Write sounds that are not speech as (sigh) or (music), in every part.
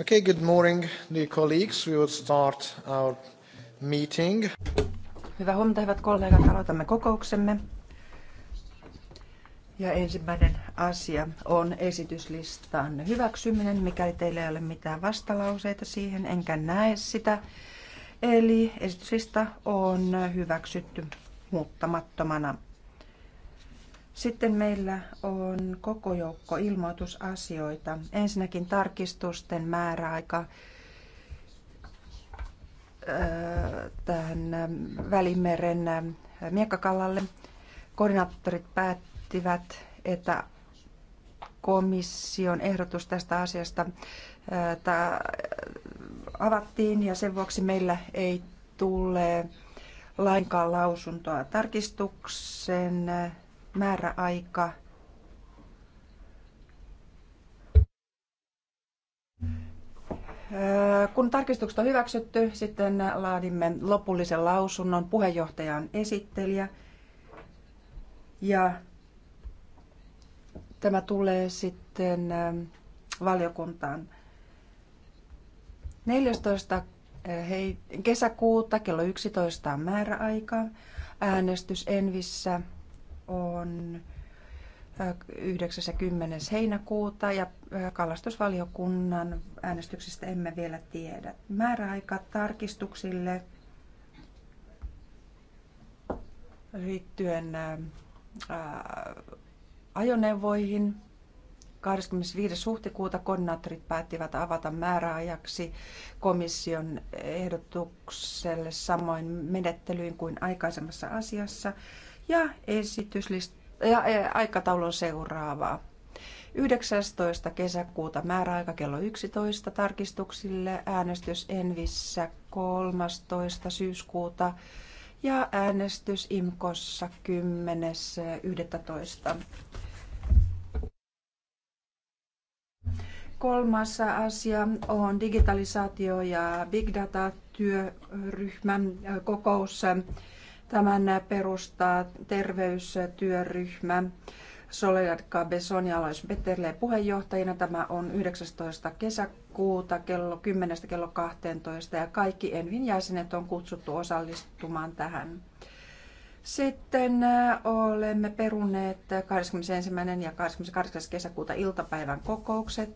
Okay, good morning, dear colleagues. We will start our meeting. Hyvää huomenta, hyvät kollegat. Aloitamme kokouksemme. Ja ensimmäinen asia on esityslistan hyväksyminen, mikäli teillä ei ole mitään vastalauseita siihen, enkä näe sitä. Eli esityslista on hyväksytty muuttamattomana. Sitten meillä on koko joukko ilmoitusasioita. Ensinnäkin tarkistusten määräaika tähän Välimeren miekkakallalle. Koordinaattorit päättivät, että komission ehdotus tästä asiasta avattiin ja sen vuoksi meillä ei tule lainkaan lausuntoa tarkistuksen määräaika äh, kun tarkistukset on hyväksytty, sitten laadimme lopullisen lausunnon puheenjohtajan esittelijä. Ja tämä tulee sitten ähm, valiokuntaan 14. Äh, kesäkuuta kello 11 on määräaika. Äänestys Envissä on 9. Äh, ja 10. heinäkuuta ja äh, kalastusvaliokunnan äänestyksistä emme vielä tiedä. Määräaika tarkistuksille liittyen ää, äh, ajoneuvoihin. 25. huhtikuuta koordinaattorit päättivät avata määräajaksi komission ehdotukselle samoin menettelyin kuin aikaisemmassa asiassa. Ja esityslist- ja aikataulu on seuraavaa. 19. kesäkuuta määräaika kello 11 tarkistuksille, äänestys Envissä 13. syyskuuta ja äänestys IMKOssa 10.11. Kolmas asia on digitalisaatio ja big data työryhmän kokous Tämän perustaa terveystyöryhmä. Soledad Cabezon ja Alois Betterle puheenjohtajina. Tämä on 19. kesäkuuta kello 10 kello 12 ja kaikki Envin jäsenet on kutsuttu osallistumaan tähän. Sitten äh, olemme peruneet 21. ja 28. kesäkuuta iltapäivän kokoukset.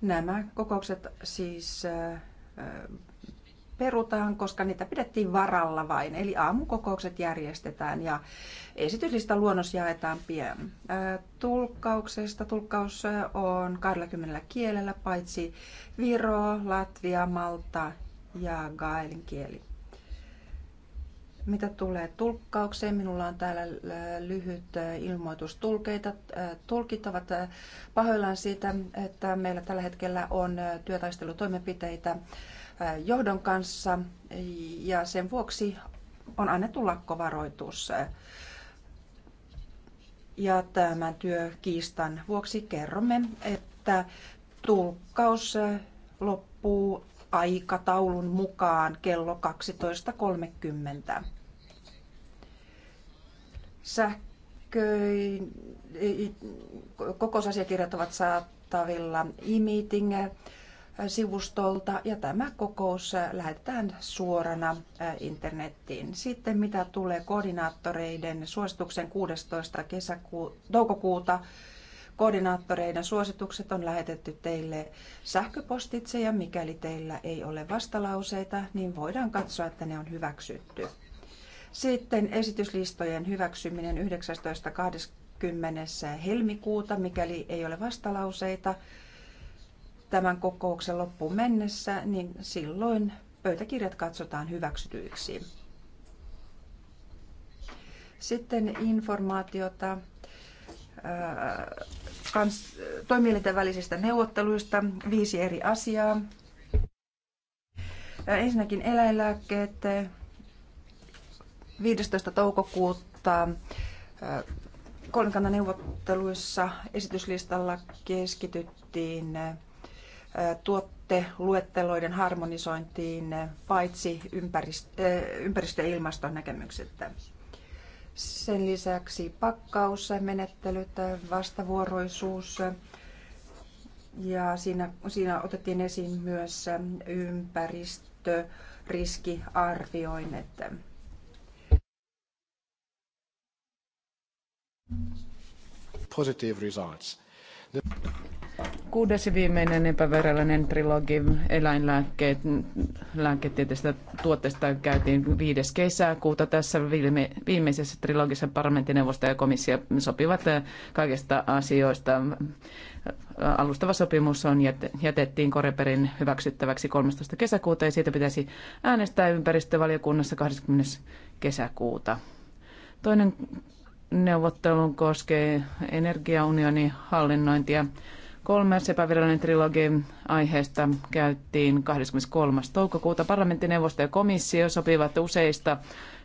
Nämä kokoukset siis äh, perutaan, koska niitä pidettiin varalla vain. Eli aamukokoukset järjestetään ja esityslista luonnos jaetaan pian. Tulkkauksesta tulkkaus on 20 kielellä, paitsi Viro, Latvia, Malta ja Gaelin kieli. Mitä tulee tulkkaukseen, minulla on täällä lyhyt ilmoitus tulkeita. Tulkit ovat pahoillaan siitä, että meillä tällä hetkellä on työtaistelutoimenpiteitä johdon kanssa ja sen vuoksi on annettu lakkovaroitus. Ja tämän työkiistan vuoksi kerromme, että tulkkaus loppuu aikataulun mukaan kello 12.30. Sähköin, kokousasiakirjat ovat saatavilla e-meeting sivustolta ja tämä kokous lähetetään suorana äh, internettiin. Sitten mitä tulee koordinaattoreiden suosituksen 16. Kesäku- toukokuuta, koordinaattoreiden suositukset on lähetetty teille sähköpostitse ja mikäli teillä ei ole vastalauseita, niin voidaan katsoa, että ne on hyväksytty. Sitten esityslistojen hyväksyminen 19.20. helmikuuta, mikäli ei ole vastalauseita, tämän kokouksen loppuun mennessä, niin silloin pöytäkirjat katsotaan hyväksytyiksi. Sitten informaatiota äh, kans, toimielinten välisistä neuvotteluista, viisi eri asiaa. Äh, ensinnäkin eläinlääkkeet 15. toukokuuta äh, neuvotteluissa esityslistalla keskityttiin tuotteluetteloiden harmonisointiin paitsi ympäristö, ja ilmaston näkemykset. Sen lisäksi pakkausmenettelyt, vastavuoroisuus ja siinä, siinä otettiin esiin myös ympäristöriskiarvioinnit. Positive results. Kuudes ja viimeinen epävirallinen trilogi eläinlääkkeet, lääketieteellisistä käytiin 5. kesäkuuta. Tässä viimeisessä trilogissa parlamenttineuvosto ja komissio sopivat eh, kaikista asioista. Alustava sopimus on jätettiin Koreperin hyväksyttäväksi 13. kesäkuuta ja siitä pitäisi äänestää ympäristövaliokunnassa 20. kesäkuuta. Toinen neuvottelun koskee energiaunionin hallinnointia. Kolmas epävirallinen trilogi aiheesta käyttiin 23. toukokuuta. Parlamenttineuvosto ja komissio sopivat useista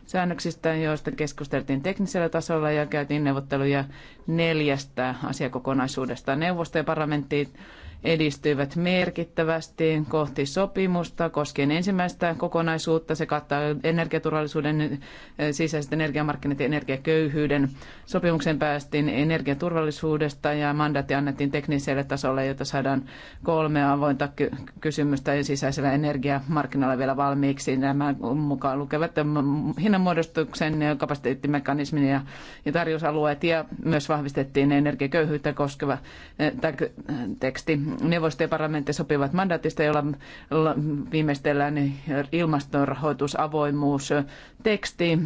säännöksistä, joista keskusteltiin teknisellä tasolla ja käytiin neuvotteluja neljästä asiakokonaisuudesta. Neuvosto ja parlamentti edistyivät merkittävästi kohti sopimusta koskien ensimmäistä kokonaisuutta. Se kattaa energiaturvallisuuden, eh, sisäiset energiamarkkinat ja energiaköyhyyden. Sopimuksen päästiin energiaturvallisuudesta ja mandaatti annettiin tekniselle tasolle, jotta saadaan kolme avointa kysymystä sisäisellä energiamarkkinoilla vielä valmiiksi. Nämä mukaan lukevat hinnanmuodostuksen kapasiteettimekanismin ja, ja tarjousalueet ja myös vahvistettiin energiaköyhyyttä koskeva eh, teksti neuvosto ja parlamentti sopivat mandaatista, jolla viimeistellään avoimuus, teksti,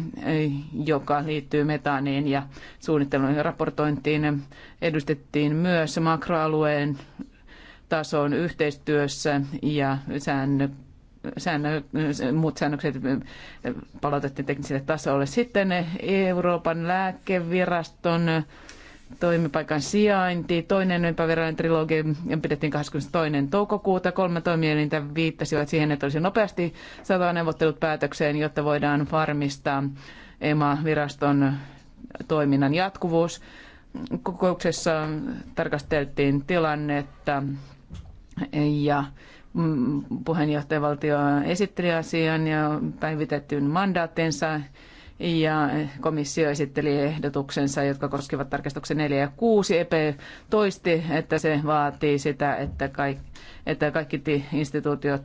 joka liittyy metaaniin ja suunnittelun ja raportointiin. Edustettiin myös makroalueen tason yhteistyössä ja säännö, säännö, muut säännökset palautettiin tekniselle tasolle. Sitten Euroopan lääkeviraston toimipaikan sijainti. Toinen ympävirallinen trilogi pidettiin 22. toukokuuta. Kolme toimielintä viittasivat siihen, että olisi nopeasti saatava neuvottelut päätökseen, jotta voidaan varmistaa EMA-viraston toiminnan jatkuvuus. Kokouksessa tarkasteltiin tilannetta ja mm, puheenjohtajavaltio esitteli asian ja päivitetyn mandaattinsa ja komissio esitteli ehdotuksensa, jotka koskevat tarkastuksen 4 ja 6. EP toisti, että se vaatii sitä, että kaikki että kaikki instituutiot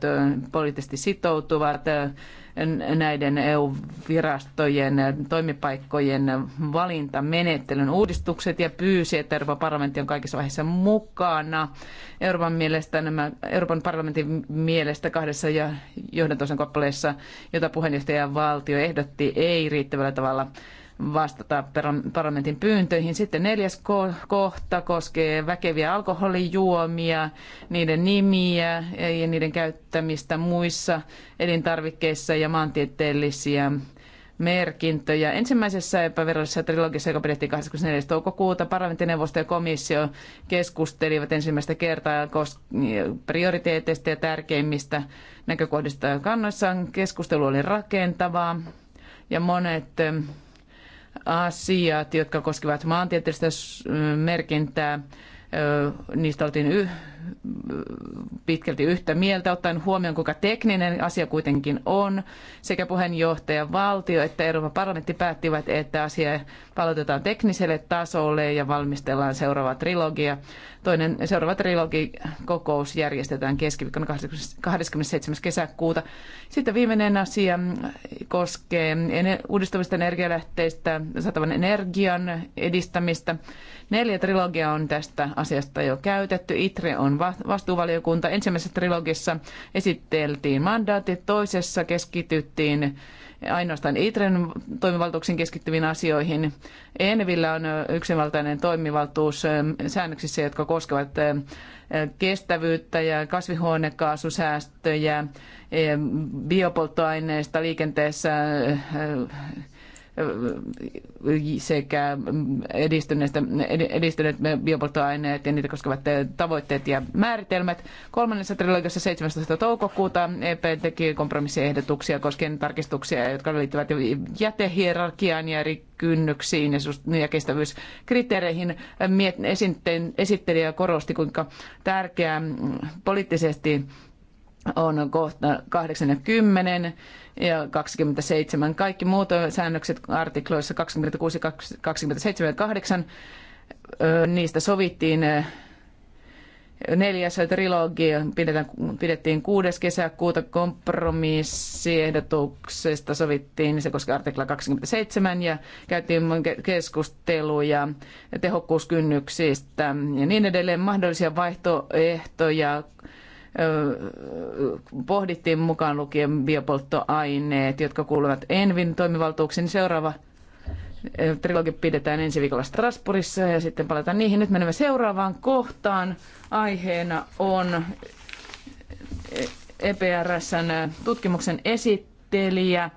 poliittisesti sitoutuvat näiden EU-virastojen toimipaikkojen valintamenettelyn uudistukset ja pyysi, että Euroopan parlamentti on kaikissa vaiheissa mukana. Euroopan, mielestä, nämä, Euroopan parlamentin mielestä kahdessa ja johdantoisen kappaleessa, jota puheenjohtajan valtio ehdotti, ei riittävällä tavalla vastata parlamentin pyyntöihin. Sitten neljäs kohta koskee väkeviä alkoholijuomia, niiden nimiä ja niiden käyttämistä muissa elintarvikkeissa ja maantieteellisiä merkintöjä. Ensimmäisessä epävirallisessa trilogissa, joka pidettiin 24. toukokuuta, parlamenttineuvosto ja komissio keskustelivat ensimmäistä kertaa prioriteeteista ja tärkeimmistä näkökohdista kannoissaan. Keskustelu oli rakentavaa ja monet asiat, jotka koskevat maantieteellistä merkintää, niistä oltiin pitkälti yhtä mieltä, ottaen huomioon kuinka tekninen asia kuitenkin on. Sekä puheenjohtaja valtio että Euroopan parlamentti päättivät, että asia palautetaan tekniselle tasolle ja valmistellaan seuraava trilogia. Toinen seuraava trilogikokous järjestetään keskiviikkona 27. kesäkuuta. Sitten viimeinen asia koskee uudistavista energialähteistä saatavan energian edistämistä. Neljä trilogia on tästä asiasta jo käytetty. ITRE on on vastuuvaliokunta. Ensimmäisessä trilogissa esitteltiin mandaatit, toisessa keskityttiin ainoastaan ITREn toimivaltuuksiin keskittyviin asioihin. Envillä on yksinvaltainen toimivaltuus säännöksissä, jotka koskevat kestävyyttä ja kasvihuonekaasusäästöjä, biopolttoaineista liikenteessä sekä edistyneet biopolttoaineet ja niitä koskevat tavoitteet ja määritelmät. Kolmannessa trilogiassa 17. toukokuuta EP teki kompromissiehdotuksia koskien tarkistuksia, jotka liittyvät jätehierarkiaan ja kynnyksiin ja kestävyyskriteereihin. Esittelijä korosti, kuinka tärkeää poliittisesti on kohta 80 ja 27. Kaikki muut säännökset artikloissa 26, 27 ja 8, niistä sovittiin neljäs trilogi pidetään, pidettiin 6. kesäkuuta kompromissiehdotuksesta sovittiin, se koski artikla 27 ja käytiin keskusteluja tehokkuuskynnyksistä ja niin edelleen mahdollisia vaihtoehtoja pohdittiin mukaan lukien biopolttoaineet, jotka kuuluvat Envin toimivaltuuksiin. Seuraava trilogi pidetään ensi viikolla Strasbourgissa ja sitten palataan niihin. Nyt menemme seuraavaan kohtaan. Aiheena on EPRSn tutkimuksen esittelijä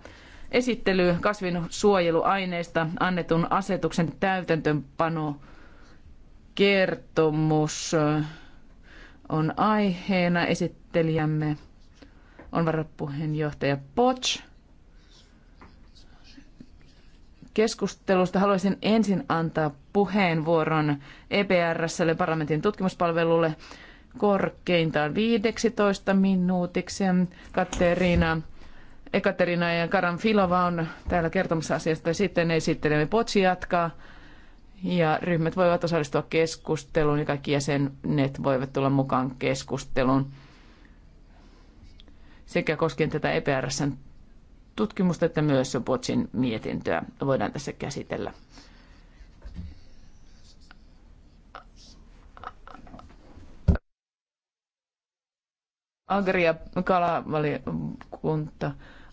esittely kasvinsuojeluaineista annetun asetuksen täytäntöönpano kertomus on aiheena. Esittelijämme on varapuheenjohtaja Poch. Keskustelusta haluaisin ensin antaa puheenvuoron EPRSlle parlamentin tutkimuspalvelulle korkeintaan 15 minuutiksi. Katerina Ekaterina ja Karan Filova on täällä kertomassa asiasta. Sitten esittelemme Potsi jatkaa ja ryhmät voivat osallistua keskusteluun ja kaikki jäsenet voivat tulla mukaan keskusteluun. Sekä koskien tätä EPRSn tutkimusta että myös Botsin mietintöä voidaan tässä käsitellä. Agri- ja kalavalikunta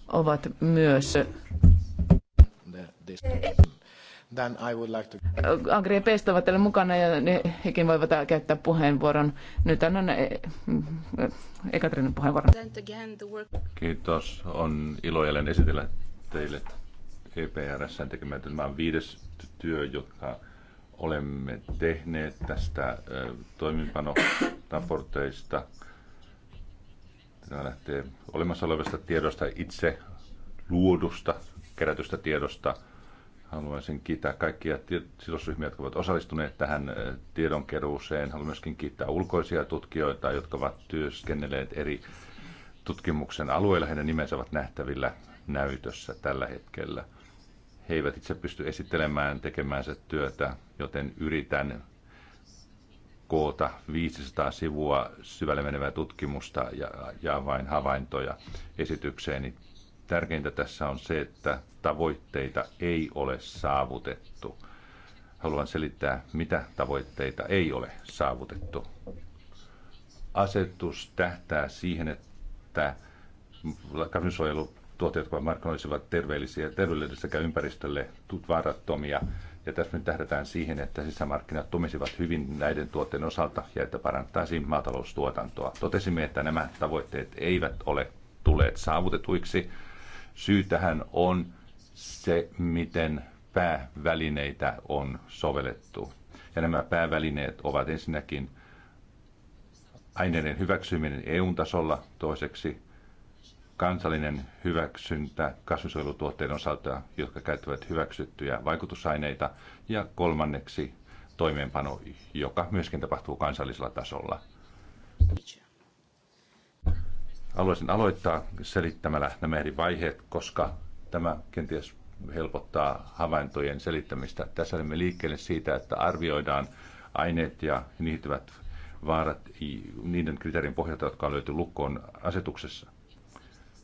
ovat myös Then I would like to... Agri ja Pesto ovat täällä mukana ja ne, hekin voivat käyttää puheenvuoron. Nyt annan eh, Ekaterinan puheenvuoron. Kiitos. On ilo jälleen esitellä teille EPRS tekemään tämä viides työ, jotka olemme tehneet tästä toimipanoraporteista. Tämä lähtee olemassa olevasta tiedosta, itse luodusta, kerätystä tiedosta – Haluaisin kiittää kaikkia sidosryhmiä, jotka ovat osallistuneet tähän tiedonkeruuseen. Haluan myöskin kiittää ulkoisia tutkijoita, jotka ovat työskennelleet eri tutkimuksen alueilla. Heidän nimensä ovat nähtävillä näytössä tällä hetkellä. He eivät itse pysty esittelemään tekemäänsä työtä, joten yritän koota 500 sivua syvälle menevää tutkimusta ja, ja vain havaintoja esitykseeni Tärkeintä tässä on se, että tavoitteita ei ole saavutettu. Haluan selittää, mitä tavoitteita ei ole saavutettu. Asetus tähtää siihen, että kasvinsuojelutuotteet, jotka markkinoisivat terveellisiä, terveellisiä sekä ympäristölle vaarattomia, ja tässä nyt tähdätään siihen, että sisämarkkinat tumisivat hyvin näiden tuotteiden osalta ja että parantaisiin maataloustuotantoa. Totesimme, että nämä tavoitteet eivät ole tulleet saavutetuiksi, Syy tähän on se, miten päävälineitä on sovellettu. Ja nämä päävälineet ovat ensinnäkin aineiden hyväksyminen EU-tasolla, toiseksi kansallinen hyväksyntä kasvinsuojelutuotteiden osalta, jotka käyttävät hyväksyttyjä vaikutusaineita, ja kolmanneksi toimeenpano, joka myöskin tapahtuu kansallisella tasolla. Haluaisin aloittaa selittämällä nämä eri vaiheet, koska tämä kenties helpottaa havaintojen selittämistä. Tässä olemme liikkeelle siitä, että arvioidaan aineet ja niihtyvät vaarat niiden kriteerin pohjalta, jotka on löyty lukkoon asetuksessa.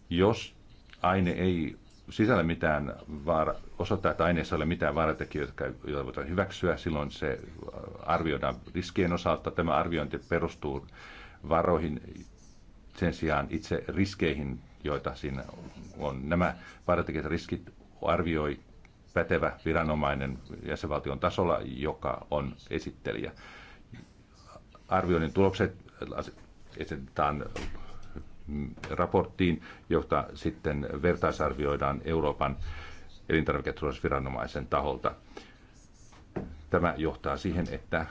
Jos aine ei sisällä mitään vaara, osoittaa, että aineessa ei ole mitään vaaratekijöitä, joita voidaan hyväksyä, silloin se arvioidaan riskien osalta. Tämä arviointi perustuu varoihin, sen sijaan itse riskeihin, joita siinä on. Nämä vaaratekijät riskit arvioi pätevä viranomainen jäsenvaltion tasolla, joka on esittelijä. Arvioinnin tulokset esitetään raporttiin, jota sitten vertaisarvioidaan Euroopan elintarviketurvallisuusviranomaisen taholta. Tämä johtaa siihen, että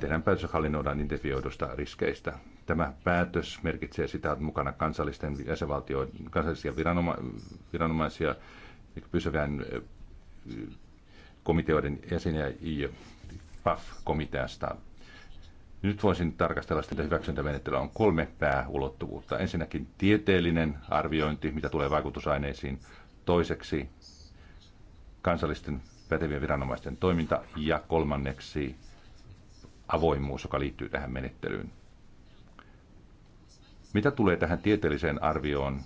tehdään päätös hallinnoidaan identifioidusta riskeistä. Tämä päätös merkitsee sitä, että mukana kansallisten jäsenvaltioiden, kansallisia viranoma, viranomaisia, pysyvän komiteoiden jäseniä PAF-komiteasta. Nyt voisin tarkastella sitä, että hyväksyntämenettelyllä on kolme pääulottuvuutta. Ensinnäkin tieteellinen arviointi, mitä tulee vaikutusaineisiin. Toiseksi kansallisten pätevien viranomaisten toiminta ja kolmanneksi avoimuus, joka liittyy tähän menettelyyn. Mitä tulee tähän tieteelliseen arvioon,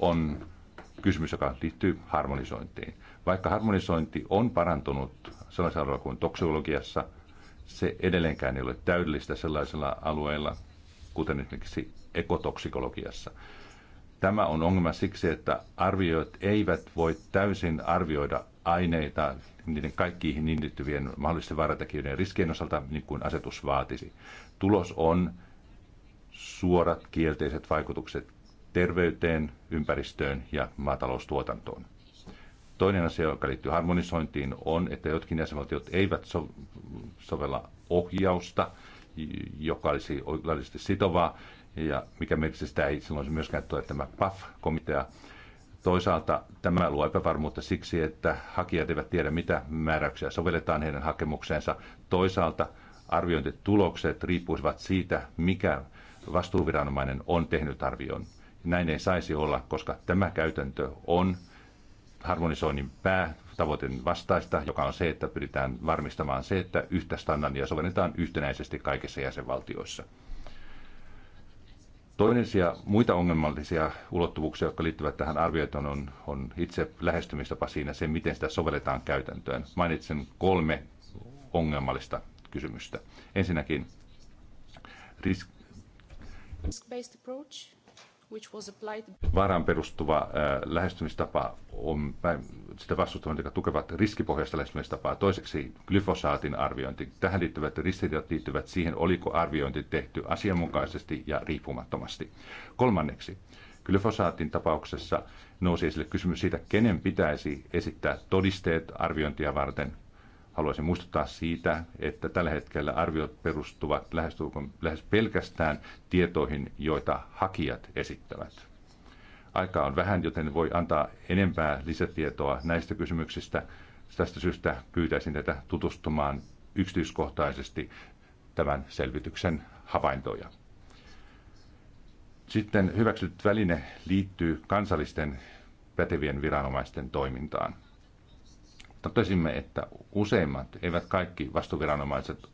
on kysymys, joka liittyy harmonisointiin. Vaikka harmonisointi on parantunut sellaisella alueella kuin toksiologiassa, se edelleenkään ei ole täydellistä sellaisella alueella, kuten esimerkiksi ekotoksikologiassa. Tämä on ongelma siksi, että arvioit eivät voi täysin arvioida aineita niiden kaikkiin liittyvien mahdollisten vaaratekijöiden riskien osalta, niin kuin asetus vaatisi. Tulos on, suorat kielteiset vaikutukset terveyteen, ympäristöön ja maataloustuotantoon. Toinen asia, joka liittyy harmonisointiin, on, että jotkin jäsenvaltiot eivät so- sovella ohjausta, joka olisi laillisesti sitovaa, ja mikä merkitsee sitä ei silloin myöskään tule tämä PAF-komitea. Toisaalta tämä luo epävarmuutta siksi, että hakijat eivät tiedä, mitä määräyksiä sovelletaan heidän hakemukseensa. Toisaalta arviointitulokset riippuisivat siitä, mikä vastuuviranomainen on tehnyt arvion. Näin ei saisi olla, koska tämä käytäntö on harmonisoinnin päätavoitteen vastaista, joka on se, että pyritään varmistamaan se, että yhtä standardia sovelletaan yhtenäisesti kaikissa jäsenvaltioissa. Toinen sija, muita ongelmallisia ulottuvuuksia, jotka liittyvät tähän arvioitoon, on, on itse lähestymistapa siinä, se miten sitä sovelletaan käytäntöön. Mainitsen kolme ongelmallista kysymystä. Ensinnäkin risk, Varaan perustuva äh, lähestymistapa on sitä vastustavat, jotka tukevat riskipohjaista lähestymistapaa. Toiseksi glyfosaatin arviointi. Tähän liittyvät ristiriidat liittyvät siihen, oliko arviointi tehty asianmukaisesti ja riippumattomasti. Kolmanneksi, glyfosaatin tapauksessa nousi esille kysymys siitä, kenen pitäisi esittää todisteet arviointia varten. Haluaisin muistuttaa siitä, että tällä hetkellä arviot perustuvat lähes pelkästään tietoihin, joita hakijat esittävät. Aikaa on vähän, joten voi antaa enempää lisätietoa näistä kysymyksistä. Tästä syystä pyytäisin tätä tutustumaan yksityiskohtaisesti tämän selvityksen havaintoja. Sitten hyväksytty väline liittyy kansallisten pätevien viranomaisten toimintaan totesimme, että useimmat, eivät kaikki vastuviranomaiset,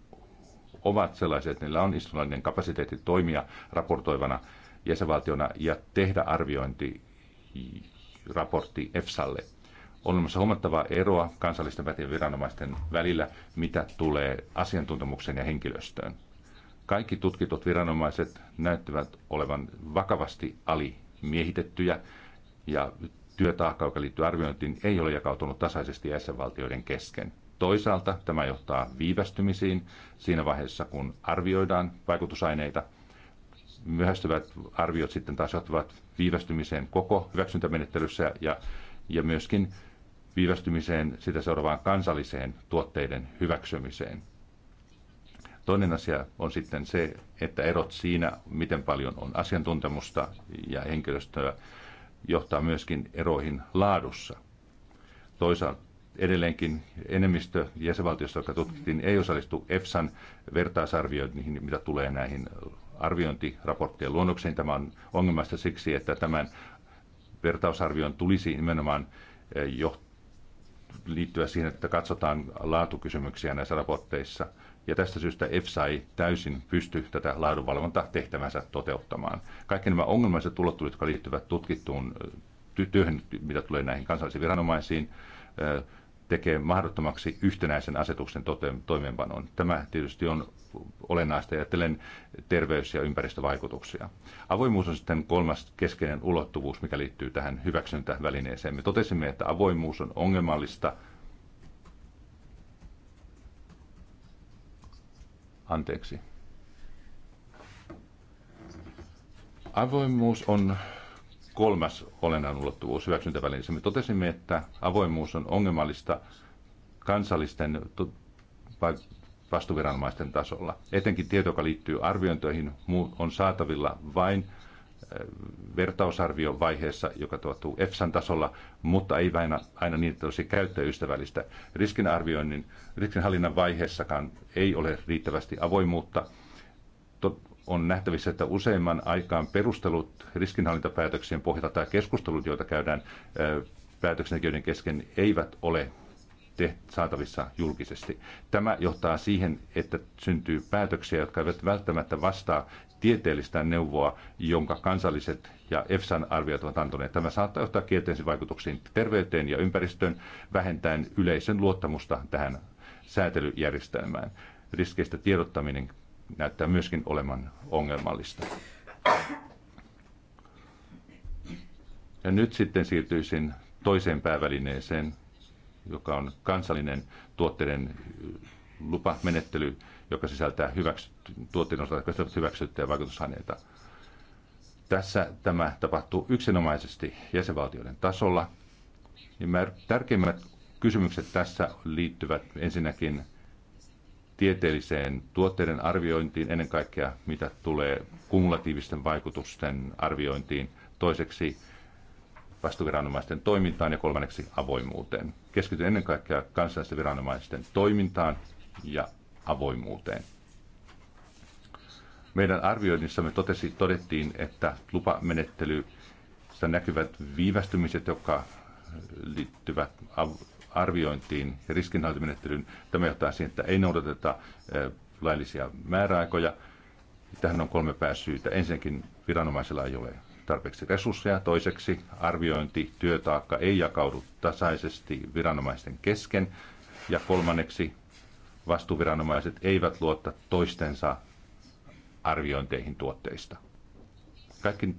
ovat sellaiset, että niillä on istunnollinen kapasiteetti toimia raportoivana jäsenvaltiona ja tehdä arviointiraportti EFSAlle. On olemassa huomattavaa eroa kansallisten pätevien viranomaisten välillä, mitä tulee asiantuntemukseen ja henkilöstöön. Kaikki tutkitut viranomaiset näyttävät olevan vakavasti alimiehitettyjä ja työtaakka, joka liittyy arviointiin, ei ole jakautunut tasaisesti jäsenvaltioiden kesken. Toisaalta tämä johtaa viivästymisiin siinä vaiheessa, kun arvioidaan vaikutusaineita. Myöhästyvät arviot sitten taas johtavat viivästymiseen koko hyväksyntämenettelyssä ja, ja myöskin viivästymiseen sitä seuraavaan kansalliseen tuotteiden hyväksymiseen. Toinen asia on sitten se, että erot siinä, miten paljon on asiantuntemusta ja henkilöstöä johtaa myöskin eroihin laadussa. Toisaalta edelleenkin enemmistö jäsenvaltioista, jotka tutkittiin, ei osallistu EFSAn vertaisarvioihin, mitä tulee näihin arviointiraporttien luonnokseen. Tämä on ongelmasta siksi, että tämän vertausarvion tulisi nimenomaan eh, johtaa liittyä siihen, että katsotaan laatukysymyksiä näissä raporteissa – ja tästä syystä EFSA ei täysin pysty tätä laadunvalvontatehtävänsä toteuttamaan. Kaikki nämä ongelmalliset tulottuvat, jotka liittyvät tutkittuun työhön, mitä tulee näihin kansallisiin viranomaisiin, tekee mahdottomaksi yhtenäisen asetuksen toimeenpanoon. Tämä tietysti on olennaista ajatellen terveys- ja ympäristövaikutuksia. Avoimuus on sitten kolmas keskeinen ulottuvuus, mikä liittyy tähän hyväksyntävälineeseen. Me totesimme, että avoimuus on ongelmallista – anteeksi. Avoimuus on kolmas olennainen ulottuvuus hyväksyntävälineessä. Me totesimme, että avoimuus on ongelmallista kansallisten vastuviranomaisten tasolla. Etenkin tieto, joka liittyy arviointoihin, on saatavilla vain vertausarvion vaiheessa, joka tuotuu EFSAn tasolla, mutta ei aina, aina niin, että olisi käyttöystävällistä. Riskinarvioinnin, riskinhallinnan vaiheessakaan ei ole riittävästi avoimuutta. On nähtävissä, että useimman aikaan perustelut riskinhallintapäätöksien pohjalta tai keskustelut, joita käydään päätöksentekijöiden kesken, eivät ole saatavissa julkisesti. Tämä johtaa siihen, että syntyy päätöksiä, jotka eivät välttämättä vastaa tieteellistä neuvoa, jonka kansalliset ja EFSAn arviot ovat antaneet. Tämä saattaa johtaa kielteisiin vaikutuksiin terveyteen ja ympäristöön, vähentäen yleisen luottamusta tähän säätelyjärjestelmään. Riskeistä tiedottaminen näyttää myöskin olevan ongelmallista. Ja nyt sitten siirtyisin toiseen päävälineeseen, joka on kansallinen tuotteiden lupamenettely, joka sisältää tuotteen osalta hyväksyttyjä vaikutusaineita. Tässä tämä tapahtuu yksinomaisesti jäsenvaltioiden tasolla. tärkeimmät kysymykset tässä liittyvät ensinnäkin tieteelliseen tuotteiden arviointiin, ennen kaikkea mitä tulee kumulatiivisten vaikutusten arviointiin, toiseksi vastuviranomaisten toimintaan ja kolmanneksi avoimuuteen. Keskityn ennen kaikkea kansallisten viranomaisten toimintaan ja avoimuuteen. Meidän arvioinnissamme totesi, todettiin, että lupamenettely näkyvät viivästymiset, jotka liittyvät arviointiin ja riskinhallintamenettelyyn. Tämä johtaa siihen, että ei noudateta laillisia määräaikoja. Tähän on kolme pääsyytä. Ensinnäkin viranomaisella ei ole tarpeeksi resursseja. Toiseksi arviointi, työtaakka ei jakaudu tasaisesti viranomaisten kesken. Ja kolmanneksi vastuuviranomaiset eivät luotta toistensa arviointeihin tuotteista. Kaikki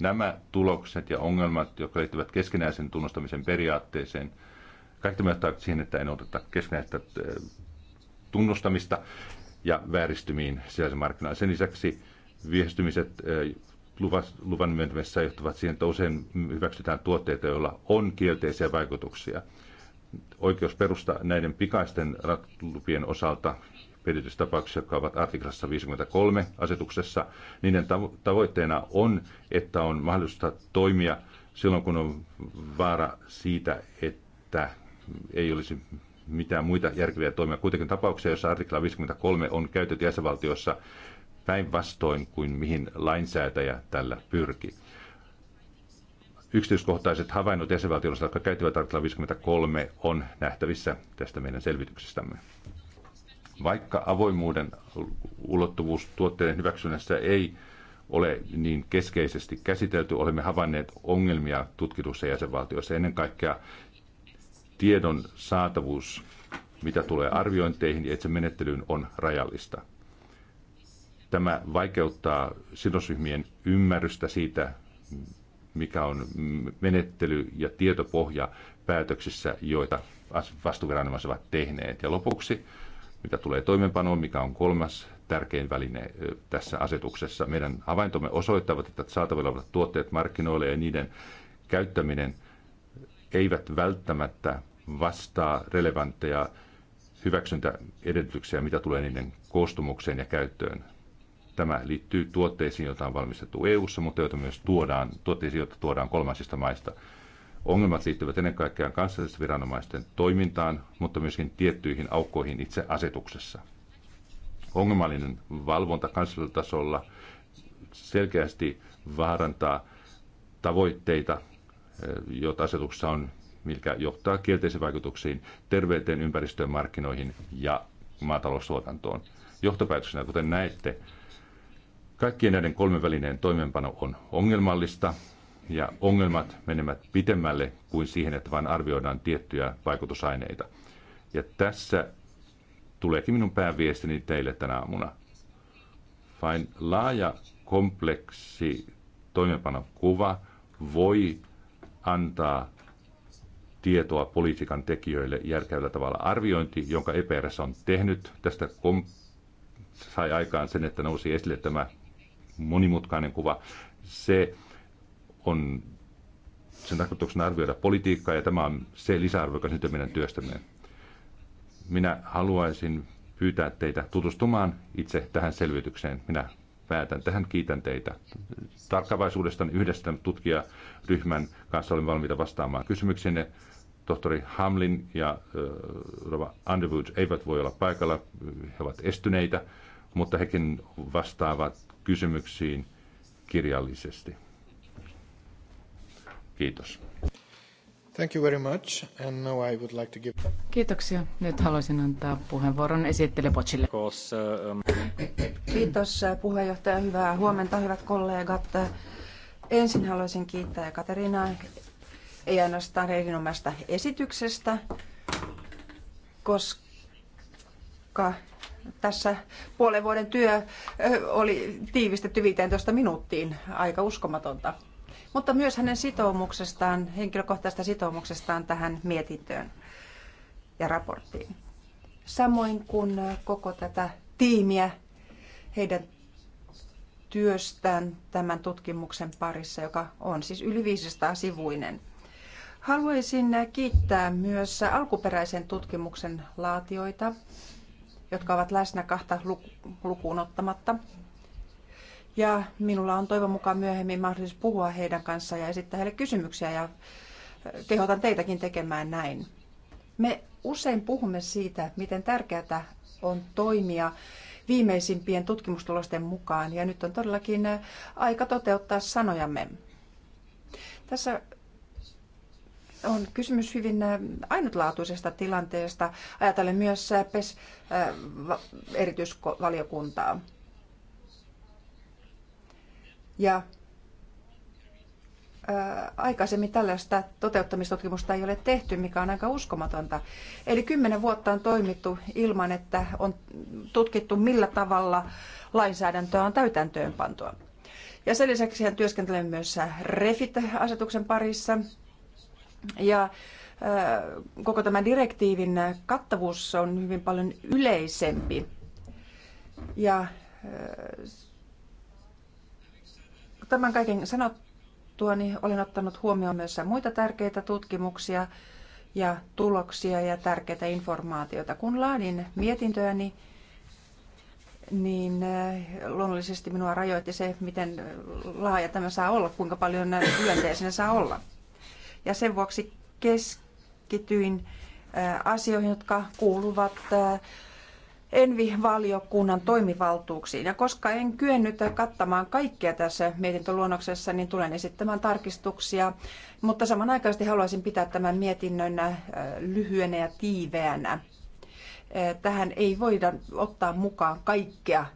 nämä tulokset ja ongelmat, jotka liittyvät keskinäisen tunnustamisen periaatteeseen, kaikki tämä siihen, että ei noudateta keskinäistä äh, tunnustamista ja vääristymiin sisäisen markkinoilla. Sen lisäksi viestymiset äh, luvan myöntämisessä johtavat siihen, että usein hyväksytään tuotteita, joilla on kielteisiä vaikutuksia oikeusperusta näiden pikaisten ratlupien osalta perityistapauksissa, jotka ovat artiklassa 53 asetuksessa, niiden tavoitteena on, että on mahdollista toimia silloin, kun on vaara siitä, että ei olisi mitään muita järkeviä toimia. Kuitenkin tapauksia, joissa artikla 53 on käytetty jäsenvaltiossa päinvastoin kuin mihin lainsäätäjä tällä pyrkii. Yksityiskohtaiset havainnot jäsenvaltioista, jotka käyttävät artikla 53, on nähtävissä tästä meidän selvityksestämme. Vaikka avoimuuden ulottuvuus tuotteiden hyväksynnässä ei ole niin keskeisesti käsitelty, olemme havainneet ongelmia tutkitussa jäsenvaltioissa. Ennen kaikkea tiedon saatavuus, mitä tulee arviointeihin ja itse menettelyyn, on rajallista. Tämä vaikeuttaa sidosryhmien ymmärrystä siitä, mikä on menettely ja tietopohja päätöksissä, joita vastuuviranomaiset ovat tehneet. Ja lopuksi, mitä tulee toimenpanoon, mikä on kolmas tärkein väline tässä asetuksessa. Meidän havaintomme osoittavat, että saatavilla olevat tuotteet markkinoille ja niiden käyttäminen eivät välttämättä vastaa relevantteja hyväksyntäedellytyksiä, mitä tulee niiden koostumukseen ja käyttöön. Tämä liittyy tuotteisiin, joita on valmistettu EU-ssa, mutta joita myös tuodaan, tuotteisiin, joita tuodaan kolmansista maista. Ongelmat liittyvät ennen kaikkea kansallisten viranomaisten toimintaan, mutta myöskin tiettyihin aukkoihin itse asetuksessa. Ongelmallinen valvonta kansallisella tasolla selkeästi vaarantaa tavoitteita, eh, joita asetuksessa on, mikä johtaa kielteisiin vaikutuksiin terveyteen, ympäristöön, markkinoihin ja maataloustuotantoon. Johtopäätöksenä, kuten näette, Kaikkien näiden kolmen välineen toimeenpano on ongelmallista ja ongelmat menevät pitemmälle kuin siihen, että vain arvioidaan tiettyjä vaikutusaineita. Ja tässä tuleekin minun pääviestini teille tänä aamuna. Vain laaja kompleksi toimeenpanokuva voi antaa tietoa politiikan tekijöille järkevällä tavalla. Arviointi, jonka EPRS on tehnyt, tästä kom- sai aikaan sen, että nousi esille tämä monimutkainen kuva. Se on sen tarkoituksena arvioida politiikkaa ja tämä on se lisäarvo, joka nyt meidän työstämme. Minä haluaisin pyytää teitä tutustumaan itse tähän selvitykseen. Minä päätän tähän. Kiitän teitä tarkkavaisuudestani yhdessä tutkijaryhmän kanssa. Olen valmiita vastaamaan kysymyksiinne. Tohtori Hamlin ja äh, Rova Underwood eivät voi olla paikalla. He ovat estyneitä, mutta hekin vastaavat kysymyksiin kirjallisesti. Kiitos. Thank you very much. And now I would like to give... Kiitoksia. Nyt haluaisin antaa puheenvuoron esittelybotchille. Kiitos äh, puheenjohtaja. Hyvää huomenta, hyvät kollegat. Äh, ensin haluaisin kiittää Katerinaa ei ainoastaan erinomaista esityksestä, koska tässä puolen vuoden työ oli tiivistetty 15 minuuttiin. Aika uskomatonta. Mutta myös hänen sitoumuksestaan, henkilökohtaisesta sitoumuksestaan tähän mietintöön ja raporttiin. Samoin kuin koko tätä tiimiä heidän työstään tämän tutkimuksen parissa, joka on siis yli 500 sivuinen. Haluaisin kiittää myös alkuperäisen tutkimuksen laatioita, jotka ovat läsnä kahta lukuun ottamatta. Ja minulla on toivon mukaan myöhemmin mahdollisuus puhua heidän kanssaan ja esittää heille kysymyksiä ja kehotan teitäkin tekemään näin. Me usein puhumme siitä, miten tärkeää on toimia viimeisimpien tutkimustulosten mukaan ja nyt on todellakin aika toteuttaa sanojamme. Tässä on kysymys hyvin äh, ainutlaatuisesta tilanteesta, ajatellen myös äh, PES-erityisvaliokuntaa. Äh, ja aikaisemmin tällaista toteuttamistutkimusta ei ole tehty, mikä on aika uskomatonta. Eli kymmenen vuotta on toimittu ilman, että on tutkittu millä tavalla lainsäädäntöä on täytäntöönpantua. Ja sen lisäksi hän työskentelee myös REFIT-asetuksen parissa, ja koko tämän direktiivin kattavuus on hyvin paljon yleisempi. Ja tämän kaiken sanottua, niin olen ottanut huomioon myös muita tärkeitä tutkimuksia ja tuloksia ja tärkeitä informaatiota. Kun laadin mietintöäni, niin luonnollisesti minua rajoitti se, miten laaja tämä saa olla, kuinka paljon ylenteisenä saa olla ja sen vuoksi keskityin asioihin, jotka kuuluvat Envi-valiokunnan toimivaltuuksiin. Ja koska en kyennyt kattamaan kaikkea tässä mietintöluonnoksessa, niin tulen esittämään tarkistuksia. Mutta samanaikaisesti haluaisin pitää tämän mietinnön lyhyenä ja tiiveänä. Tähän ei voida ottaa mukaan kaikkea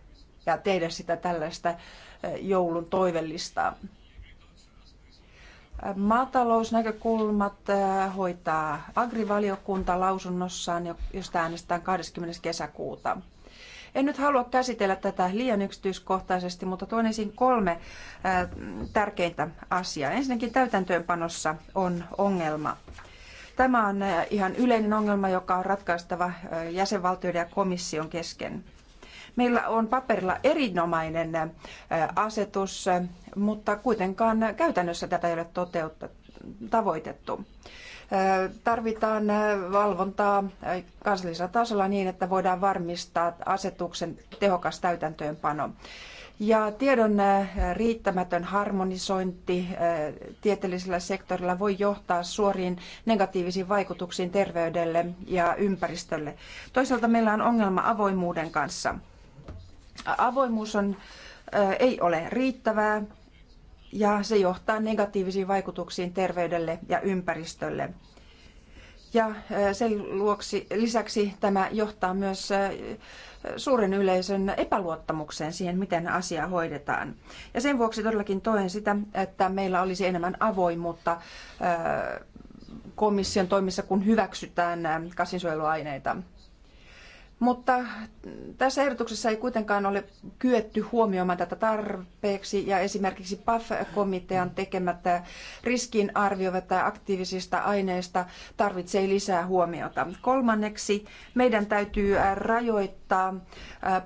ja tehdä sitä tällaista joulun toivellista. Maatalousnäkökulmat äh, hoitaa agrivaliokunta lausunnossaan, josta äänestetään 20. kesäkuuta. En nyt halua käsitellä tätä liian yksityiskohtaisesti, mutta tuon esiin kolme äh, tärkeintä asiaa. Ensinnäkin täytäntöönpanossa on ongelma. Tämä on äh, ihan yleinen ongelma, joka on ratkaistava jäsenvaltioiden ja komission kesken. Meillä on paperilla erinomainen asetus, mutta kuitenkaan käytännössä tätä ei ole toteutettu tavoitettu. Tarvitaan valvontaa kansallisella tasolla niin, että voidaan varmistaa asetuksen tehokas täytäntöönpano. Ja tiedon riittämätön harmonisointi tieteellisellä sektorilla voi johtaa suoriin negatiivisiin vaikutuksiin terveydelle ja ympäristölle. Toisaalta meillä on ongelma avoimuuden kanssa. Avoimuus on, ei ole riittävää ja se johtaa negatiivisiin vaikutuksiin terveydelle ja ympäristölle. Ja sen luoksi, lisäksi tämä johtaa myös suuren yleisön epäluottamukseen siihen, miten asia hoidetaan. Ja sen vuoksi todellakin toen sitä, että meillä olisi enemmän avoimuutta komission toimissa, kun hyväksytään kasvinsuojeluaineita. Mutta tässä ehdotuksessa ei kuitenkaan ole kyetty huomioimaan tätä tarpeeksi ja esimerkiksi PAF-komitean tekemät arvioivat aktiivisista aineista tarvitsee lisää huomiota. Kolmanneksi meidän täytyy rajoittaa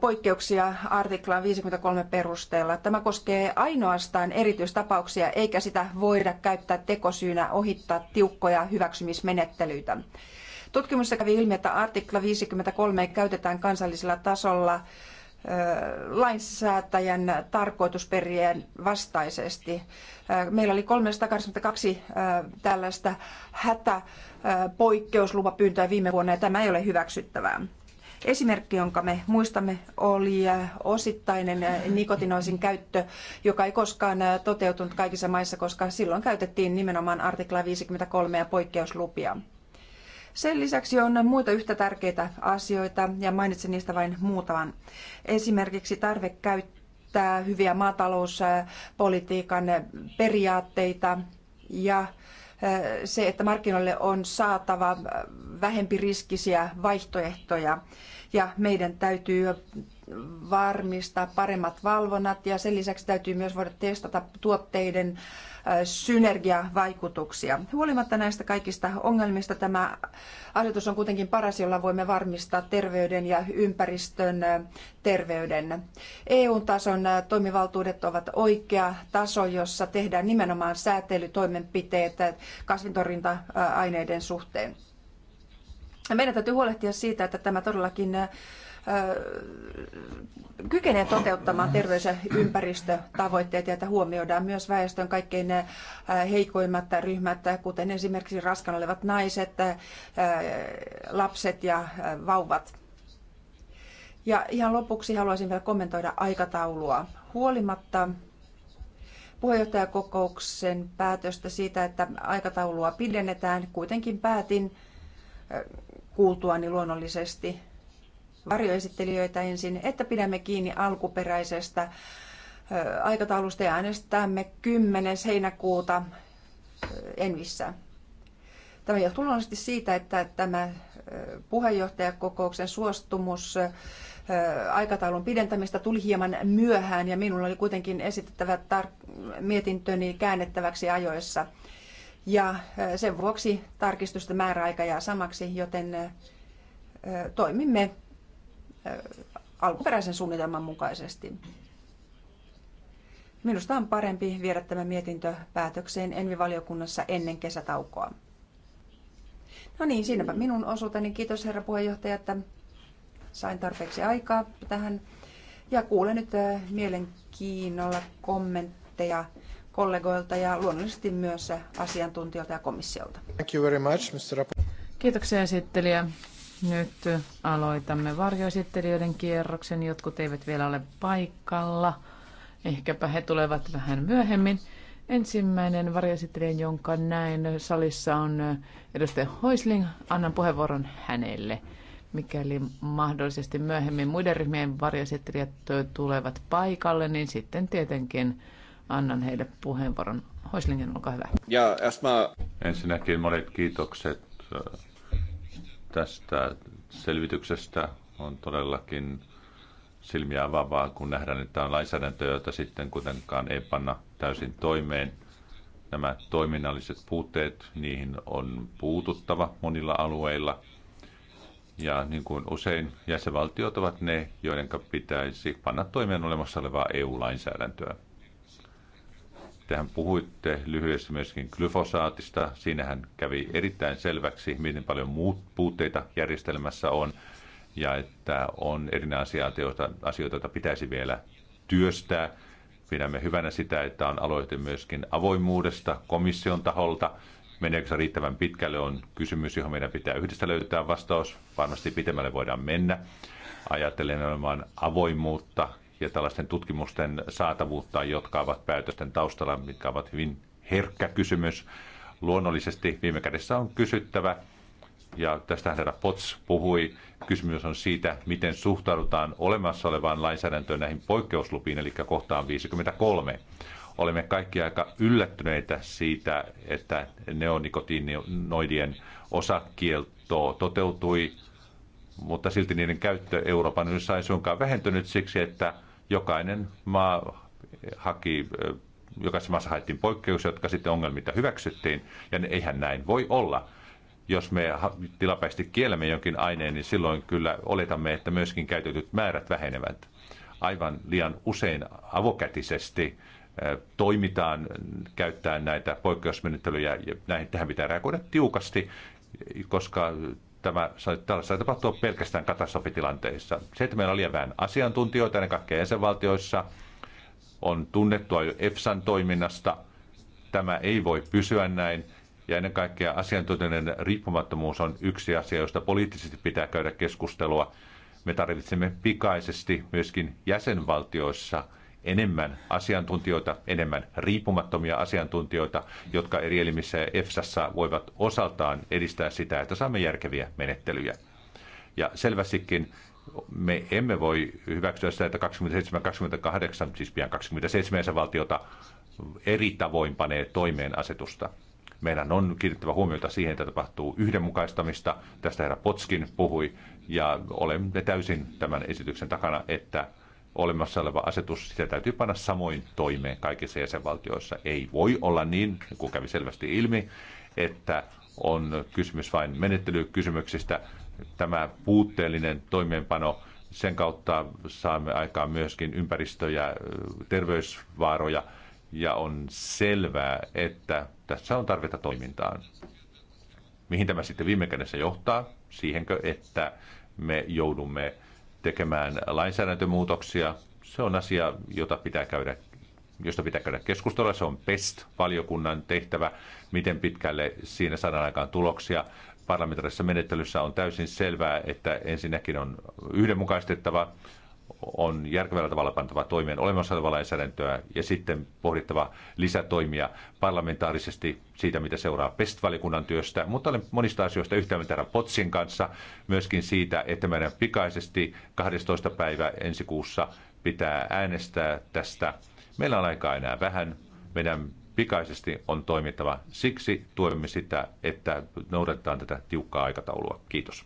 poikkeuksia artiklan 53 perusteella. Tämä koskee ainoastaan erityistapauksia eikä sitä voida käyttää tekosyynä ohittaa tiukkoja hyväksymismenettelyitä. Tutkimuksessa kävi ilmi, että artikla 53 käytetään kansallisella tasolla lainsäätäjän tarkoitusperien vastaisesti. Meillä oli 382 tällaista hätäpoikkeuslupapyyntöä viime vuonna ja tämä ei ole hyväksyttävää. Esimerkki, jonka me muistamme, oli osittainen nikotinoisin käyttö, joka ei koskaan toteutunut kaikissa maissa, koska silloin käytettiin nimenomaan artikla 53 ja poikkeuslupia. Sen lisäksi on muita yhtä tärkeitä asioita ja mainitsen niistä vain muutaman. Esimerkiksi tarve käyttää hyviä maatalouspolitiikan periaatteita ja äh, se, että markkinoille on saatava vähempi riskisiä vaihtoehtoja ja meidän täytyy varmistaa paremmat valvonnat ja sen lisäksi täytyy myös voida testata tuotteiden synergiavaikutuksia. Huolimatta näistä kaikista ongelmista tämä asetus on kuitenkin paras, jolla voimme varmistaa terveyden ja ympäristön terveyden. EU-tason toimivaltuudet ovat oikea taso, jossa tehdään nimenomaan säätelytoimenpiteet kasvintorinta aineiden suhteen. Meidän täytyy huolehtia siitä, että tämä todellakin kykenee toteuttamaan terveys- ja ympäristötavoitteet ja että huomioidaan myös väestön kaikkein heikoimmat ryhmät, kuten esimerkiksi raskan olevat naiset, lapset ja vauvat. Ja ihan lopuksi haluaisin vielä kommentoida aikataulua. Huolimatta puheenjohtajakokouksen päätöstä siitä, että aikataulua pidennetään, kuitenkin päätin kuultuani luonnollisesti varjoesittelijöitä ensin, että pidämme kiinni alkuperäisestä aikataulusta ja äänestämme 10. heinäkuuta Envissä. Tämä johtuu luonnollisesti siitä, että tämä puheenjohtajakokouksen suostumus aikataulun pidentämistä tuli hieman myöhään ja minulla oli kuitenkin esitettävä tar- mietintöni käännettäväksi ajoissa. Ja sen vuoksi tarkistusten määräaika jää samaksi, joten toimimme Äh, alkuperäisen suunnitelman mukaisesti. Minusta on parempi viedä tämä mietintö päätökseen Envivaliokunnassa ennen kesätaukoa. No niin, siinäpä minun osuuteni. Kiitos herra puheenjohtaja, että sain tarpeeksi aikaa tähän. Ja kuulen nyt äh, mielenkiinnolla kommentteja kollegoilta ja luonnollisesti myös asiantuntijoilta ja komissiolta. Thank you very much, Mr. Kiitoksia esittelijä. Nyt aloitamme varjoesittelijöiden kierroksen. Jotkut eivät vielä ole paikalla. Ehkäpä he tulevat vähän myöhemmin. Ensimmäinen varjoesittelijä, jonka näin salissa on edustaja Hoisling. Annan puheenvuoron hänelle. Mikäli mahdollisesti myöhemmin muiden ryhmien varjoesittelijät tulevat paikalle, niin sitten tietenkin annan heille puheenvuoron. Hoislingen, olkaa hyvä. Ja Ensinnäkin monet kiitokset tästä selvityksestä. On todellakin silmiä avaavaa, kun nähdään, että on lainsäädäntö, jota sitten kuitenkaan ei panna täysin toimeen. Nämä toiminnalliset puutteet, niihin on puututtava monilla alueilla. Ja niin kuin usein jäsenvaltiot ovat ne, joiden pitäisi panna toimeen olemassa olevaa EU-lainsäädäntöä. Tehän puhuitte lyhyesti myöskin glyfosaatista. Siinähän kävi erittäin selväksi, miten paljon muut puutteita järjestelmässä on ja että on erinäisiä asioita, asioita joita pitäisi vielä työstää. Pidämme hyvänä sitä, että on aloite myöskin avoimuudesta komission taholta. Meneekö se riittävän pitkälle on kysymys, johon meidän pitää yhdessä löytää vastaus. Varmasti pitemmälle voidaan mennä. Ajattelen olemaan avoimuutta ja tällaisten tutkimusten saatavuutta, jotka ovat päätösten taustalla, mitkä ovat hyvin herkkä kysymys. Luonnollisesti viime kädessä on kysyttävä, ja tästähän herra Potts puhui, kysymys on siitä, miten suhtaudutaan olemassa olevaan lainsäädäntöön näihin poikkeuslupiin, eli kohtaan 53. Olemme kaikki aika yllättyneitä siitä, että neonikotinoidien osakielto toteutui, mutta silti niiden käyttö Euroopan yhdessä ei suinkaan vähentynyt siksi, että Jokainen maa haki, jokaisessa maassa haettiin poikkeus, jotka sitten ongelmita hyväksyttiin, ja ne, eihän näin voi olla. Jos me tilapäisesti kielemme jonkin aineen, niin silloin kyllä oletamme, että myöskin käytetyt määrät vähenevät. Aivan liian usein avokätisesti toimitaan käyttäen näitä poikkeusmenettelyjä ja näihin, tähän pitää reagoida tiukasti, koska tämä tällaista tapahtua pelkästään katastrofitilanteissa. Se, että meillä on liian vähän asiantuntijoita ennen kaikkea jäsenvaltioissa, on tunnettua jo EFSAn toiminnasta. Tämä ei voi pysyä näin. Ja ennen kaikkea asiantuntijoiden riippumattomuus on yksi asia, josta poliittisesti pitää käydä keskustelua. Me tarvitsemme pikaisesti myöskin jäsenvaltioissa – enemmän asiantuntijoita, enemmän riippumattomia asiantuntijoita, jotka eri elimissä ja EFSassa voivat osaltaan edistää sitä, että saamme järkeviä menettelyjä. Ja selvästikin me emme voi hyväksyä sitä, että 27, 28, siis pian 27 valtiota eri tavoin panee toimeen asetusta. Meidän on kiinnittävä huomiota siihen, että tapahtuu yhdenmukaistamista. Tästä herra Potskin puhui ja olemme täysin tämän esityksen takana, että olemassa oleva asetus, sitä täytyy panna samoin toimeen kaikissa jäsenvaltioissa. Ei voi olla niin, niin kun kävi selvästi ilmi, että on kysymys vain menettelykysymyksistä. Tämä puutteellinen toimeenpano, sen kautta saamme aikaan myöskin ympäristö- ja terveysvaaroja, ja on selvää, että tässä on tarvetta toimintaan. Mihin tämä sitten viime kädessä johtaa? Siihenkö, että me joudumme tekemään lainsäädäntömuutoksia. Se on asia, jota pitää käydä, josta pitää käydä keskustelua. Se on PEST-valiokunnan tehtävä, miten pitkälle siinä saadaan aikaan tuloksia. Parlamentaarisessa menettelyssä on täysin selvää, että ensinnäkin on yhdenmukaistettava on järkevällä tavalla pantava toimeen olemassa olevaa lainsäädäntöä ja sitten pohdittava lisätoimia parlamentaarisesti siitä, mitä seuraa PEST-valikunnan työstä. Mutta olen monista asioista yhtä mieltä Potsin kanssa, myöskin siitä, että meidän pikaisesti 12. päivä ensi kuussa pitää äänestää tästä. Meillä on aikaa enää vähän. Meidän pikaisesti on toimittava. Siksi tuemme sitä, että noudatetaan tätä tiukkaa aikataulua. Kiitos.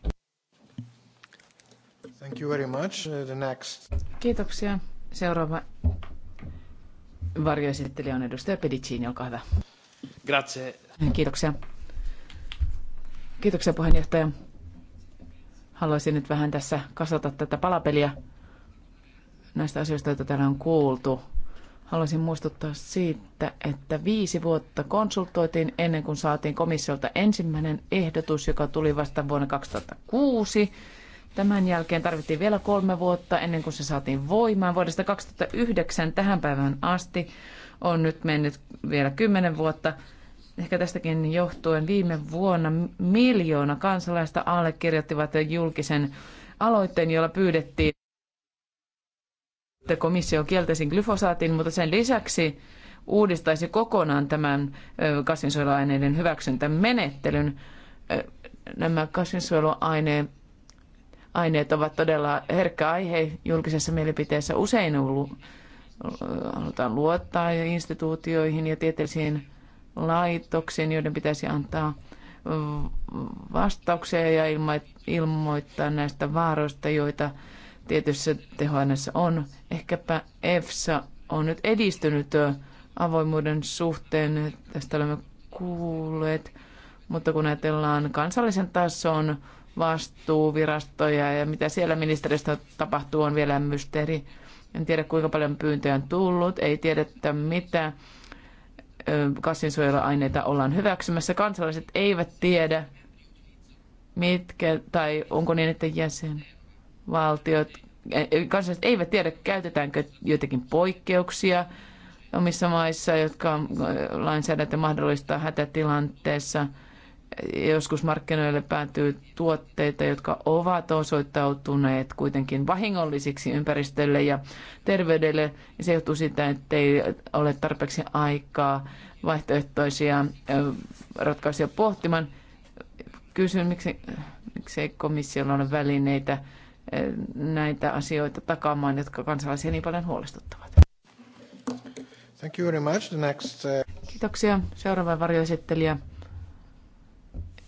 Thank you very much. Uh, the next. Kiitoksia. Seuraava varjoesittelijä on edustaja Pedicini, olkaa hyvä. Grazie. Kiitoksia. Kiitoksia puheenjohtaja. Haluaisin nyt vähän tässä kasata tätä palapeliä näistä asioista, joita täällä on kuultu. Haluaisin muistuttaa siitä, että viisi vuotta konsultoitiin ennen kuin saatiin komissiolta ensimmäinen ehdotus, joka tuli vasta vuonna 2006. Tämän jälkeen tarvittiin vielä kolme vuotta ennen kuin se saatiin voimaan. Vuodesta 2009 tähän päivään asti on nyt mennyt vielä kymmenen vuotta. Ehkä tästäkin johtuen viime vuonna miljoona kansalaista allekirjoittivat julkisen aloitteen, jolla pyydettiin, että komissio kieltäisi glyfosaatin, mutta sen lisäksi uudistaisi kokonaan tämän kasvinsuojeluaineiden hyväksyntämenettelyn. Nämä kasvinsuojeluaineet aineet ovat todella herkkä aihe julkisessa mielipiteessä. Usein halutaan luottaa instituutioihin ja tieteellisiin laitoksiin, joiden pitäisi antaa vastauksia ja ilmoittaa näistä vaaroista, joita tietyssä tehoaineessa on. Ehkäpä EFSA on nyt edistynyt avoimuuden suhteen, tästä olemme kuulleet, mutta kun ajatellaan kansallisen tason vastuuvirastoja ja mitä siellä ministeristä tapahtuu on vielä mysteeri. En tiedä kuinka paljon pyyntöjä on tullut, ei tiedetä mitä kasvinsuojeluaineita ollaan hyväksymässä. Kansalaiset eivät tiedä, mitkä, tai onko niin, että jäsenvaltiot, e, e, kansalaiset eivät tiedä, käytetäänkö joitakin poikkeuksia omissa maissa, jotka lainsäädäntö mahdollistaa hätätilanteessa – joskus markkinoille päätyy tuotteita, jotka ovat osoittautuneet kuitenkin vahingollisiksi ympäristölle ja terveydelle. Se johtuu siitä, että ei ole tarpeeksi aikaa vaihtoehtoisia ratkaisuja pohtimaan. Kysyn, miksi, ei komissiolla ole välineitä näitä asioita takaamaan, jotka kansalaisia niin paljon huolestuttavat. Thank you very much. The next, uh, Kiitoksia. Seuraava varjoesittelijä.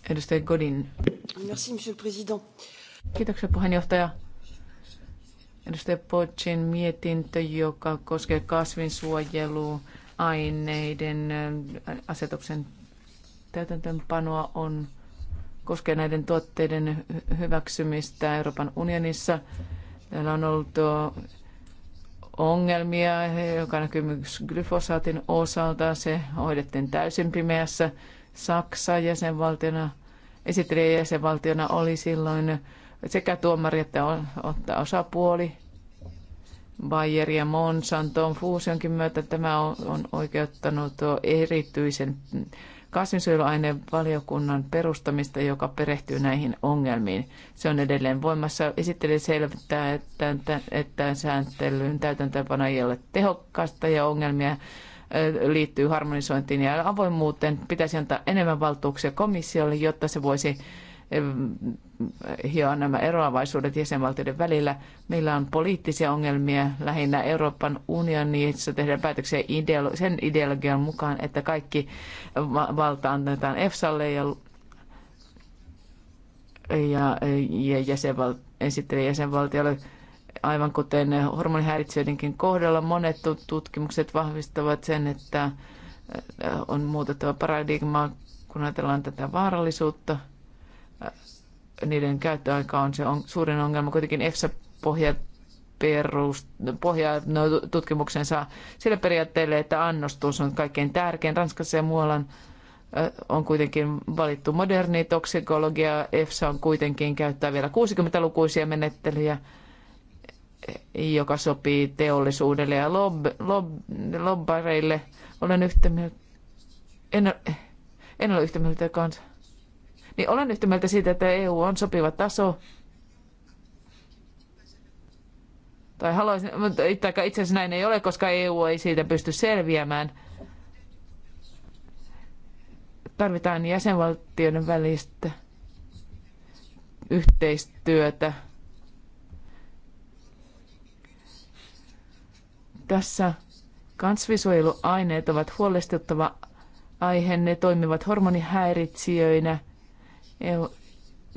Edustaja Godin. Merci, monsieur le président. Kiitoksia puheenjohtaja. Edustaja Potsin mietintö, joka koskee kasvinsuojeluaineiden äh, asetuksen täytäntöönpanoa, on, koskee näiden tuotteiden hyväksymistä Euroopan unionissa. Täällä on ollut ongelmia, joka näkyy myös glyfosaatin osalta. Se hoidettiin täysin pimeässä. Saksa jäsenvaltiona esittelijä jäsenvaltiona oli silloin sekä tuomari että ottaa osapuoli. Bayer ja on fuusionkin myötä tämä on, on oikeuttanut erityisen kasvinsuojeluaineen valiokunnan perustamista, joka perehtyy näihin ongelmiin. Se on edelleen voimassa. Esitteli selvittää, että, että, että sääntelyn täytäntöönpano ei ole tehokkaasta ja ongelmia liittyy harmonisointiin ja avoimuuteen. Pitäisi antaa enemmän valtuuksia komissiolle, jotta se voisi eh, hioa nämä eroavaisuudet jäsenvaltioiden välillä. Meillä on poliittisia ongelmia lähinnä Euroopan unionissa tehdään päätöksiä ideolo- sen ideologian mukaan, että kaikki valta annetaan EFSAlle ja, ja, ja jäsenval- jäsenvaltiolle Aivan kuten hormonihäiritsijöidenkin kohdalla, monet tutkimukset vahvistavat sen, että äh, on muutettava paradigmaa, kun ajatellaan tätä vaarallisuutta. Äh, niiden käyttöaika on se on, suurin ongelma. Kuitenkin EFSA pohja perus, pohja no, tutkimuksensa sillä periaatteelle, että annostus on kaikkein tärkein. Ranskassa ja muualla äh, on kuitenkin valittu moderni toksikologia. EFSA on kuitenkin käyttää vielä 60-lukuisia menettelyjä joka sopii teollisuudelle ja lob, lob, lobbareille. Olen yhtä mieltä, en, en ole yhtä mieltä kanssa. Niin olen yhtä mieltä siitä, että EU on sopiva taso. Tai haluaisin, mutta itse asiassa näin ei ole, koska EU ei siitä pysty selviämään. Tarvitaan jäsenvaltioiden välistä yhteistyötä Tässä kansvisuojeluaineet ovat huolestuttava aihe. Ne toimivat hormonihäiritsijöinä.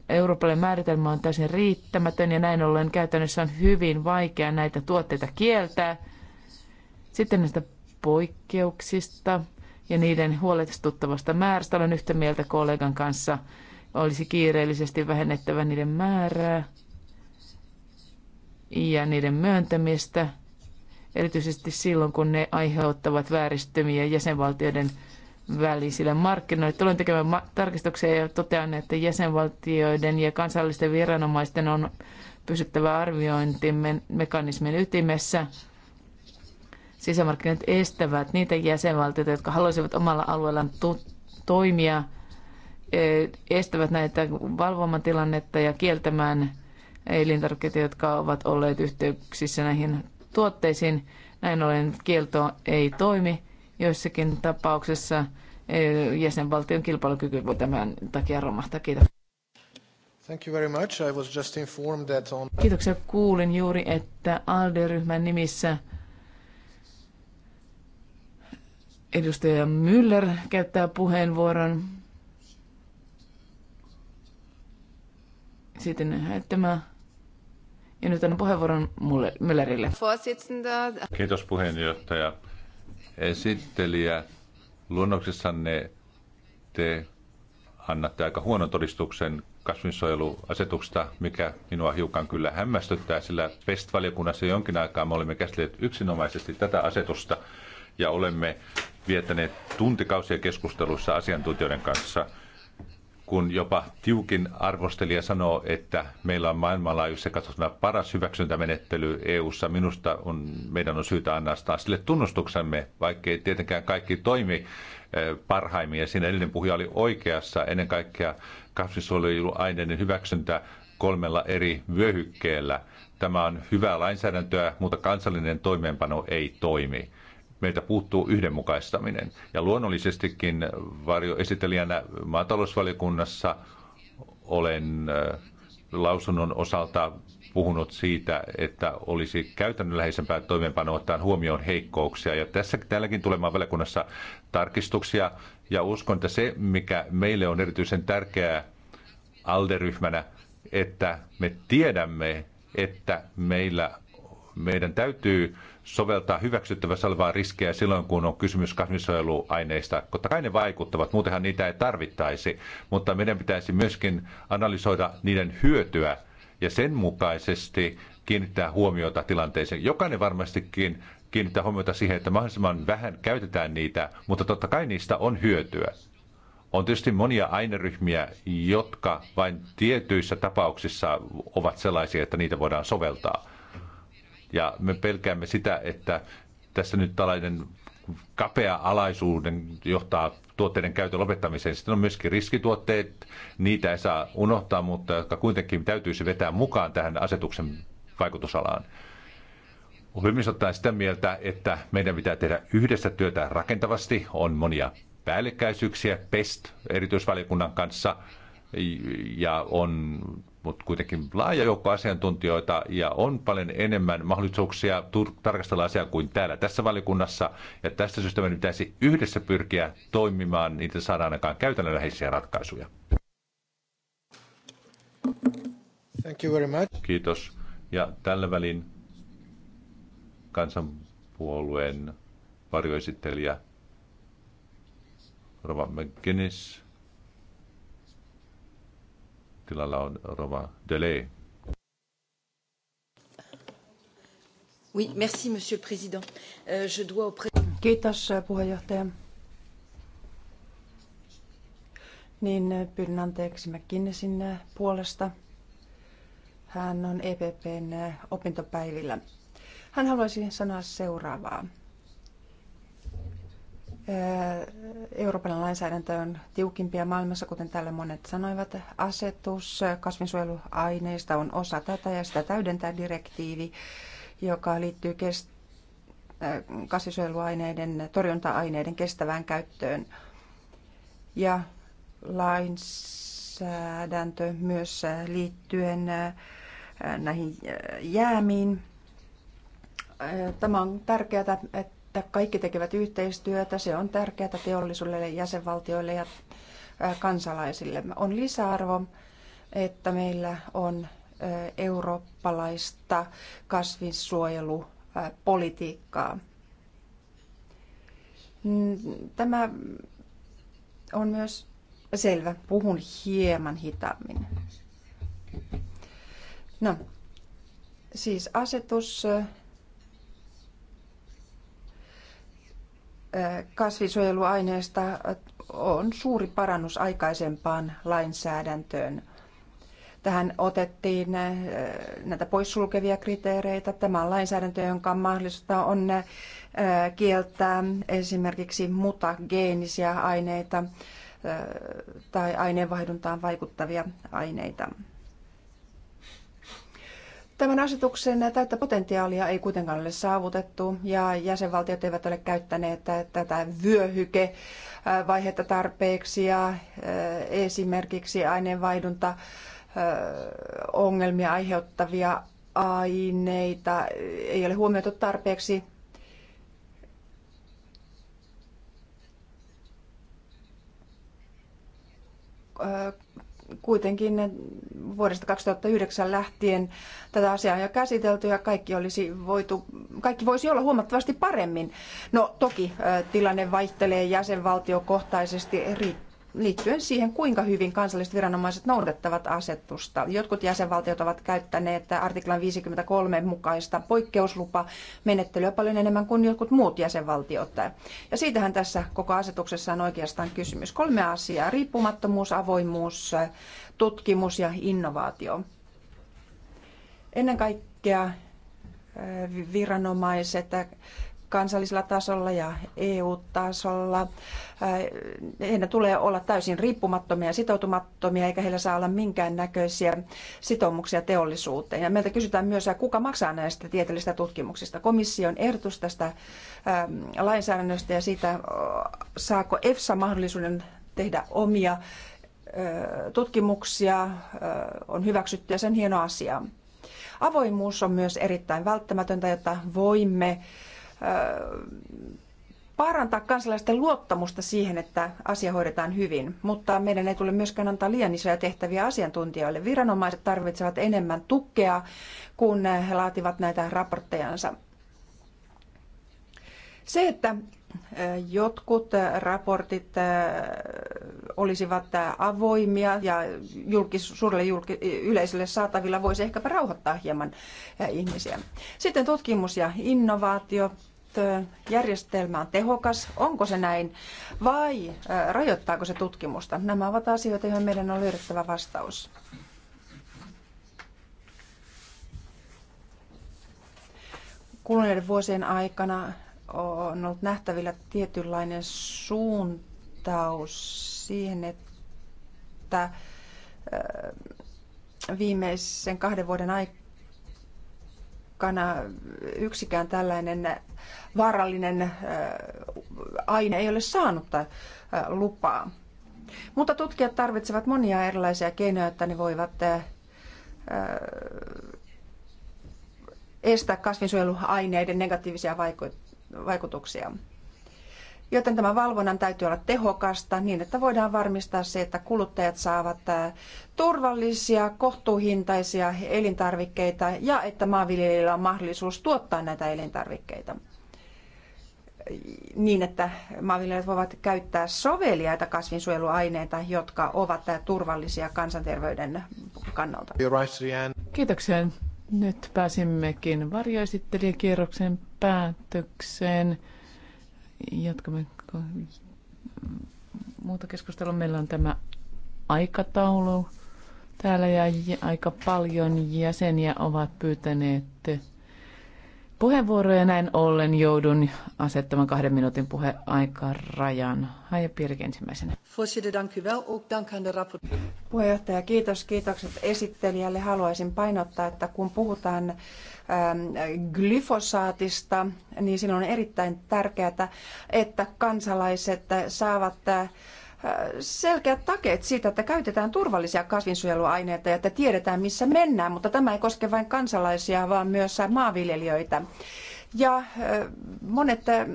Euroopalle määritelmä on täysin riittämätön ja näin ollen käytännössä on hyvin vaikea näitä tuotteita kieltää. Sitten näistä poikkeuksista ja niiden huolestuttavasta määrästä olen yhtä mieltä kollegan kanssa. Olisi kiireellisesti vähennettävä niiden määrää ja niiden myöntämistä – erityisesti silloin, kun ne aiheuttavat vääristymiä jäsenvaltioiden välisille markkinoille. Tulen tekemään tarkistuksia ja totean, että jäsenvaltioiden ja kansallisten viranomaisten on pysyttävä arviointimekanismin ytimessä. Sisämarkkinat estävät niitä jäsenvaltioita, jotka haluaisivat omalla alueellaan toimia, e, estävät näitä valvomatilannetta ja kieltämään elintarvikkeita, jotka ovat olleet yhteyksissä näihin tuotteisiin. Näin ollen kielto ei toimi. Joissakin tapauksessa eh, jäsenvaltion kilpailukyky voi tämän takia romahtaa. Kiitos. Thank you very much. I was just informed that on... Kiitoksia. Kuulin juuri, että ALDE-ryhmän nimissä edustaja Müller käyttää puheenvuoron. Sitten tämä ja nyt on puheenvuoron mulle, Müllerille. Kiitos puheenjohtaja. Esittelijä, luonnoksessanne te annatte aika huonon todistuksen kasvinsuojeluasetuksesta, mikä minua hiukan kyllä hämmästyttää, sillä PEST-valiokunnassa jonkin aikaa me olemme käsitelleet yksinomaisesti tätä asetusta ja olemme viettäneet tuntikausia keskusteluissa asiantuntijoiden kanssa – kun jopa tiukin arvostelija sanoo, että meillä on maailmanlaajuisesti katsottuna paras hyväksyntämenettely EU-ssa. Minusta on, meidän on syytä annastaa sille tunnustuksemme, vaikkei tietenkään kaikki toimi eh, parhaimmin. Ja siinä edellinen puhuja oli oikeassa. Ennen kaikkea kasvinsuojeluaineiden hyväksyntä kolmella eri vyöhykkeellä. Tämä on hyvää lainsäädäntöä, mutta kansallinen toimeenpano ei toimi meiltä puuttuu yhdenmukaistaminen. Ja luonnollisestikin varjoesittelijänä maatalousvaliokunnassa olen lausunnon osalta puhunut siitä, että olisi käytännönläheisempää toimeenpanoa ottaen huomioon heikkouksia. Ja tässä täälläkin tulemaan valiokunnassa tarkistuksia. Ja uskon, että se, mikä meille on erityisen tärkeää alderyhmänä, että me tiedämme, että meillä, meidän täytyy soveltaa hyväksyttävässä olevaa riskejä silloin, kun on kysymys kasvinsuojeluaineista. Totta kai ne vaikuttavat, muutenhan niitä ei tarvittaisi, mutta meidän pitäisi myöskin analysoida niiden hyötyä ja sen mukaisesti kiinnittää huomiota tilanteeseen. Jokainen varmastikin kiinnittää huomiota siihen, että mahdollisimman vähän käytetään niitä, mutta totta kai niistä on hyötyä. On tietysti monia aineryhmiä, jotka vain tietyissä tapauksissa ovat sellaisia, että niitä voidaan soveltaa. Ja me pelkäämme sitä, että tässä nyt tällainen kapea alaisuuden johtaa tuotteiden käytön lopettamiseen. Sitten on myöskin riskituotteet, niitä ei saa unohtaa, mutta jotka kuitenkin täytyisi vetää mukaan tähän asetuksen vaikutusalaan. Hyvin ottaen sitä mieltä, että meidän pitää tehdä yhdessä työtä rakentavasti. On monia päällekkäisyyksiä PEST erityisvaliokunnan kanssa ja on mutta kuitenkin laaja joukko asiantuntijoita ja on paljon enemmän mahdollisuuksia tarkastella asiaa kuin täällä tässä valikunnassa. Ja tästä syystä meidän pitäisi yhdessä pyrkiä toimimaan, niin että saadaan ainakaan käytännönläheisiä ratkaisuja. Thank you very much. Kiitos. Ja tällä välin kansanpuolueen varjoesittelijä Rova McGinnis tilalla on Rova Delay. Oui, merci, monsieur le président. Euh, je dois au... Kiitos äh, puheenjohtaja. Niin äh, pyydän anteeksi McKinneysin äh, puolesta. Hän on EPPn opintopäivillä. Hän haluaisi sanoa seuraavaa. Euroopan lainsäädäntö on tiukimpia maailmassa, kuten täällä monet sanoivat. Asetus kasvinsuojeluaineista on osa tätä ja sitä täydentää direktiivi, joka liittyy kasvinsuojeluaineiden, torjunta-aineiden kestävään käyttöön. Ja lainsäädäntö myös liittyen näihin jäämiin. Tämä on tärkeää, että että kaikki tekevät yhteistyötä. Se on tärkeää teollisuudelle, jäsenvaltioille ja kansalaisille. On lisäarvo, että meillä on eurooppalaista kasvinsuojelupolitiikkaa. Mm, tämä on myös selvä. Puhun hieman hitaammin. No, siis asetus kasvinsuojeluaineista on suuri parannus aikaisempaan lainsäädäntöön. Tähän otettiin eh, näitä poissulkevia kriteereitä. Tämä on lainsäädäntö, jonka mahdollista on eh, kieltää esimerkiksi mutageenisiä aineita eh, tai aineenvaihduntaan vaikuttavia aineita. Tämän asetuksen täyttä potentiaalia ei kuitenkaan ole saavutettu ja jäsenvaltiot eivät ole käyttäneet tätä vyöhykevaihetta tarpeeksi ja eh, esimerkiksi aineenvaihdunta eh, ongelmia aiheuttavia aineita ei ole huomioitu tarpeeksi. Eh, kuitenkin vuodesta 2009 lähtien tätä asiaa on jo käsitelty ja kaikki, olisi voitu, kaikki voisi olla huomattavasti paremmin. No toki tilanne vaihtelee jäsenvaltiokohtaisesti eri liittyen siihen, kuinka hyvin kansalliset viranomaiset noudattavat asetusta. Jotkut jäsenvaltiot ovat käyttäneet artiklan 53 mukaista menettelyä paljon enemmän kuin jotkut muut jäsenvaltiot. Ja siitähän tässä koko asetuksessa on oikeastaan kysymys. Kolme asiaa, riippumattomuus, avoimuus, tutkimus ja innovaatio. Ennen kaikkea eh, viranomaiset kansallisella tasolla ja EU-tasolla. Heidän tulee olla täysin riippumattomia ja sitoutumattomia, eikä heillä saa olla minkään näköisiä sitoumuksia teollisuuteen. Ja meiltä kysytään myös, kuka maksaa näistä tieteellisistä tutkimuksista. Komission ehdotus tästä lainsäädännöstä ja siitä, saako EFSA mahdollisuuden tehdä omia tutkimuksia on hyväksytty ja sen hieno asia. Avoimuus on myös erittäin välttämätöntä, jotta voimme parantaa kansalaisten luottamusta siihen, että asia hoidetaan hyvin, mutta meidän ei tule myöskään antaa liian isoja tehtäviä asiantuntijoille. Viranomaiset tarvitsevat enemmän tukea, kun he laativat näitä raporttejansa. Se, että jotkut raportit olisivat avoimia ja julkis, suurelle julki, yleisölle saatavilla voisi ehkäpä rauhoittaa hieman ihmisiä. Sitten tutkimus ja innovaatio järjestelmä on tehokas, onko se näin vai rajoittaako se tutkimusta? Nämä ovat asioita, joihin meidän on löydettävä vastaus. Kuluneiden vuosien aikana on ollut nähtävillä tietynlainen suuntaus siihen, että viimeisen kahden vuoden aikana uhkana. Yksikään tällainen vaarallinen aine ei ole saanut lupaa. Mutta tutkijat tarvitsevat monia erilaisia keinoja, että ne voivat estää kasvinsuojeluaineiden negatiivisia vaikutuksia. Joten tämä valvonnan täytyy olla tehokasta niin, että voidaan varmistaa se, että kuluttajat saavat äh, turvallisia, kohtuuhintaisia elintarvikkeita ja että maanviljelijöillä on mahdollisuus tuottaa näitä elintarvikkeita niin, että maanviljelijät voivat käyttää soveliaita kasvinsuojeluaineita, jotka ovat äh, turvallisia kansanterveyden kannalta. Kiitoksia. Nyt pääsimmekin varjoesittelijäkierroksen päätökseen jatkamme muuta keskustelua. Meillä on tämä aikataulu täällä ja aika paljon jäseniä ovat pyytäneet puheenvuoroja. Näin ollen joudun asettamaan kahden minuutin puheaikaan rajan. Haja Pirk ensimmäisenä. Puheenjohtaja, kiitos. Kiitokset esittelijälle. Haluaisin painottaa, että kun puhutaan Ähm, glyfosaatista, niin silloin on erittäin tärkeää, että kansalaiset saavat äh, selkeät takeet siitä, että käytetään turvallisia kasvinsuojeluaineita ja että tiedetään, missä mennään, mutta tämä ei koske vain kansalaisia, vaan myös maanviljelijöitä. Ja äh, monet äh,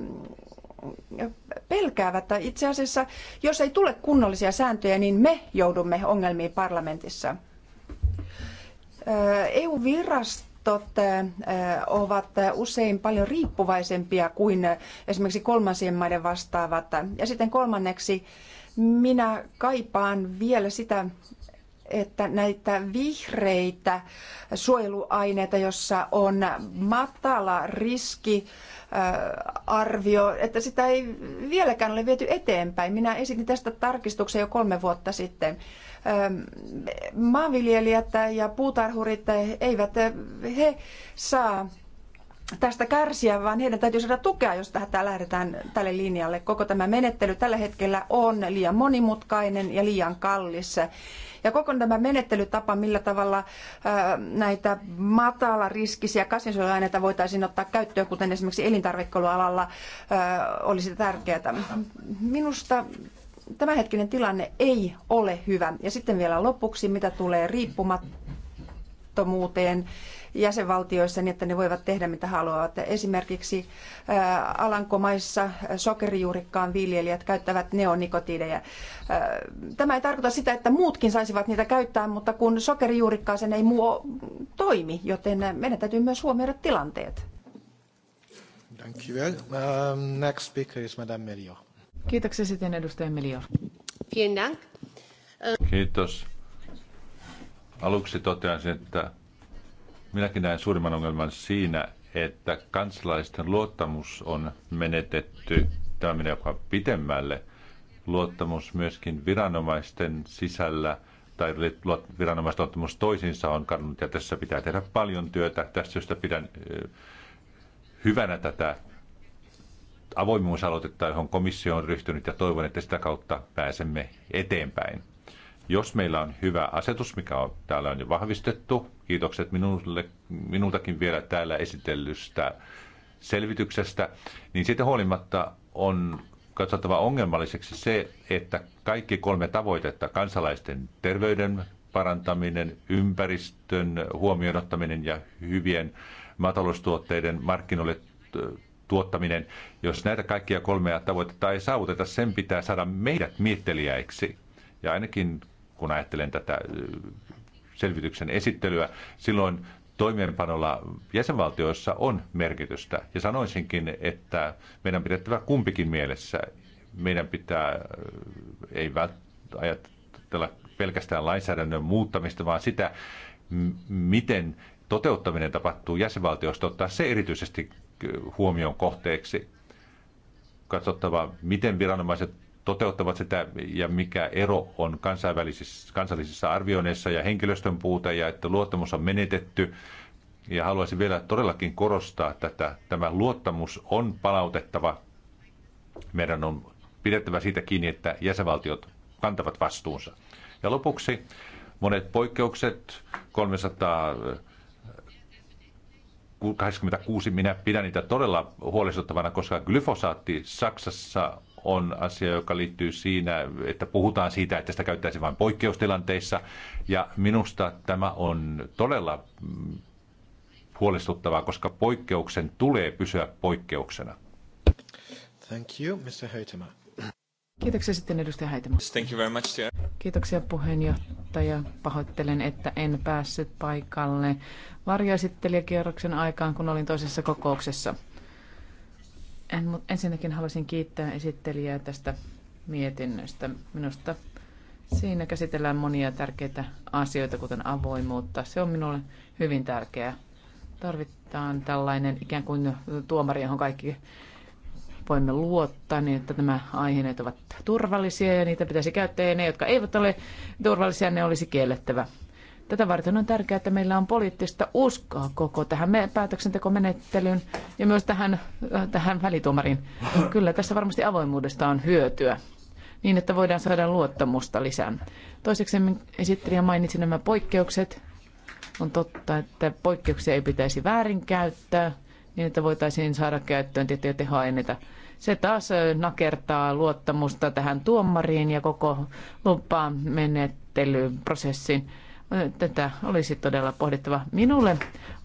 pelkäävät, että itse asiassa, jos ei tule kunnollisia sääntöjä, niin me joudumme ongelmiin parlamentissa. EU-virasto rahastot eh, eh, ovat usein paljon riippuvaisempia kuin esimerkiksi kolmansien maiden vastaavat. Ja sitten kolmanneksi minä kaipaan vielä sitä, että näitä vihreitä suojeluaineita, jossa on matala riski, eh, arvio, että sitä ei vieläkään ole viety eteenpäin. Minä esitin tästä tarkistuksen jo kolme vuotta sitten. Ähm, maanviljelijät ja puutarhurit eh, eivät eh, he saa tästä kärsiä, vaan heidän täytyy saada tukea, jos tähän lähdetään tälle linjalle. Koko tämä menettely tällä hetkellä on liian monimutkainen ja liian kallis. Ja koko tämä menettelytapa, millä tavalla äh, näitä matalariskisiä kasvinsuojeluaineita voitaisiin ottaa käyttöön, kuten esimerkiksi elintarvikkelualalla, äh, olisi tärkeää. Minusta tämänhetkinen tilanne ei ole hyvä. Ja sitten vielä lopuksi, mitä tulee riippumattomuuteen jäsenvaltioissa, niin että ne voivat tehdä mitä haluavat. Esimerkiksi Alankomaissa sokerijuurikkaan viljelijät käyttävät neonikotiideja. Tämä ei tarkoita sitä, että muutkin saisivat niitä käyttää, mutta kun sokerijuurikkaa sen ei muu toimi, joten meidän täytyy myös huomioida tilanteet. Dankjewel. Uh, um, next speaker is Madame Melior. Kiitoksia sitten edustaja Melior. Kiitos. Aluksi toteaisin, että minäkin näen suurimman ongelman siinä, että kansalaisten luottamus on menetetty. Tämä menee jopa pitemmälle. Luottamus myöskin viranomaisten sisällä tai viranomaisluottamus toisiinsa on kadonnut ja tässä pitää tehdä paljon työtä. Tästä syystä pidän hyvänä tätä avoimuusaloitetta, johon komissio on ryhtynyt ja toivon, että sitä kautta pääsemme eteenpäin. Jos meillä on hyvä asetus, mikä on, täällä on jo vahvistettu, kiitokset minulle, minultakin vielä täällä esitellystä selvityksestä, niin siitä huolimatta on katsottava ongelmalliseksi se, että kaikki kolme tavoitetta, kansalaisten terveyden parantaminen, ympäristön huomioon ottaminen ja hyvien maataloustuotteiden markkinoille tuottaminen. Jos näitä kaikkia kolmea tavoitetta ei saavuteta, sen pitää saada meidät miettelijäiksi. Ja ainakin kun ajattelen tätä äh, selvityksen esittelyä, silloin toimeenpanolla jäsenvaltioissa on merkitystä. Ja sanoisinkin, että meidän pidettävä kumpikin mielessä. Meidän pitää, äh, ei ajatella pelkästään lainsäädännön muuttamista, vaan sitä, miten toteuttaminen tapahtuu jäsenvaltioista, ottaa se erityisesti huomion kohteeksi. Katsottava, miten viranomaiset toteuttavat sitä ja mikä ero on kansainvälisissä, kansallisissa arvioinneissa ja henkilöstön puute ja että luottamus on menetetty. Ja haluaisin vielä todellakin korostaa että Tämä luottamus on palautettava. Meidän on pidettävä siitä kiinni, että jäsenvaltiot kantavat vastuunsa. Ja lopuksi monet poikkeukset, 300 86. Minä pidän niitä todella huolestuttavana, koska glyfosaatti Saksassa on asia, joka liittyy siinä, että puhutaan siitä, että sitä käyttäisi vain poikkeustilanteissa. Ja minusta tämä on todella huolestuttavaa, koska poikkeuksen tulee pysyä poikkeuksena. Thank you, Mr. Heitema. Kiitoksia sitten edustaja Häitämä. Thank you very much, Kiitoksia puheenjohtaja. Pahoittelen, että en päässyt paikalle varjoesittelijäkierroksen aikaan, kun olin toisessa kokouksessa. En, mutta ensinnäkin haluaisin kiittää esittelijää tästä mietinnöstä. Minusta siinä käsitellään monia tärkeitä asioita, kuten avoimuutta. Se on minulle hyvin tärkeää. Tarvitaan tällainen ikään kuin tuomari, johon kaikki voimme luottaa niin, että nämä aiheet ovat turvallisia ja niitä pitäisi käyttää ja ne, jotka eivät ole turvallisia, ne olisi kiellettävä. Tätä varten on tärkeää, että meillä on poliittista uskoa koko tähän päätöksentekomenettelyyn ja myös tähän, äh, tähän välituomariin. Kyllä tässä varmasti avoimuudesta on hyötyä niin, että voidaan saada luottamusta lisää. Toiseksi esittelijä mainitsi nämä poikkeukset. On totta, että poikkeuksia ei pitäisi väärinkäyttää niin, että voitaisiin saada käyttöön tiettyjä tehoaineita. Se taas nakertaa luottamusta tähän tuomariin ja koko menettelyprosessin. Tätä olisi todella pohdittava. Minulle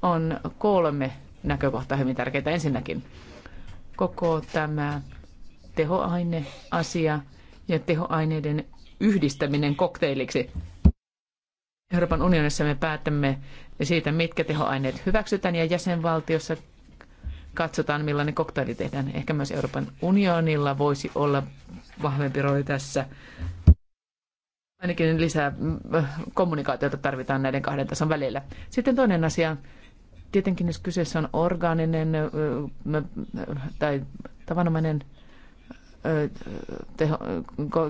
on kolme näkökohtaa hyvin tärkeitä. Ensinnäkin koko tämä tehoaineasia ja tehoaineiden yhdistäminen kokteiliksi. Euroopan unionissa me päätämme siitä, mitkä tehoaineet hyväksytään ja jäsenvaltiossa katsotaan, millainen koktaili tehdään. Ehkä myös Euroopan unionilla voisi olla vahvempi rooli tässä. Ainakin lisää äh, kommunikaatiota tarvitaan näiden kahden tason välillä. Sitten toinen asia. Tietenkin jos kyseessä on orgaaninen äh, äh, tai tavanomainen teho,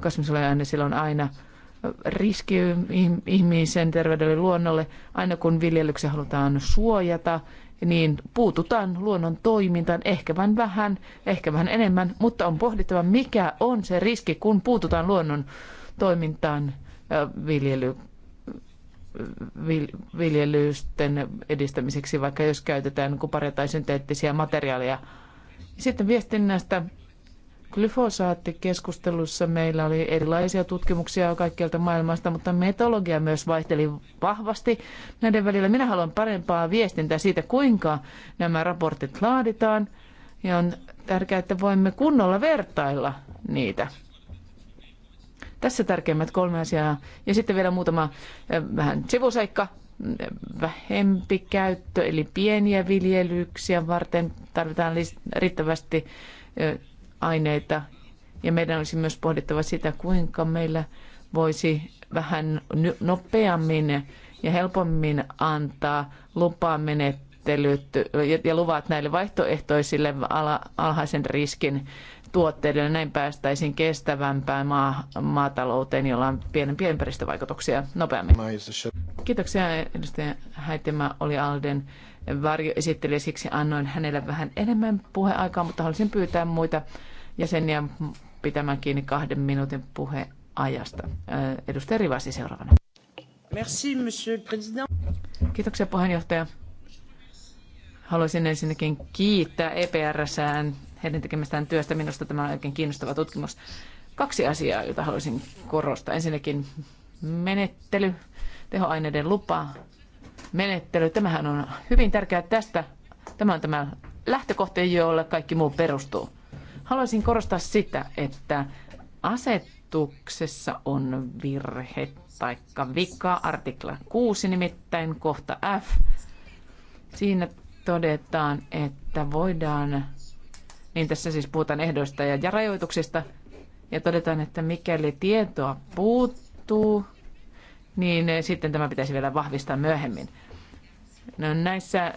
kasvinsuojeluaine, sillä on aina riski ihmisen terveydelle luonnolle. Aina kun viljelyksiä halutaan suojata – niin puututaan luonnon toimintaan, ehkä vain vähän, ehkä vähän enemmän, mutta on pohdittava, mikä on se riski, kun puututaan luonnon toimintaan viljely, viljelysten edistämiseksi, vaikka jos käytetään niin kuparia tai synteettisiä materiaaleja. Sitten viestinnästä Glyfosaattikeskustelussa meillä oli erilaisia tutkimuksia kaikkialta maailmasta, mutta metologia myös vaihteli vahvasti näiden välillä. Minä haluan parempaa viestintää siitä, kuinka nämä raportit laaditaan. Ja on tärkeää, että voimme kunnolla vertailla niitä. Tässä tärkeimmät kolme asiaa. Ja sitten vielä muutama vähän sivuseikka. Vähempi käyttö, eli pieniä viljelyksiä varten tarvitaan riittävästi aineita. Ja meidän olisi myös pohdittava sitä, kuinka meillä voisi vähän nopeammin ja helpommin antaa lupamenettelyt ja luvat näille vaihtoehtoisille alhaisen riskin tuotteille. Näin päästäisiin kestävämpään maa, maatalouteen, jolla on pienempiä ympäristövaikutuksia nopeammin. Kiitoksia edustaja Häitemä oli Alden varjoesittelijä, siksi annoin hänelle vähän enemmän puheaikaa, mutta haluaisin pyytää muita jäseniä pitämään kiinni kahden minuutin puheajasta. Edustaja Rivasi seuraavana. Merci, monsieur le président. Kiitoksia puheenjohtaja. Haluaisin ensinnäkin kiittää EPR-sään heidän tekemästään työstä. Minusta tämä on oikein kiinnostava tutkimus. Kaksi asiaa, joita haluaisin korostaa. Ensinnäkin menettely, tehoaineiden lupa, menettely. Tämähän on hyvin tärkeää tästä. Tämä on tämä lähtökohta, jolle kaikki muu perustuu. Haluaisin korostaa sitä, että asetuksessa on virhe tai vika, artikla 6 nimittäin, kohta F. Siinä todetaan, että voidaan, niin tässä siis puhutaan ehdoista ja rajoituksista, ja todetaan, että mikäli tietoa puuttuu, niin sitten tämä pitäisi vielä vahvistaa myöhemmin. No, näissä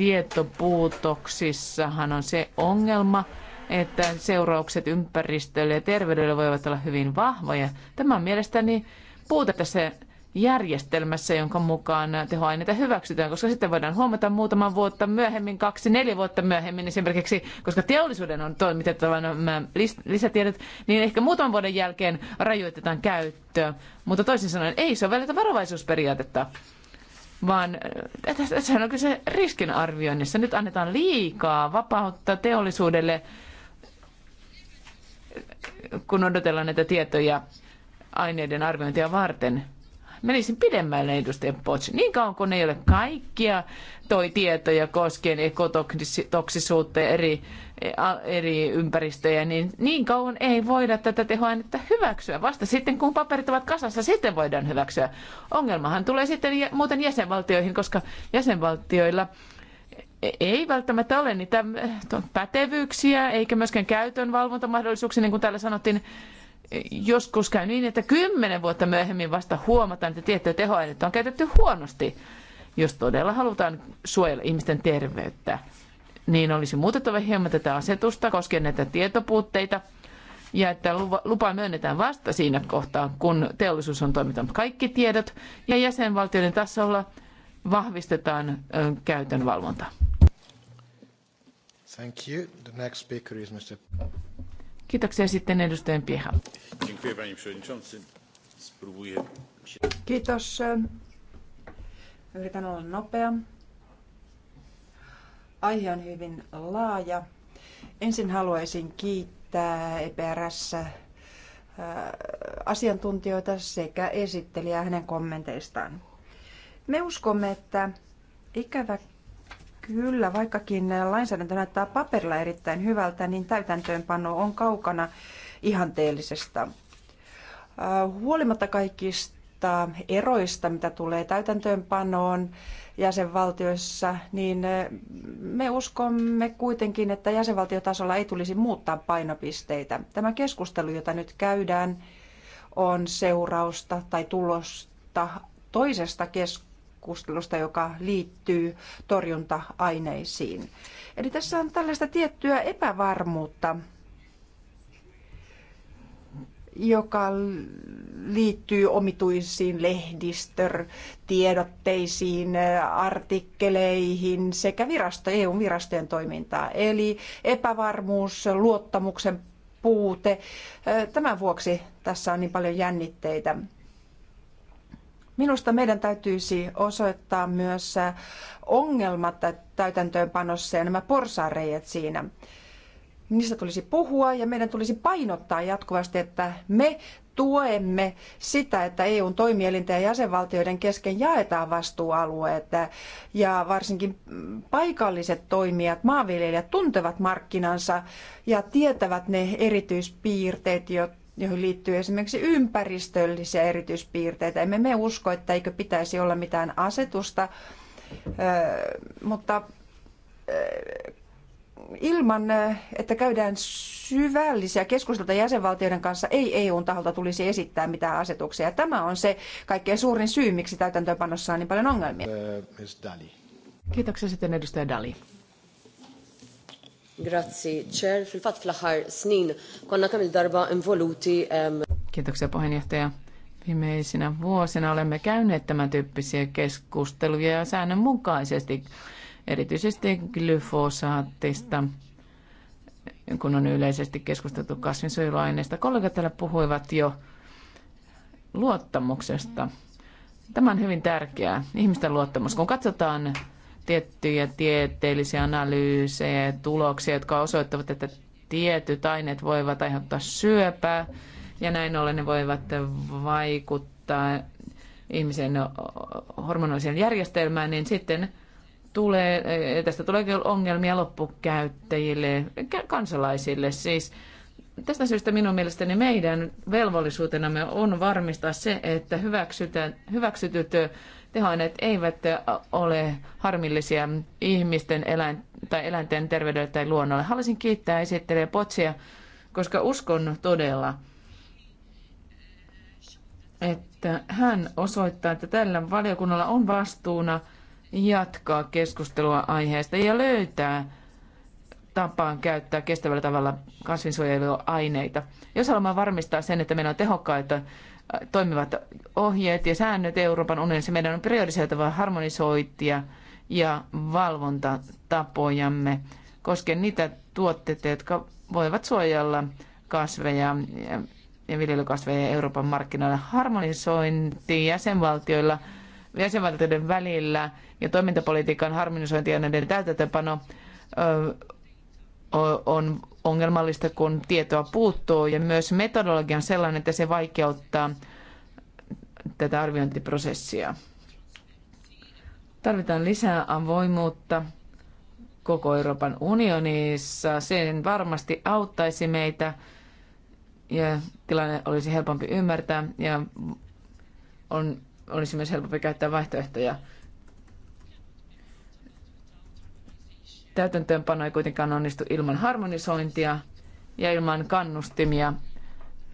tietopuutoksissahan on se ongelma, että seuraukset ympäristölle ja terveydelle voivat olla hyvin vahvoja. Tämä on mielestäni puute tässä järjestelmässä, jonka mukaan tehoaineita hyväksytään, koska sitten voidaan huomata muutaman vuotta myöhemmin, kaksi, neljä vuotta myöhemmin esimerkiksi, koska teollisuuden on toimitettava nämä lisätiedot, niin ehkä muutaman vuoden jälkeen rajoitetaan käyttöä, mutta toisin sanoen ei sovelleta varovaisuusperiaatetta vaan äh, tässä on kyse riskinarvioinnissa. Nyt annetaan liikaa vapautta teollisuudelle, kun odotellaan näitä tietoja aineiden arviointia varten. Menisin pidemmälle edustajan Potts. Niin kauan kun ei ole kaikkia toi tietoja koskien ekotoksisuutta ja eri eri ympäristöjä, niin niin kauan ei voida tätä tehoainetta hyväksyä. Vasta sitten, kun paperit ovat kasassa, sitten voidaan hyväksyä. Ongelmahan tulee sitten muuten jäsenvaltioihin, koska jäsenvaltioilla ei välttämättä ole niitä äh, pätevyyksiä, eikä myöskään käytön valvontamahdollisuuksia, niin kuin täällä sanottiin. Joskus käy niin, että kymmenen vuotta myöhemmin vasta huomataan, että tiettyä tehoainetta on käytetty huonosti, jos todella halutaan suojella ihmisten terveyttä niin olisi muutettava hieman tätä asetusta koskien näitä tietopuutteita ja että lupa myönnetään vasta siinä kohtaa, kun teollisuus on toimittanut kaikki tiedot ja jäsenvaltioiden tasolla vahvistetaan käytön valvonta. Thank you. The next speaker is Mr. Kiitoksia sitten edustajan Pieha. Kiitos. Yritän olla nopea. Aihe on hyvin laaja. Ensin haluaisin kiittää EPRS äh, asiantuntijoita sekä esittelijää hänen kommenteistaan. Me uskomme, että ikävä kyllä, vaikkakin lainsäädäntö näyttää paperilla erittäin hyvältä, niin täytäntöönpano on kaukana ihanteellisesta. Äh, huolimatta kaikista eroista, mitä tulee täytäntöönpanoon, jäsenvaltioissa, niin me uskomme kuitenkin, että jäsenvaltiotasolla ei tulisi muuttaa painopisteitä. Tämä keskustelu, jota nyt käydään, on seurausta tai tulosta toisesta keskustelusta, joka liittyy torjunta-aineisiin. Eli tässä on tällaista tiettyä epävarmuutta joka liittyy omituisiin lehdistötiedotteisiin, artikkeleihin sekä virasto, EU-virastojen toimintaa Eli epävarmuus, luottamuksen puute. Tämän vuoksi tässä on niin paljon jännitteitä. Minusta meidän täytyisi osoittaa myös ongelmat täytäntöönpanossa ja nämä porsareijat siinä niistä tulisi puhua ja meidän tulisi painottaa jatkuvasti, että me tuemme sitä, että EUn toimielinten ja jäsenvaltioiden kesken jaetaan vastuualueet ja varsinkin paikalliset toimijat, maanviljelijät tuntevat markkinansa ja tietävät ne erityispiirteet, joihin liittyy esimerkiksi ympäristöllisiä erityispiirteitä. Emme me usko, että eikö pitäisi olla mitään asetusta, mutta ilman, eh, että käydään syvällisiä keskusteluita jäsenvaltioiden kanssa, ei EUn taholta tulisi esittää mitään asetuksia. Tämä on se kaikkein suurin syy, miksi täytäntöönpanossa on niin paljon ongelmia. Eh, Kiitoksia sitten edustaja Dali. Chair. Kiitoksia puheenjohtaja. Viimeisinä vuosina olemme käyneet tämän tyyppisiä keskusteluja ja säännönmukaisesti erityisesti glyfosaattista, kun on yleisesti keskusteltu kasvinsuojeluaineista. Kollegat täällä puhuivat jo luottamuksesta. Tämä on hyvin tärkeää, ihmisten luottamus. Kun katsotaan tiettyjä tieteellisiä analyysejä ja tuloksia, jotka osoittavat, että tietyt aineet voivat aiheuttaa syöpää ja näin ollen ne voivat vaikuttaa ihmisen hormonalliseen järjestelmään, niin sitten tulee, eh, tästä tulee ongelmia loppukäyttäjille, kansalaisille siis. Tästä syystä minun mielestäni meidän velvollisuutenamme on varmistaa se, että hyväksytyt eh, tehoaineet eivät eh, ole harmillisia ihmisten eläin, tai eläinten terveydelle tai luonnolle. Haluaisin kiittää esittelijä Potsia, koska uskon todella, että hän osoittaa, että tällä valiokunnalla on vastuuna – jatkaa keskustelua aiheesta ja löytää tapaan käyttää kestävällä tavalla kasvinsuojeluaineita. Jos haluamme varmistaa sen, että meillä on tehokkaita äh, toimivat ohjeet ja säännöt Euroopan unionissa, meidän on priorisoitava harmonisointia ja valvontatapojamme koskien niitä tuotteita, jotka voivat suojella kasveja ja viljelykasveja Euroopan markkinoilla. Harmonisointi jäsenvaltioilla – jäsenvaltioiden välillä ja toimintapolitiikan harmonisointi ja näiden täytäntöpano on ongelmallista, kun tietoa puuttuu ja myös metodologia on sellainen, että se vaikeuttaa tätä arviointiprosessia. Tarvitaan lisää avoimuutta koko Euroopan unionissa. Sen varmasti auttaisi meitä ja tilanne olisi helpompi ymmärtää ja on olisi myös helpompi käyttää vaihtoehtoja. Täytäntöönpano ei kuitenkaan onnistu ilman harmonisointia ja ilman kannustimia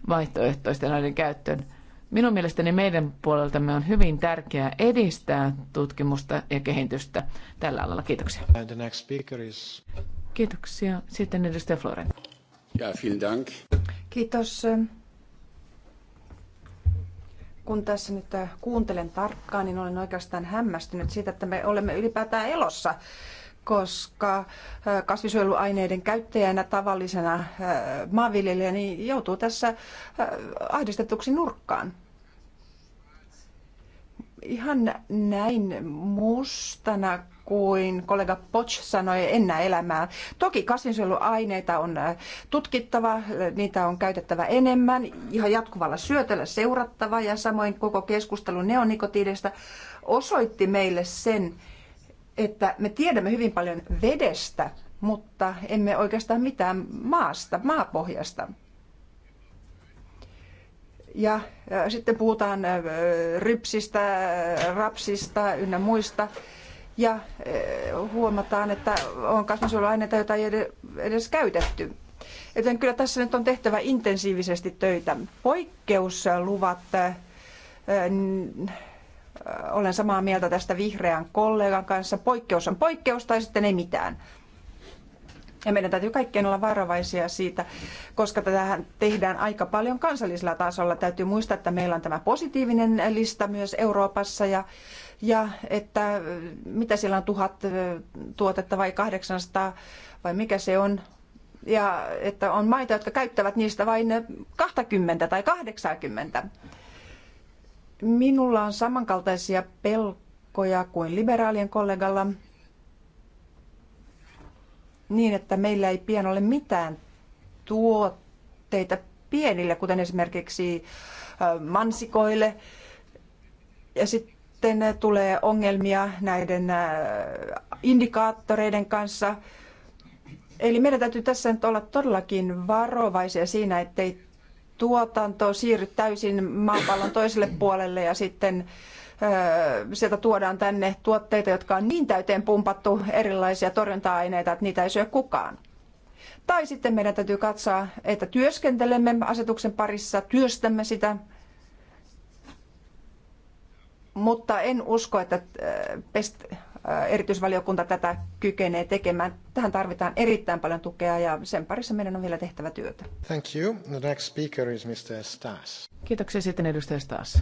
vaihtoehtoisten aineiden käyttöön. Minun mielestäni meidän puoleltamme on hyvin tärkeää edistää tutkimusta ja kehitystä tällä alalla. Kiitoksia. And the next speaker is... Kiitoksia. Sitten edustaja Floren. Ja, vielen Dank. Kiitos kun tässä nyt äh, kuuntelen tarkkaan, niin olen oikeastaan hämmästynyt siitä, että me olemme ylipäätään elossa, koska äh, kasvisuojeluaineiden käyttäjänä tavallisena äh, maanviljelijä niin joutuu tässä ahdistetuksi nurkkaan. Ihan näin mustana kuin kollega Potts sanoi, ennä elämää. Toki kasvinsuojeluaineita on äh, tutkittava, niitä on käytettävä enemmän, ihan jatkuvalla syötöllä seurattava ja samoin koko keskustelu neonikotiidesta osoitti meille sen, että me tiedämme hyvin paljon vedestä, mutta emme oikeastaan mitään maasta, maapohjasta. Ja äh, sitten puhutaan äh, rypsistä, rapsista ynnä muista ja eh, huomataan, että on kasvinsuojeluaineita, joita ei edes käytetty. Joten kyllä tässä nyt on tehtävä intensiivisesti töitä. Poikkeusluvat, eh, eh, olen samaa mieltä tästä vihreän kollegan kanssa. Poikkeus on poikkeus tai sitten ei mitään. Ja meidän täytyy kaikkien olla varovaisia siitä, koska tätä tehdään aika paljon kansallisella tasolla. Täytyy muistaa, että meillä on tämä positiivinen lista myös Euroopassa ja ja että äh, mitä siellä on tuhat äh, tuotetta vai 800 vai mikä se on. Ja että on maita, jotka käyttävät niistä vain 20 äh, tai 80. Minulla on samankaltaisia pelkoja kuin liberaalien kollegalla niin, että meillä ei pian ole mitään tuotteita pienille, kuten esimerkiksi mansikoille. Ja sitten sitten tulee ongelmia näiden äh, indikaattoreiden kanssa. Eli meidän täytyy tässä nyt olla todellakin varovaisia siinä, ettei tuotanto siirry täysin maapallon toiselle puolelle ja sitten äh, sieltä tuodaan tänne tuotteita, jotka on niin täyteen pumpattu erilaisia torjunta-aineita, että niitä ei syö kukaan. Tai sitten meidän täytyy katsoa, että työskentelemme asetuksen parissa, työstämme sitä mutta en usko, että äh, PEST äh, erityisvaliokunta tätä kykenee tekemään. Tähän tarvitaan erittäin paljon tukea ja sen parissa meidän on vielä tehtävä työtä. Thank you. The next speaker is Mr. Stas. Kiitoksia sitten edustaja Stas.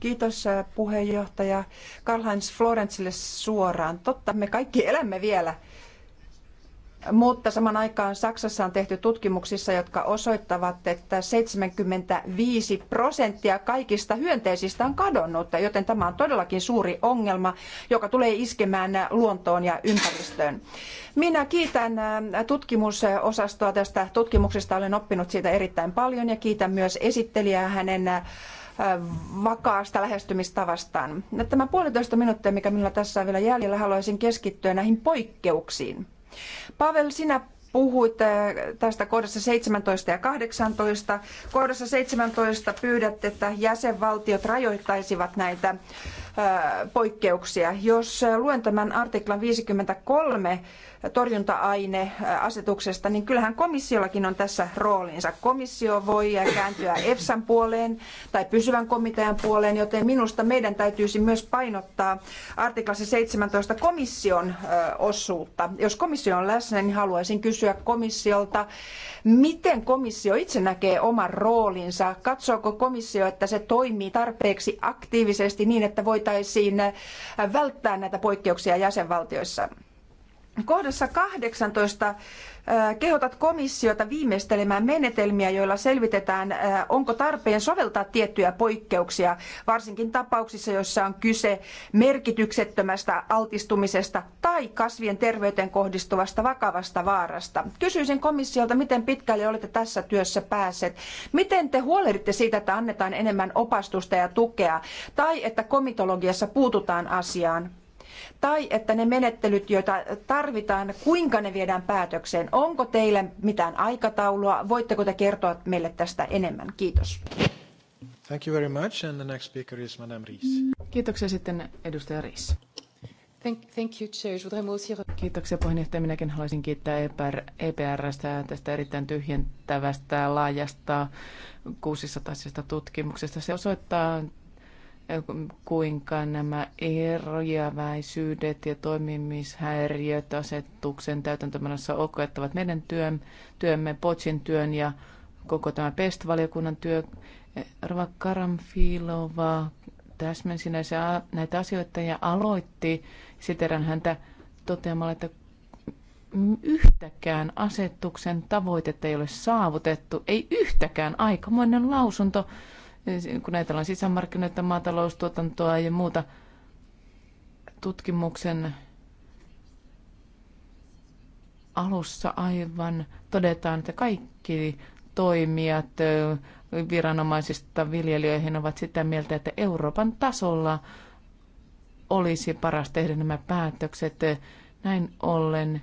Kiitos äh, puheenjohtaja. Karl-Heinz Florentsille suoraan. Totta, me kaikki elämme vielä mutta saman aikaan Saksassa on tehty tutkimuksissa, jotka osoittavat, että 75 prosenttia kaikista hyönteisistä on kadonnut, joten tämä on todellakin suuri ongelma, joka tulee iskemään luontoon ja ympäristöön. Minä kiitän tutkimusosastoa tästä tutkimuksesta, olen oppinut siitä erittäin paljon ja kiitän myös esittelijää hänen vakaasta lähestymistavastaan. Tämä puolitoista minuuttia, mikä minulla tässä on vielä jäljellä, haluaisin keskittyä näihin poikkeuksiin. Pavel, sinä puhuit äh, tästä kohdassa 17 ja 18. Kohdassa 17 pyydät, että jäsenvaltiot rajoittaisivat näitä poikkeuksia. Jos luen tämän artiklan 53 torjunta-aineasetuksesta, niin kyllähän komissiollakin on tässä roolinsa. Komissio voi kääntyä EFSAn puoleen tai pysyvän komitean puoleen, joten minusta meidän täytyisi myös painottaa artiklassa 17 komission osuutta. Jos komissio on läsnä, niin haluaisin kysyä komissiolta, miten komissio itse näkee oman roolinsa? Katsooko komissio, että se toimii tarpeeksi aktiivisesti niin, että voitaisiin voitaisiin välttää näitä poikkeuksia jäsenvaltioissa. Kohdassa 18 kehotat komissiota viimeistelemään menetelmiä, joilla selvitetään, onko tarpeen soveltaa tiettyjä poikkeuksia, varsinkin tapauksissa, joissa on kyse merkityksettömästä altistumisesta tai kasvien terveyteen kohdistuvasta vakavasta vaarasta. Kysyisin komissiolta, miten pitkälle olette tässä työssä päässeet. Miten te huolehditte siitä, että annetaan enemmän opastusta ja tukea, tai että komitologiassa puututaan asiaan? tai että ne menettelyt, joita tarvitaan, kuinka ne viedään päätökseen. Onko teillä mitään aikataulua? Voitteko te kertoa meille tästä enemmän? Kiitos. Thank you very much. And the next speaker is Madame Ries. Kiitoksia sitten edustaja Ries. Thank, thank you, Chair. Kiitoksia puheenjohtaja. Minäkin haluaisin kiittää EPR, EPRstä tästä erittäin tyhjentävästä, laajasta, 600 tutkimuksesta. Se osoittaa kuinka nämä eriäväisyydet ja toimimishäiriöt asetuksen täytäntömenossa okoittavat meidän työn, työmme, Potsin työn ja koko tämä PEST-valiokunnan työ. Rova Karamfilova täsmensi näitä asioita ja aloitti, siterän häntä toteamalla, että yhtäkään asetuksen tavoitetta ei ole saavutettu, ei yhtäkään aikamoinen lausunto kun ajatellaan sisämarkkinoita, maataloustuotantoa ja muuta tutkimuksen alussa aivan todetaan, että kaikki toimijat viranomaisista viljelijöihin ovat sitä mieltä, että Euroopan tasolla olisi paras tehdä nämä päätökset. Näin ollen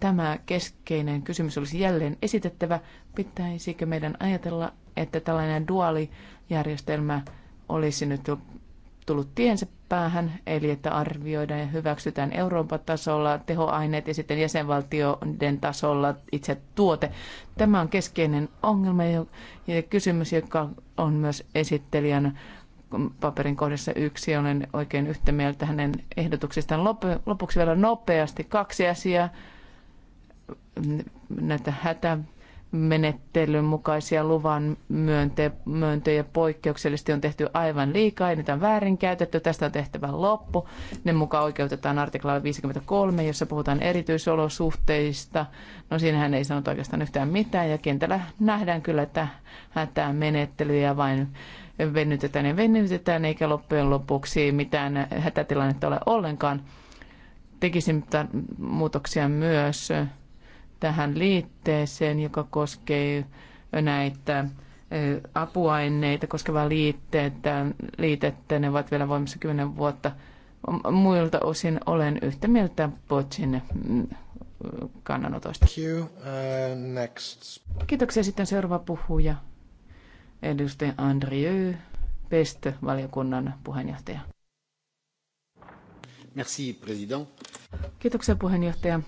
tämä keskeinen kysymys olisi jälleen esitettävä Pitäisikö meidän ajatella, että tällainen duaalijärjestelmä olisi nyt tullut tiensä päähän, eli että arvioidaan ja hyväksytään Euroopan tasolla tehoaineet ja sitten jäsenvaltioiden tasolla itse tuote. Tämä on keskeinen ongelma ja kysymys, joka on myös esittelijän paperin kohdassa yksi. Olen oikein yhtä mieltä hänen ehdotuksistaan. Lopuksi vielä nopeasti kaksi asiaa. Näitä hätä menettelyn mukaisia luvan myönte- myöntöjä poikkeuksellisesti on tehty aivan liikaa ja niitä on väärinkäytetty. Tästä on tehtävä loppu. Ne mukaan oikeutetaan artikla 53, jossa puhutaan erityisolosuhteista. No siinähän ei sanota oikeastaan yhtään mitään ja kentällä nähdään kyllä, että hätää menettelyjä vain venytetään ja venytetään eikä loppujen lopuksi mitään hätätilannetta ole ollenkaan. Tekisin muutoksia myös tähän liitteeseen, joka koskee näitä apuaineita koskevaa liitteitä. Liitettä ne ovat vielä voimassa 10 vuotta. Muilta osin olen yhtä mieltä Potsin mm, kannanotoista. Uh, Kiitoksia sitten seuraava puhuja, edustaja Andrieu, PEST-valiokunnan puheenjohtaja. Merci, president. Kiitoksia puheenjohtaja.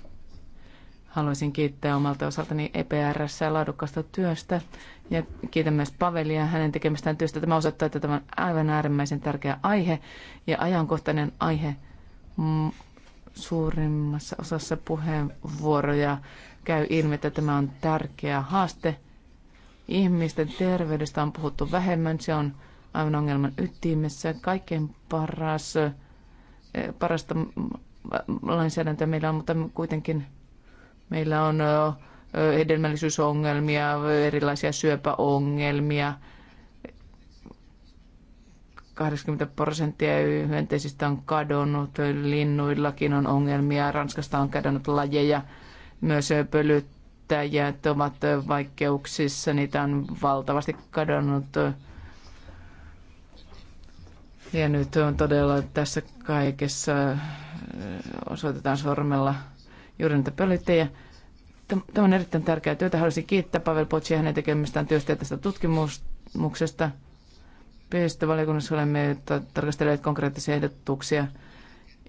Haluaisin kiittää omalta osaltani EPRssä laadukkaasta työstä ja kiitän myös Pavelia hänen tekemästään työstä. Tämä osoittaa, että tämä on aivan äärimmäisen tärkeä aihe ja ajankohtainen aihe mm, suurimmassa osassa puheenvuoroja käy ilmi, että tämä on tärkeä haaste. Ihmisten terveydestä on puhuttu vähemmän, se on aivan ongelman ytimessä. Kaikkein paras, eh, parasta lainsäädäntöä meillä on, mutta kuitenkin Meillä on hedelmällisyysongelmia, erilaisia syöpäongelmia. 80 prosenttia hyönteisistä on kadonnut, linnuillakin on ongelmia, Ranskasta on kadonnut lajeja, myös pölyttäjät ovat vaikeuksissa, niitä on valtavasti kadonnut. Ja nyt on todella tässä kaikessa osoitetaan sormella juuri näitä pölyttäjiä. Tämä on erittäin tärkeää työtä. Haluaisin kiittää Pavel Potsia hänen tekemistään työstä ja tästä tutkimuksesta. Ympäristövaliokunnassa olemme tarkastelleet konkreettisia ehdotuksia,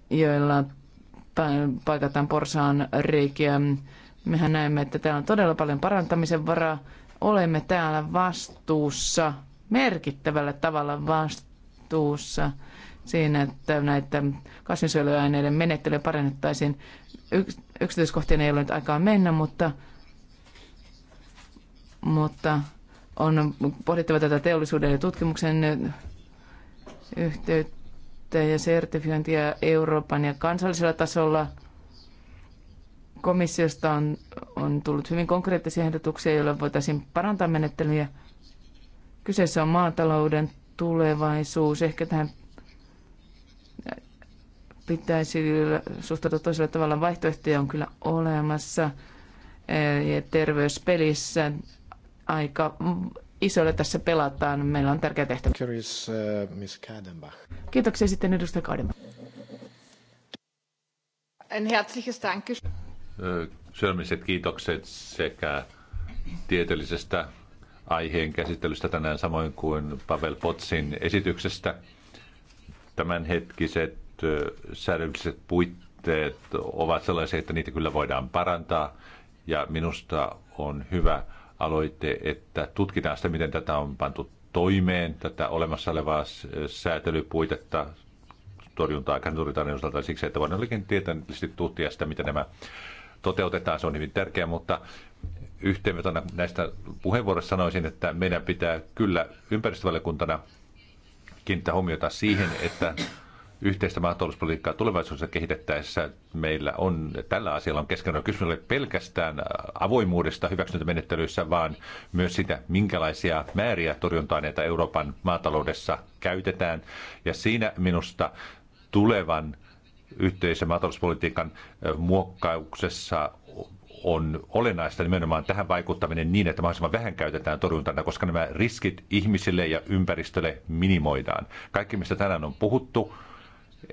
joilla paikataan porsaan reikiä. Mehän näemme, että täällä on todella paljon parantamisen varaa. Olemme täällä vastuussa, merkittävällä tavalla vastuussa siinä, että näitä kasvinsuojeluaineiden menettelyä parannettaisiin. Yksityiskohtiin ei ole nyt aikaa mennä, mutta, mutta on pohdittava tätä teollisuuden ja tutkimuksen yhteyttä ja sertifiointia Euroopan ja kansallisella tasolla. Komissiosta on, on tullut hyvin konkreettisia ehdotuksia, joilla voitaisiin parantaa menettelyjä. Kyseessä on maatalouden tulevaisuus. Ehkä tähän pitäisi suhtautua toisella tavalla. Vaihtoehtoja on kyllä olemassa e, ja terveyspelissä aika isolle tässä pelataan. Meillä on tärkeä tehtävä. Curious, uh, Miss Kiitoksia sitten edustaja Kaudenbach. Ein herzliches Danke. kiitokset sekä tieteellisestä aiheen käsittelystä tänään, samoin kuin Pavel Potsin esityksestä. Tämänhetkiset säädölliset puitteet ovat sellaisia, että niitä kyllä voidaan parantaa. Ja minusta on hyvä aloite, että tutkitaan sitä, miten tätä on pantu toimeen, tätä olemassa olevaa säätelypuitetta torjuntaa kansantorjuntaan osalta siksi, että voidaan olikin tieteellisesti tutkia sitä, miten nämä toteutetaan. Se on hyvin tärkeää, mutta yhteenvetona näistä puheenvuoroista sanoisin, että meidän pitää kyllä ympäristövaliokuntana kiinnittää huomiota siihen, että yhteistä maatalouspolitiikkaa tulevaisuudessa kehitettäessä meillä on, tällä asialla on keskeinen kysymys pelkästään avoimuudesta hyväksyntämenettelyissä, vaan myös sitä, minkälaisia määriä torjunta-aineita Euroopan maataloudessa käytetään. Ja siinä minusta tulevan yhteisen maatalouspolitiikan muokkauksessa on olennaista nimenomaan tähän vaikuttaminen niin, että mahdollisimman vähän käytetään torjuntana, koska nämä riskit ihmisille ja ympäristölle minimoidaan. Kaikki, mistä tänään on puhuttu,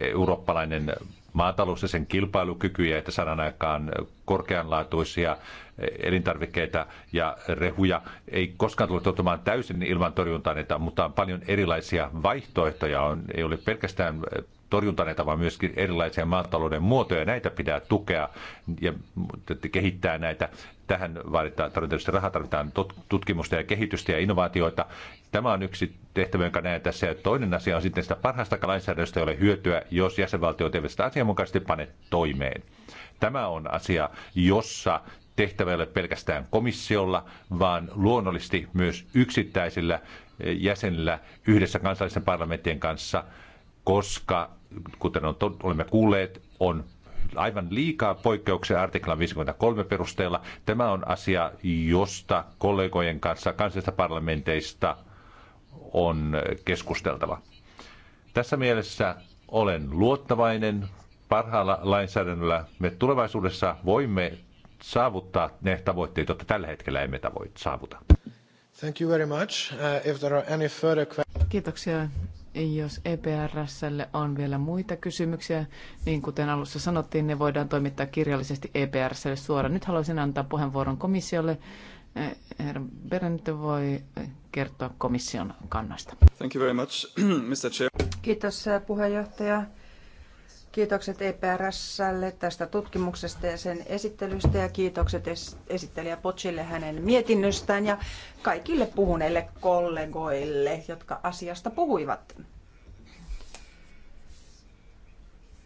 eurooppalainen maatalous ja sen kilpailukyky ja että saadaan aikaan korkeanlaatuisia elintarvikkeita ja rehuja ei koskaan tule toteutumaan täysin ilman torjuntaneita, mutta on paljon erilaisia vaihtoehtoja. On, ei ole pelkästään torjuntaneita, vaan myöskin erilaisia maatalouden muotoja. Näitä pitää tukea ja kehittää näitä Tähän vaaditaan, tarvitaan rahaa, tarvitaan tutkimusta ja kehitystä ja innovaatioita. Tämä on yksi tehtävä, jonka näen tässä. Ja toinen asia on sitten sitä parhaasta lainsäädännöstä, jolle hyötyä, jos jäsenvaltiot eivät sitä asianmukaisesti pane toimeen. Tämä on asia, jossa tehtävä ei ole pelkästään komissiolla, vaan luonnollisesti myös yksittäisillä jäsenillä yhdessä kansallisen parlamenttien kanssa, koska kuten on, olemme kuulleet, on aivan liikaa poikkeuksia artiklan 53 perusteella. Tämä on asia, josta kollegojen kanssa kansallisista parlamenteista on keskusteltava. Tässä mielessä olen luottavainen. Parhaalla lainsäädännöllä me tulevaisuudessa voimme saavuttaa ne tavoitteet, joita tällä hetkellä emme tavoit saavuta. Thank you very much. Uh, if there are any further... Kiitoksia. Jos EPRSlle on vielä muita kysymyksiä, niin kuten alussa sanottiin, ne voidaan toimittaa kirjallisesti EPRSlle suoraan. Nyt haluaisin antaa puheenvuoron komissiolle. Eh, herra Berendt voi kertoa komission kannasta. Thank you very much, (clears throat) Mr. Chair. Kiitos eh, puheenjohtaja. Kiitokset EPRSlle tästä tutkimuksesta ja sen esittelystä ja kiitokset esittelijä Potsille hänen mietinnöstään ja kaikille puhuneille kollegoille, jotka asiasta puhuivat.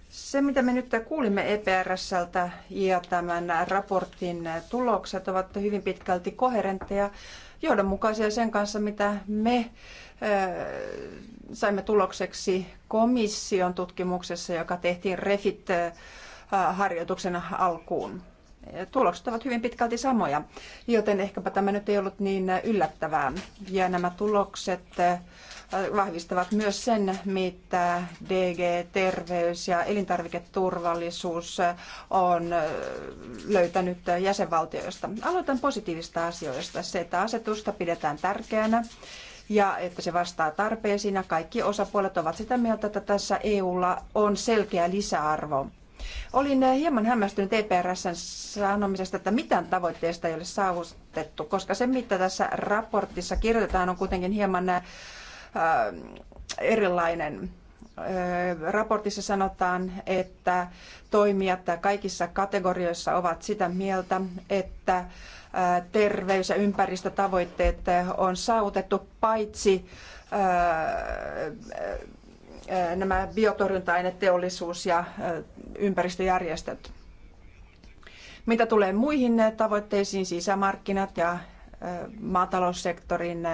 Se, mitä me nyt kuulimme EPRSltä ja tämän raportin tulokset ovat hyvin pitkälti koherentteja johdonmukaisia sen kanssa, mitä me saimme tulokseksi komission tutkimuksessa, joka tehtiin REFIT-harjoituksen alkuun. Tulokset ovat hyvin pitkälti samoja, joten ehkäpä tämä nyt ei ollut niin yllättävää. Ja nämä tulokset vahvistavat myös sen, mitä DG, terveys ja elintarviketurvallisuus on löytänyt jäsenvaltioista. Aloitan positiivista asioista. Se, että asetusta pidetään tärkeänä ja että se vastaa tarpeisiin. Ja kaikki osapuolet ovat sitä mieltä, että tässä EUlla on selkeä lisäarvo. Olin hieman hämmästynyt EPRSn sanomisesta, että mitään tavoitteesta ei ole saavutettu, koska se, mitä tässä raportissa kirjoitetaan, on kuitenkin hieman äh, erilainen. Äh, raportissa sanotaan, että toimijat kaikissa kategorioissa ovat sitä mieltä, että terveys- ja ympäristötavoitteet on saavutettu, paitsi nämä biotorjunta-aineteollisuus ja ympäristöjärjestöt. Mitä tulee muihin tavoitteisiin, sisämarkkinat ja maataloussektorin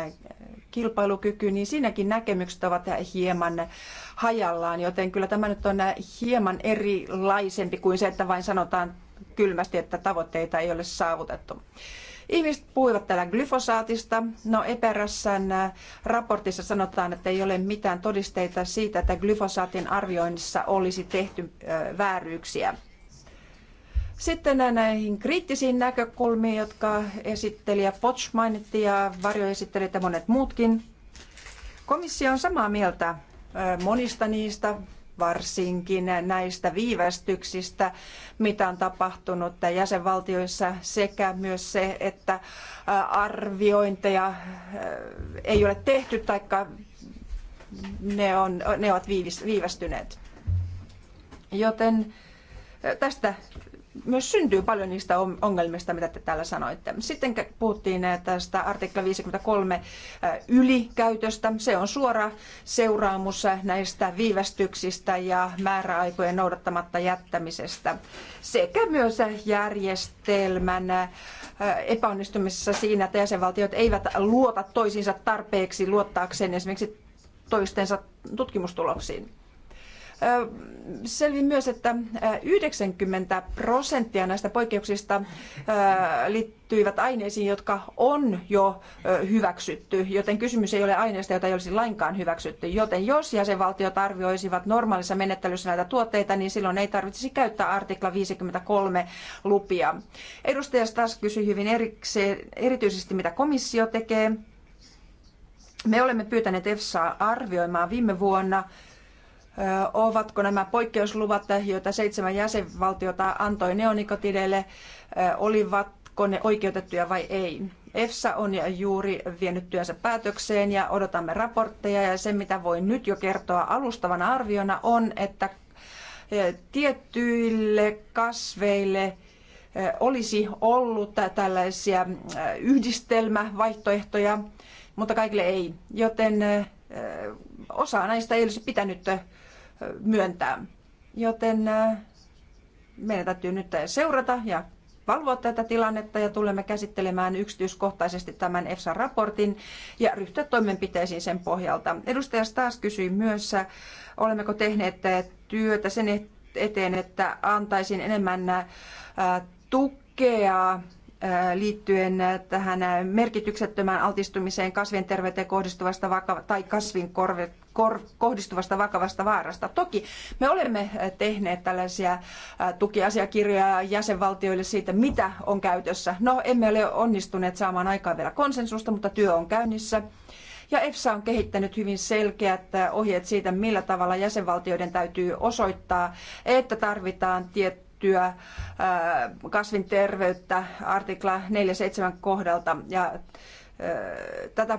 kilpailukyky, niin siinäkin näkemykset ovat hieman hajallaan, joten kyllä tämä nyt on hieman erilaisempi kuin se, että vain sanotaan kylmästi, että tavoitteita ei ole saavutettu. Ihmiset puhuivat täällä glyfosaatista. No epärässän äh, raportissa sanotaan, että ei ole mitään todisteita siitä, että glyfosaatin arvioinnissa olisi tehty äh, vääryyksiä. Sitten äh, näihin kriittisiin näkökulmiin, jotka esittelijä Potts mainitti ja esitteli ja monet muutkin. Komissio on samaa mieltä monista niistä varsinkin näistä viivästyksistä, mitä on tapahtunut jäsenvaltioissa, sekä myös se, että arviointeja ei ole tehty tai ne, on, ne ovat viivästyneet. Joten tästä myös syntyy paljon niistä ongelmista, mitä te täällä sanoitte. Sitten puhuttiin eh, tästä artikla 53 eh, ylikäytöstä. Se on suora seuraamus eh, näistä viivästyksistä ja määräaikojen noudattamatta jättämisestä sekä myös järjestelmän epäonnistumisessa siinä, että jäsenvaltiot eivät luota toisiinsa tarpeeksi luottaakseen esimerkiksi toistensa tutkimustuloksiin selvin myös, että 90 prosenttia näistä poikkeuksista liittyivät aineisiin, jotka on jo hyväksytty, joten kysymys ei ole aineista, jota ei olisi lainkaan hyväksytty. Joten jos jäsenvaltiot arvioisivat normaalissa menettelyssä näitä tuotteita, niin silloin ei tarvitsisi käyttää artikla 53 lupia. Edustaja Stas kysyi hyvin erikseen, erityisesti, mitä komissio tekee. Me olemme pyytäneet EFSAa arvioimaan viime vuonna ovatko nämä poikkeusluvat, joita seitsemän jäsenvaltiota antoi neonikotideille, olivatko ne oikeutettuja vai ei. EFSA on juuri vienyt työnsä päätökseen ja odotamme raportteja ja se mitä voin nyt jo kertoa alustavana arviona on, että tiettyille kasveille olisi ollut tällaisia yhdistelmävaihtoehtoja, mutta kaikille ei, joten osa näistä ei olisi pitänyt myöntää. Joten äh, meidän täytyy nyt seurata ja valvoa tätä tilannetta ja tulemme käsittelemään yksityiskohtaisesti tämän EFSA raportin ja ryhtyä toimenpiteisiin sen pohjalta. Edustaja Staas kysyi myös, äh, olemmeko tehneet äh, työtä sen eteen, että antaisin enemmän tukea Äh, liittyen äh, tähän äh, merkityksettömään altistumiseen kasvien terveyteen kohdistuvasta vakava, tai kasvin korve, kor, kohdistuvasta vakavasta vaarasta. Toki me olemme tehneet tällaisia tukiasiakirjoja jäsenvaltioille siitä, mitä on käytössä. No, emme ole onnistuneet saamaan aikaan vielä konsensusta, mutta työ on käynnissä. Ja EFSA on kehittänyt hyvin selkeät ohjeet siitä, millä tavalla jäsenvaltioiden täytyy osoittaa, että tarvitaan tiettyä Kasvin terveyttä artikla 47 kohdalta ja Tätä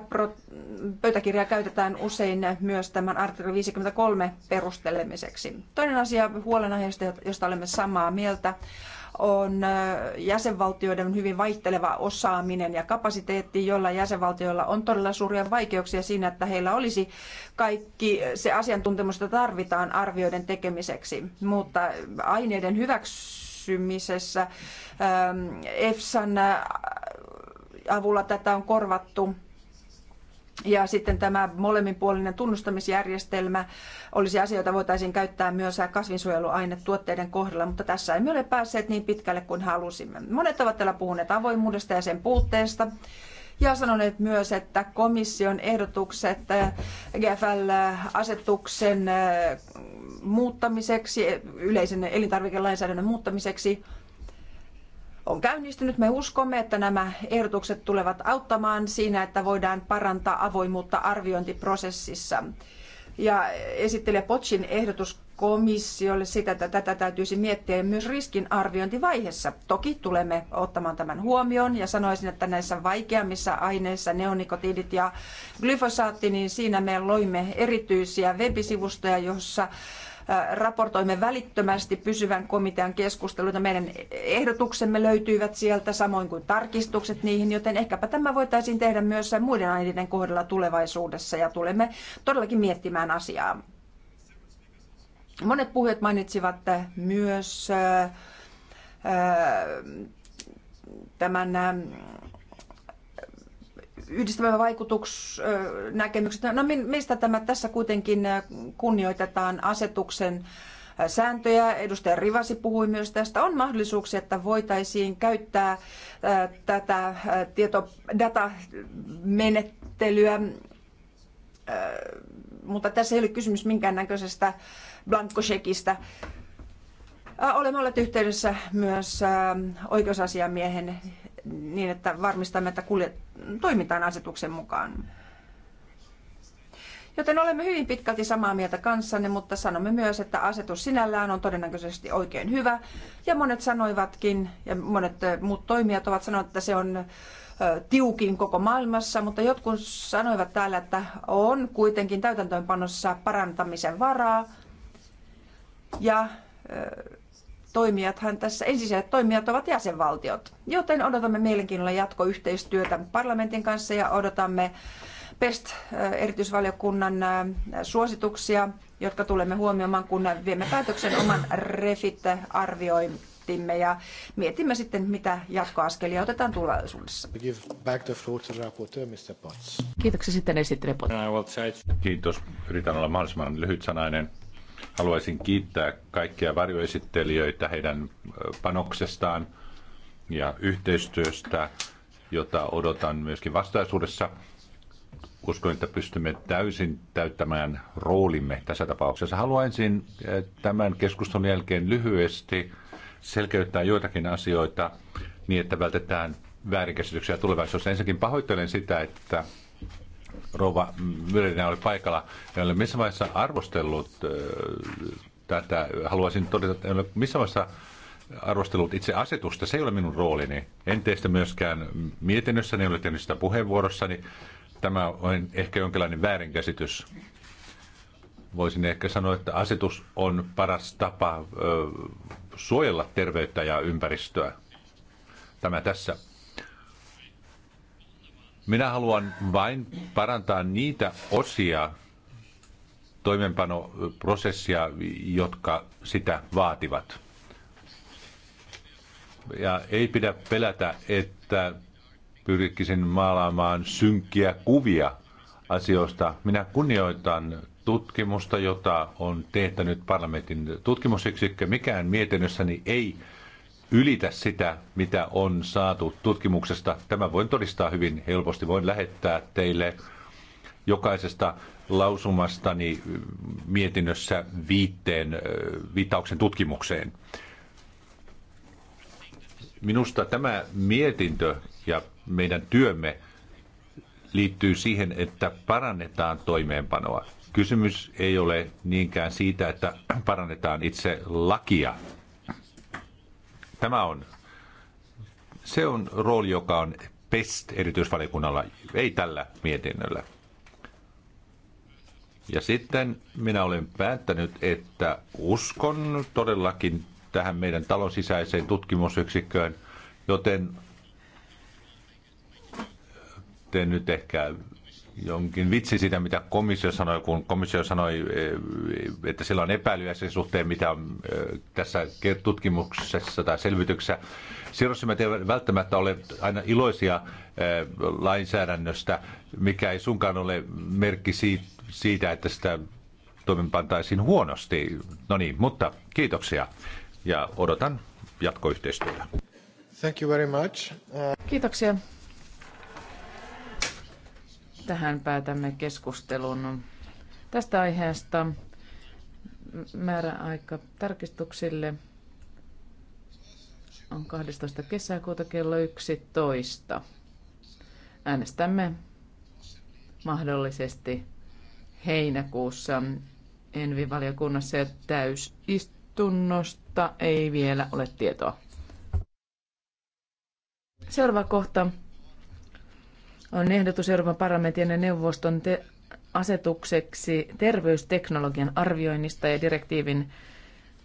pöytäkirjaa käytetään usein myös tämän artikla 53 perustelemiseksi. Toinen asia huolenaiheesta, josta olemme samaa mieltä, on jäsenvaltioiden hyvin vaihteleva osaaminen ja kapasiteetti, jolla jäsenvaltioilla on todella suuria vaikeuksia siinä, että heillä olisi kaikki se asiantuntemusta tarvitaan arvioiden tekemiseksi. Mutta aineiden hyväksymisessä EFSAn avulla tätä on korvattu ja sitten tämä molemminpuolinen tunnustamisjärjestelmä olisi asia, jota voitaisiin käyttää myös kasvinsuojeluainetuotteiden kohdalla, mutta tässä emme ole päässeet niin pitkälle kuin halusimme. Monet ovat täällä puhuneet avoimuudesta ja sen puutteesta ja sanoneet myös, että komission ehdotukset äh, GFL-asetuksen äh, muuttamiseksi, yleisen elintarvikelainsäädännön muuttamiseksi, on käynnistynyt. Me uskomme, että nämä ehdotukset tulevat auttamaan siinä, että voidaan parantaa avoimuutta arviointiprosessissa. Ja esittelee Potsin ehdotus komissiolle sitä, että tätä täytyisi miettiä myös riskinarviointivaiheessa. Toki tulemme ottamaan tämän huomioon ja sanoisin, että näissä vaikeammissa aineissa, neonikotiidit ja glyfosaatti, niin siinä me loimme erityisiä webisivustoja, jossa raportoimme välittömästi pysyvän komitean keskusteluita. Meidän ehdotuksemme löytyivät sieltä, samoin kuin tarkistukset niihin, joten ehkäpä tämä voitaisiin tehdä myös muiden aineiden kohdalla tulevaisuudessa ja tulemme todellakin miettimään asiaa. Monet puhujat mainitsivat myös tämän yhdistävä vaikutus, näkemykset. No mistä tämä tässä kuitenkin kunnioitetaan asetuksen sääntöjä. Edustaja Rivasi puhui myös tästä. On mahdollisuuksia, että voitaisiin käyttää tätä tieto, mutta tässä ei ole kysymys minkäännäköisestä blankkosekistä. Olemme olleet yhteydessä myös oikeusasiamiehen niin, että varmistamme, että kuljet, toimitaan asetuksen mukaan. Joten olemme hyvin pitkälti samaa mieltä kanssanne, mutta sanomme myös, että asetus sinällään on todennäköisesti oikein hyvä. Ja monet sanoivatkin, ja monet muut toimijat ovat sanoneet, että se on tiukin koko maailmassa, mutta jotkut sanoivat täällä, että on kuitenkin täytäntöönpanossa parantamisen varaa. Ja toimijathan tässä, ensisijaiset toimijat ovat jäsenvaltiot. Joten odotamme mielenkiinnolla jatkoyhteistyötä parlamentin kanssa ja odotamme PEST-erityisvaliokunnan äh, äh, suosituksia, jotka tulemme huomioimaan, kun viemme päätöksen oman REFIT-arviointimme ja mietimme sitten, mitä jatkoaskelia otetaan tulevaisuudessa. Kiitoksia sitten Potts. Kiitos. Yritän olla mahdollisimman sanainen. Haluaisin kiittää kaikkia varjoesittelijöitä heidän panoksestaan ja yhteistyöstä, jota odotan myöskin vastaisuudessa. Uskon, että pystymme täysin täyttämään roolimme tässä tapauksessa. Haluaisin tämän keskustelun jälkeen lyhyesti selkeyttää joitakin asioita niin, että vältetään väärinkäsityksiä tulevaisuudessa. Ensinnäkin pahoittelen sitä, että Rova Myllerinen oli paikalla. En ole missä vaiheessa arvostellut tätä. Haluaisin todeta, että en ole missä vaiheessa arvostellut itse asetusta. Se ei ole minun roolini. En tee sitä myöskään mietinnössäni, ne ole tehnyt sitä puheenvuorossani. Tämä on ehkä jonkinlainen väärinkäsitys. Voisin ehkä sanoa, että asetus on paras tapa suojella terveyttä ja ympäristöä. Tämä tässä minä haluan vain parantaa niitä osia toimenpanoprosessia, jotka sitä vaativat. Ja ei pidä pelätä, että pyrkisin maalaamaan synkkiä kuvia asioista. Minä kunnioitan tutkimusta, jota on tehtänyt parlamentin tutkimusyksikkö. Mikään mietinnössäni ei ylitä sitä, mitä on saatu tutkimuksesta. Tämä voin todistaa hyvin helposti. Voin lähettää teille jokaisesta lausumastani mietinnössä viitteen, viittauksen tutkimukseen. Minusta tämä mietintö ja meidän työmme liittyy siihen, että parannetaan toimeenpanoa. Kysymys ei ole niinkään siitä, että parannetaan itse lakia, Tämä on, se on rooli, joka on PEST erityisvaliokunnalla, ei tällä mietinnöllä. Ja sitten minä olen päättänyt, että uskon todellakin tähän meidän talon sisäiseen tutkimusyksikköön, joten te nyt ehkä jonkin vitsi siitä, mitä komissio sanoi, kun komissio sanoi, eh, että sillä on epäilyä sen suhteen, mitä on eh, tässä tutkimuksessa tai selvityksessä. Silloin me ei välttämättä ole aina iloisia eh, lainsäädännöstä, mikä ei sunkaan ole merkki siitä, että sitä toimenpantaisiin huonosti. No niin, mutta kiitoksia ja odotan jatkoyhteistyötä. Thank you very much. Uh... Kiitoksia. Tähän päätämme keskustelun tästä aiheesta. Määräaika tarkistuksille on 12. kesäkuuta kello 11. Äänestämme mahdollisesti heinäkuussa Envi-valiokunnassa ja täysistunnosta ei vielä ole tietoa. Seuraava kohta on ehdotus Euroopan parlamentin ja neuvoston te- asetukseksi terveysteknologian arvioinnista ja direktiivin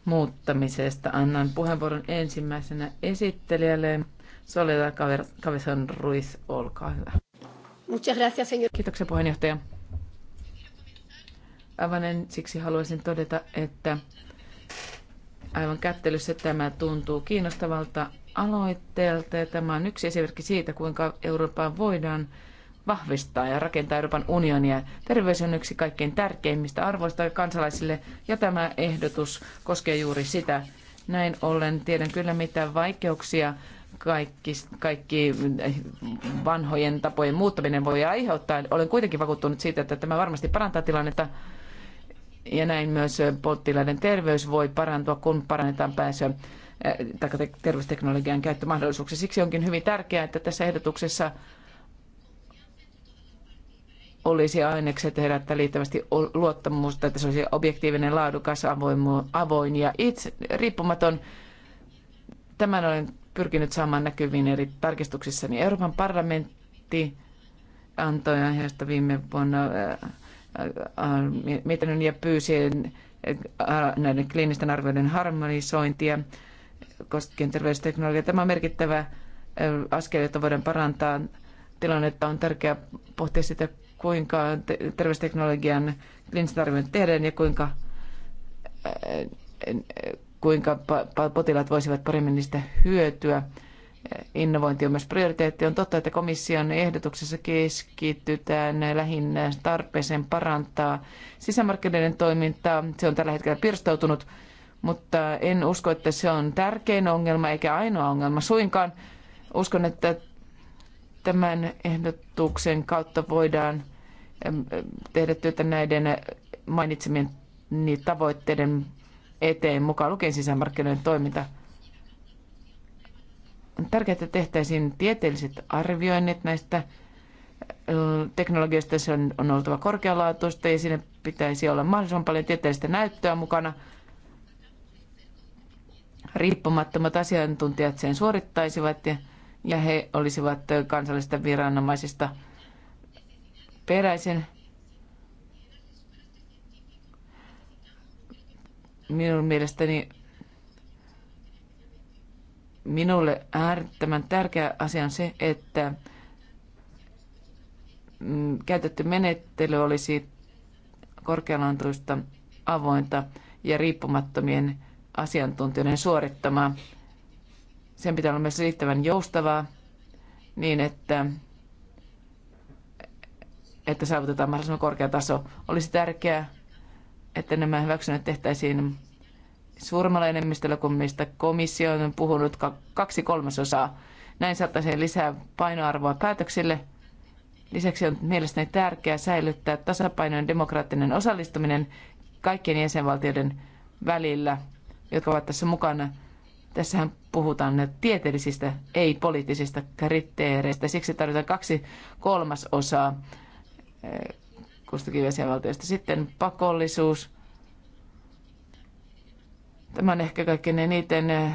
muuttamisesta. Annan puheenvuoron ensimmäisenä esittelijälle. Soledad Cabezon Ruiz, olkaa hyvä. Muchas gracias, señor. Kiitoksia puheenjohtaja. Aivan ensiksi haluaisin todeta, että aivan kättelyssä. Tämä tuntuu kiinnostavalta aloitteelta ja tämä on yksi esimerkki siitä, kuinka Eurooppaan voidaan vahvistaa ja rakentaa Euroopan unionia. Terveys on yksi kaikkein tärkeimmistä arvoista kansalaisille ja tämä ehdotus koskee juuri sitä. Näin ollen tiedän kyllä mitä vaikeuksia kaikki, kaikki vanhojen tapojen muuttaminen voi aiheuttaa. Olen kuitenkin vakuuttunut siitä, että tämä varmasti parantaa tilannetta ja näin myös potilaiden terveys voi parantua, kun parannetaan pääsyä tai terveysteknologian käyttömahdollisuuksia. Siksi onkin hyvin tärkeää, että tässä ehdotuksessa olisi ainekset herättää liittävästi luottamusta, että se olisi objektiivinen, laadukas, avoin ja itse, riippumaton. Tämän olen pyrkinyt saamaan näkyviin eri tarkistuksissani. Euroopan parlamentti antoi aiheesta viime vuonna mietinnön ja pyysin näiden kliinisten arvioiden harmonisointia koskien terveysteknologiaa. Tämä on merkittävä askel, jotta voidaan parantaa tilannetta. On tärkeää pohtia sitä, kuinka terveysteknologian kliinisten arvioiden tehdään ja kuinka, kuinka potilaat voisivat paremmin niistä hyötyä innovointi on myös prioriteetti. On totta, että komission ehdotuksessa keskitytään lähinnä tarpeeseen parantaa sisämarkkinoiden toimintaa. Se on tällä hetkellä pirstoutunut, mutta en usko, että se on tärkein ongelma eikä ainoa ongelma suinkaan. Uskon, että tämän ehdotuksen kautta voidaan tehdä työtä näiden mainitsemien tavoitteiden eteen, mukaan lukien sisämarkkinoiden toiminta on tärkeää, että tehtäisiin tieteelliset arvioinnit näistä teknologioista, Se on, on oltava korkealaatuista ja siinä pitäisi olla mahdollisimman paljon tieteellistä näyttöä mukana. Riippumattomat asiantuntijat sen suorittaisivat ja, ja he olisivat kansallisista viranomaisista peräisin. Minun mielestäni Minulle äärettömän tärkeä asia on se, että mm, käytetty menettely olisi korkealantuista avointa ja riippumattomien asiantuntijoiden suorittamaa. Sen pitää olla myös riittävän joustavaa niin, että, että saavutetaan mahdollisimman korkea taso. Olisi tärkeää, että nämä hyväksynnät tehtäisiin suurimmalla enemmistöllä kun mistä komissio on puhunut kaksi kolmasosaa. Näin saataisiin lisää painoarvoa päätöksille. Lisäksi on mielestäni tärkeää säilyttää tasapainoinen demokraattinen osallistuminen kaikkien jäsenvaltioiden välillä, jotka ovat tässä mukana. Tässähän puhutaan tieteellisistä, ei poliittisista kriteereistä. Siksi tarvitaan kaksi kolmasosaa eh, kustakin jäsenvaltiosta. Sitten pakollisuus Tämä on ehkä kaikkein eniten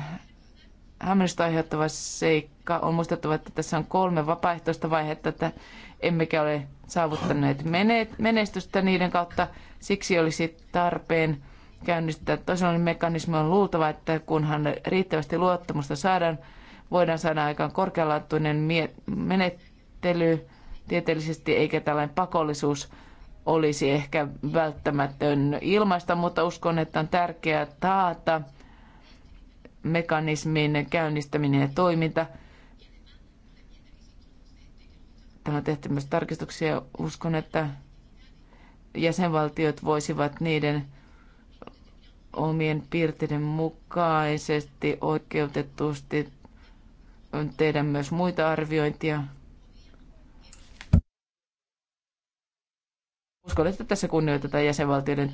hämmennystä eh, aiheuttava seikka. On muistettava, että tässä on kolme vapaaehtoista vaihetta, että emmekä ole saavuttaneet menestystä niiden kautta. Siksi olisi tarpeen käynnistää toisenlainen mekanismi. On luultava, että kunhan riittävästi luottamusta saadaan, voidaan saada aikaan korkealaatuinen menettely tieteellisesti, eikä tällainen pakollisuus olisi ehkä välttämätön ilmaista, mutta uskon, että on tärkeää taata mekanismin käynnistäminen ja toiminta. Tämä on tehty myös tarkistuksia. Uskon, että jäsenvaltiot voisivat niiden omien piirteiden mukaisesti oikeutetusti tehdä myös muita arviointia Uskon, että tässä kunnioitetaan jäsenvaltioiden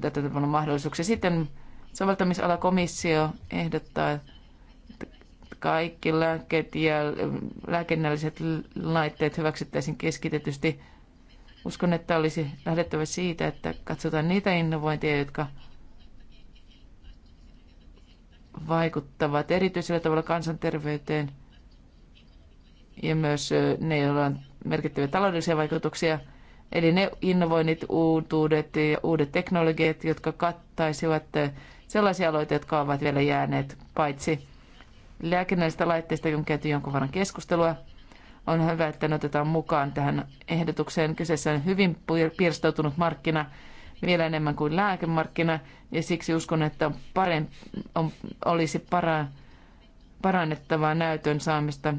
täytäntöönpanon mahdollisuuksia. Sitten soveltamisalakomissio ehdottaa, että kaikki lääkkeet ja lääkennälliset laitteet hyväksyttäisiin keskitetysti. Uskon, että olisi lähdettävä siitä, että katsotaan niitä innovointeja, jotka vaikuttavat erityisellä tavalla kansanterveyteen ja myös ne, joilla on merkittäviä taloudellisia vaikutuksia – Eli ne innovoinnit, uutuudet ja uudet teknologiat, jotka kattaisivat sellaisia aloita, jotka ovat vielä jääneet paitsi lääkinnällisistä laitteista, jonka käyty jonkun verran keskustelua. On hyvä, että ne otetaan mukaan tähän ehdotukseen. Kyseessä on hyvin pirstoutunut markkina, vielä enemmän kuin lääkemarkkina, ja siksi uskon, että on parempi, on, olisi para, parannettavaa näytön saamista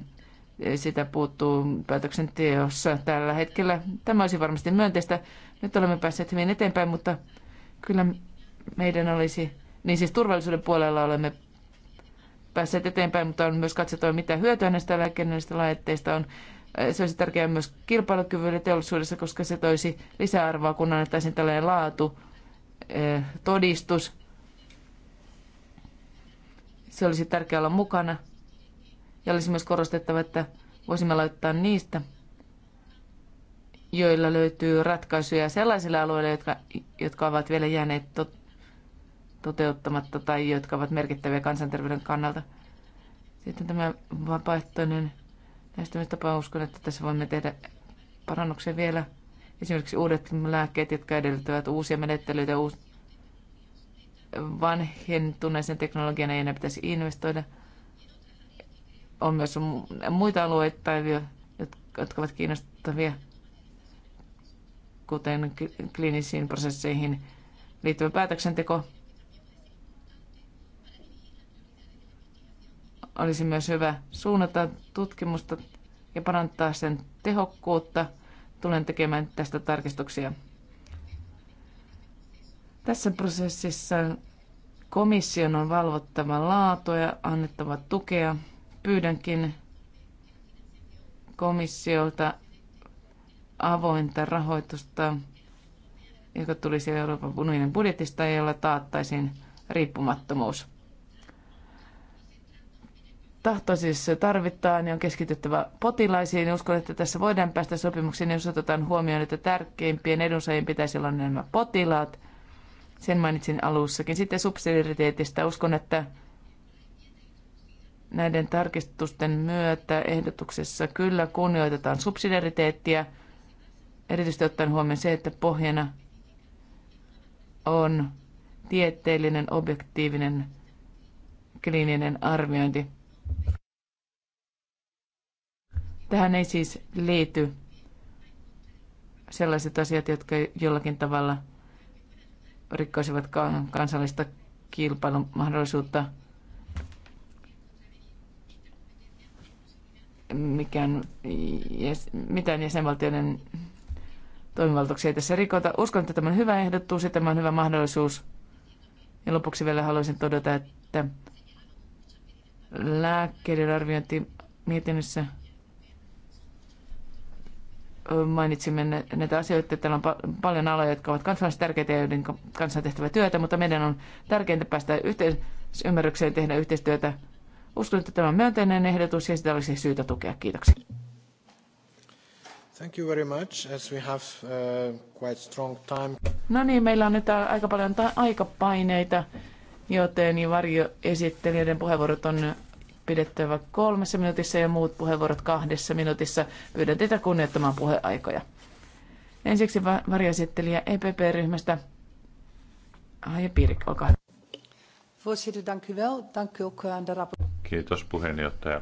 sitä puuttuu päätöksenteossa tällä hetkellä. Tämä olisi varmasti myönteistä. Nyt olemme päässeet hyvin eteenpäin, mutta kyllä meidän olisi, niin siis turvallisuuden puolella olemme päässeet eteenpäin, mutta on myös katsottava, mitä hyötyä näistä lääkinnällisistä laitteista on. Se olisi tärkeää myös kilpailukyvylle teollisuudessa, koska se toisi lisäarvoa, kun annettaisiin tällainen laatu, e, todistus. Se olisi tärkeää olla mukana ja olisi myös korostettava, että voisimme laittaa niistä, joilla löytyy ratkaisuja sellaisille alueille, jotka, jotka ovat vielä jääneet tot, toteuttamatta tai jotka ovat merkittäviä kansanterveyden kannalta. Sitten tämä vapaaehtoinen lähestymistapa, uskon, että tässä voimme tehdä parannuksia vielä. Esimerkiksi uudet lääkkeet, jotka edellyttävät uusia menettelyitä, uus, vanhentuneeseen teknologian ei enää pitäisi investoida – on myös muita alueita, jotka ovat kiinnostavia, kuten kliinisiin prosesseihin liittyvä päätöksenteko. Olisi myös hyvä suunnata tutkimusta ja parantaa sen tehokkuutta. Tulen tekemään tästä tarkistuksia. Tässä prosessissa komission on valvottava laatua ja annettava tukea pyydänkin komissiolta avointa rahoitusta, joka tulisi Euroopan unionin budjetista, jolla taattaisiin riippumattomuus. Tahto siis tarvitaan ja on keskityttävä potilaisiin. Uskon, että tässä voidaan päästä sopimukseen, jos otetaan huomioon, että tärkeimpien edunsaajien pitäisi olla nämä potilaat. Sen mainitsin alussakin. Sitten subsidiariteetista uskon, että Näiden tarkistusten myötä ehdotuksessa kyllä kunnioitetaan subsidiariteettia, erityisesti ottaen huomioon se, että pohjana on tieteellinen, objektiivinen, kliininen arviointi. Tähän ei siis liity sellaiset asiat, jotka jollakin tavalla rikkoisivat kansallista kilpailumahdollisuutta. mahdollisuutta – mikään, mitään jäsenvaltioiden toimivaltuuksia ei tässä rikota. Uskon, että tämä on hyvä ehdotus ja tämä on hyvä mahdollisuus. Ja lopuksi vielä haluaisin todeta, että lääkkeiden arviointi mietinnössä mainitsimme näitä asioita, että täällä on paljon aloja, jotka ovat kansallisesti tärkeitä ja joiden kanssa tehtävä työtä, mutta meidän on tärkeintä päästä yhteisymmärrykseen tehdä yhteistyötä Uskon, että tämä on myönteinen ehdotus ja sitä olisi syytä tukea. Kiitoksia. Thank you very much, as we have uh, quite strong time. No niin, meillä on nyt aika paljon ta- aikapaineita, joten niin varjoesittelijöiden puheenvuorot on pidettävä kolmessa minuutissa ja muut puheenvuorot kahdessa minuutissa. Pyydän teitä kunnioittamaan puheaikoja. Ensiksi va- varjoesittelijä EPP-ryhmästä. Aija Piirik, olkaa hyvä. Voorzitter, dank u wel. Dank u ook eh, aan de rapporteur. Kiitos puheenjohtaja.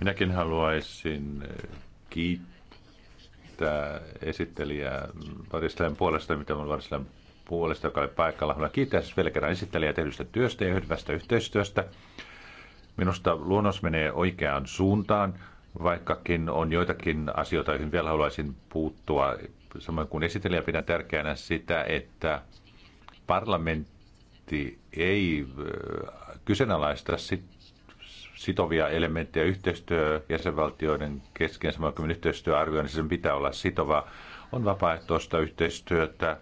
Minäkin haluaisin eh, kiittää esittelijää varislain puolesta, mitä on varislain puolesta, joka oli paikalla. Haluan kiittää siis vielä kerran esittelijää tehdystä työstä ja hyvästä yhteistyöstä. Minusta luonnos menee oikeaan suuntaan, vaikkakin on joitakin asioita, joihin vielä haluaisin puuttua. Samoin kuin esittelijä pidän tärkeänä sitä, että parlamentti ei eh, kyseenalaista sitä, sitovia elementtejä yhteistyö jäsenvaltioiden kesken, samoin kuin yhteistyöarvioinnin, niin sen pitää olla sitova. On vapaaehtoista yhteistyötä,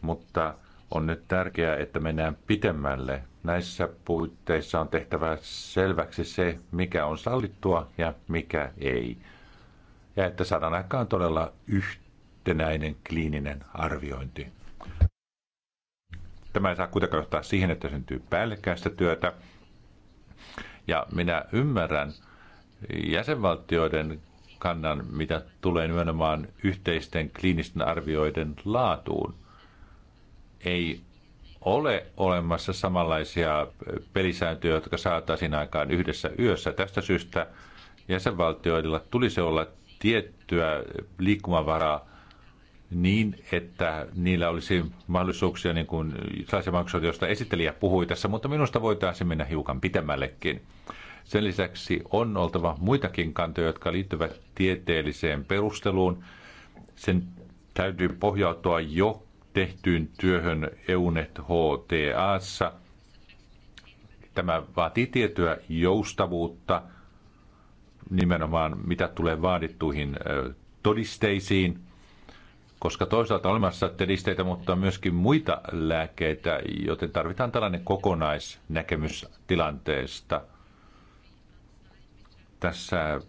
mutta on nyt tärkeää, että mennään pitemmälle. Näissä puitteissa on tehtävä selväksi se, mikä on sallittua ja mikä ei. Ja että saadaan aikaan todella yhtenäinen kliininen arviointi. Tämä ei saa kuitenkaan johtaa siihen, että syntyy päällekkäistä työtä, ja minä ymmärrän jäsenvaltioiden kannan, mitä tulee nimenomaan yhteisten kliinisten arvioiden laatuun. Ei ole olemassa samanlaisia pelisääntöjä, jotka saataisiin aikaan yhdessä yössä. Tästä syystä jäsenvaltioilla tulisi olla tiettyä liikkumavaraa niin, että niillä olisi mahdollisuuksia niin kuin sellaisia mahdollisuuksia, joista esittelijä puhui tässä, mutta minusta voitaisiin mennä hiukan pitemmällekin. Sen lisäksi on oltava muitakin kantoja, jotka liittyvät tieteelliseen perusteluun. Sen täytyy pohjautua jo tehtyyn työhön EUNET HTAssa. Tämä vaatii tiettyä joustavuutta nimenomaan mitä tulee vaadittuihin todisteisiin – koska toisaalta on olemassa tedisteitä, mutta myöskin muita lääkkeitä, joten tarvitaan tällainen kokonaisnäkemys tilanteesta. Tässä,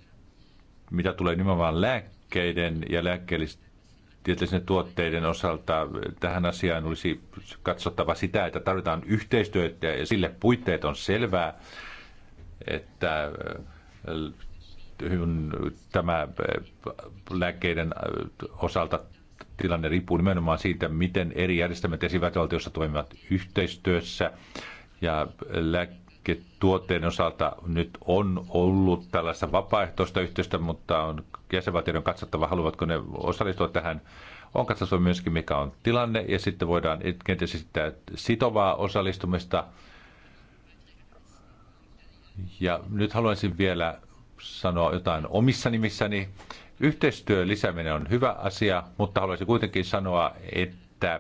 mitä tulee nimenomaan lääkkeiden ja lääkkeellisten tuotteiden osalta, tähän asiaan olisi katsottava sitä, että tarvitaan yhteistyötä ja sille puitteet on selvää, että eh, tämä eh, lääkkeiden eh, osalta tilanne riippuu nimenomaan siitä, miten eri järjestelmät esiväkivaltiossa toimivat yhteistyössä. Ja lääketuotteiden osalta nyt on ollut tällaista vapaaehtoista yhteistyötä, mutta on jäsenvaltioiden katsottava, haluavatko ne osallistua tähän. On katsottava myöskin, mikä on tilanne, ja sitten voidaan kenties esittää sitovaa osallistumista. Ja nyt haluaisin vielä sanoa jotain omissa nimissäni. Yhteistyö lisääminen on hyvä asia, mutta haluaisin kuitenkin sanoa, että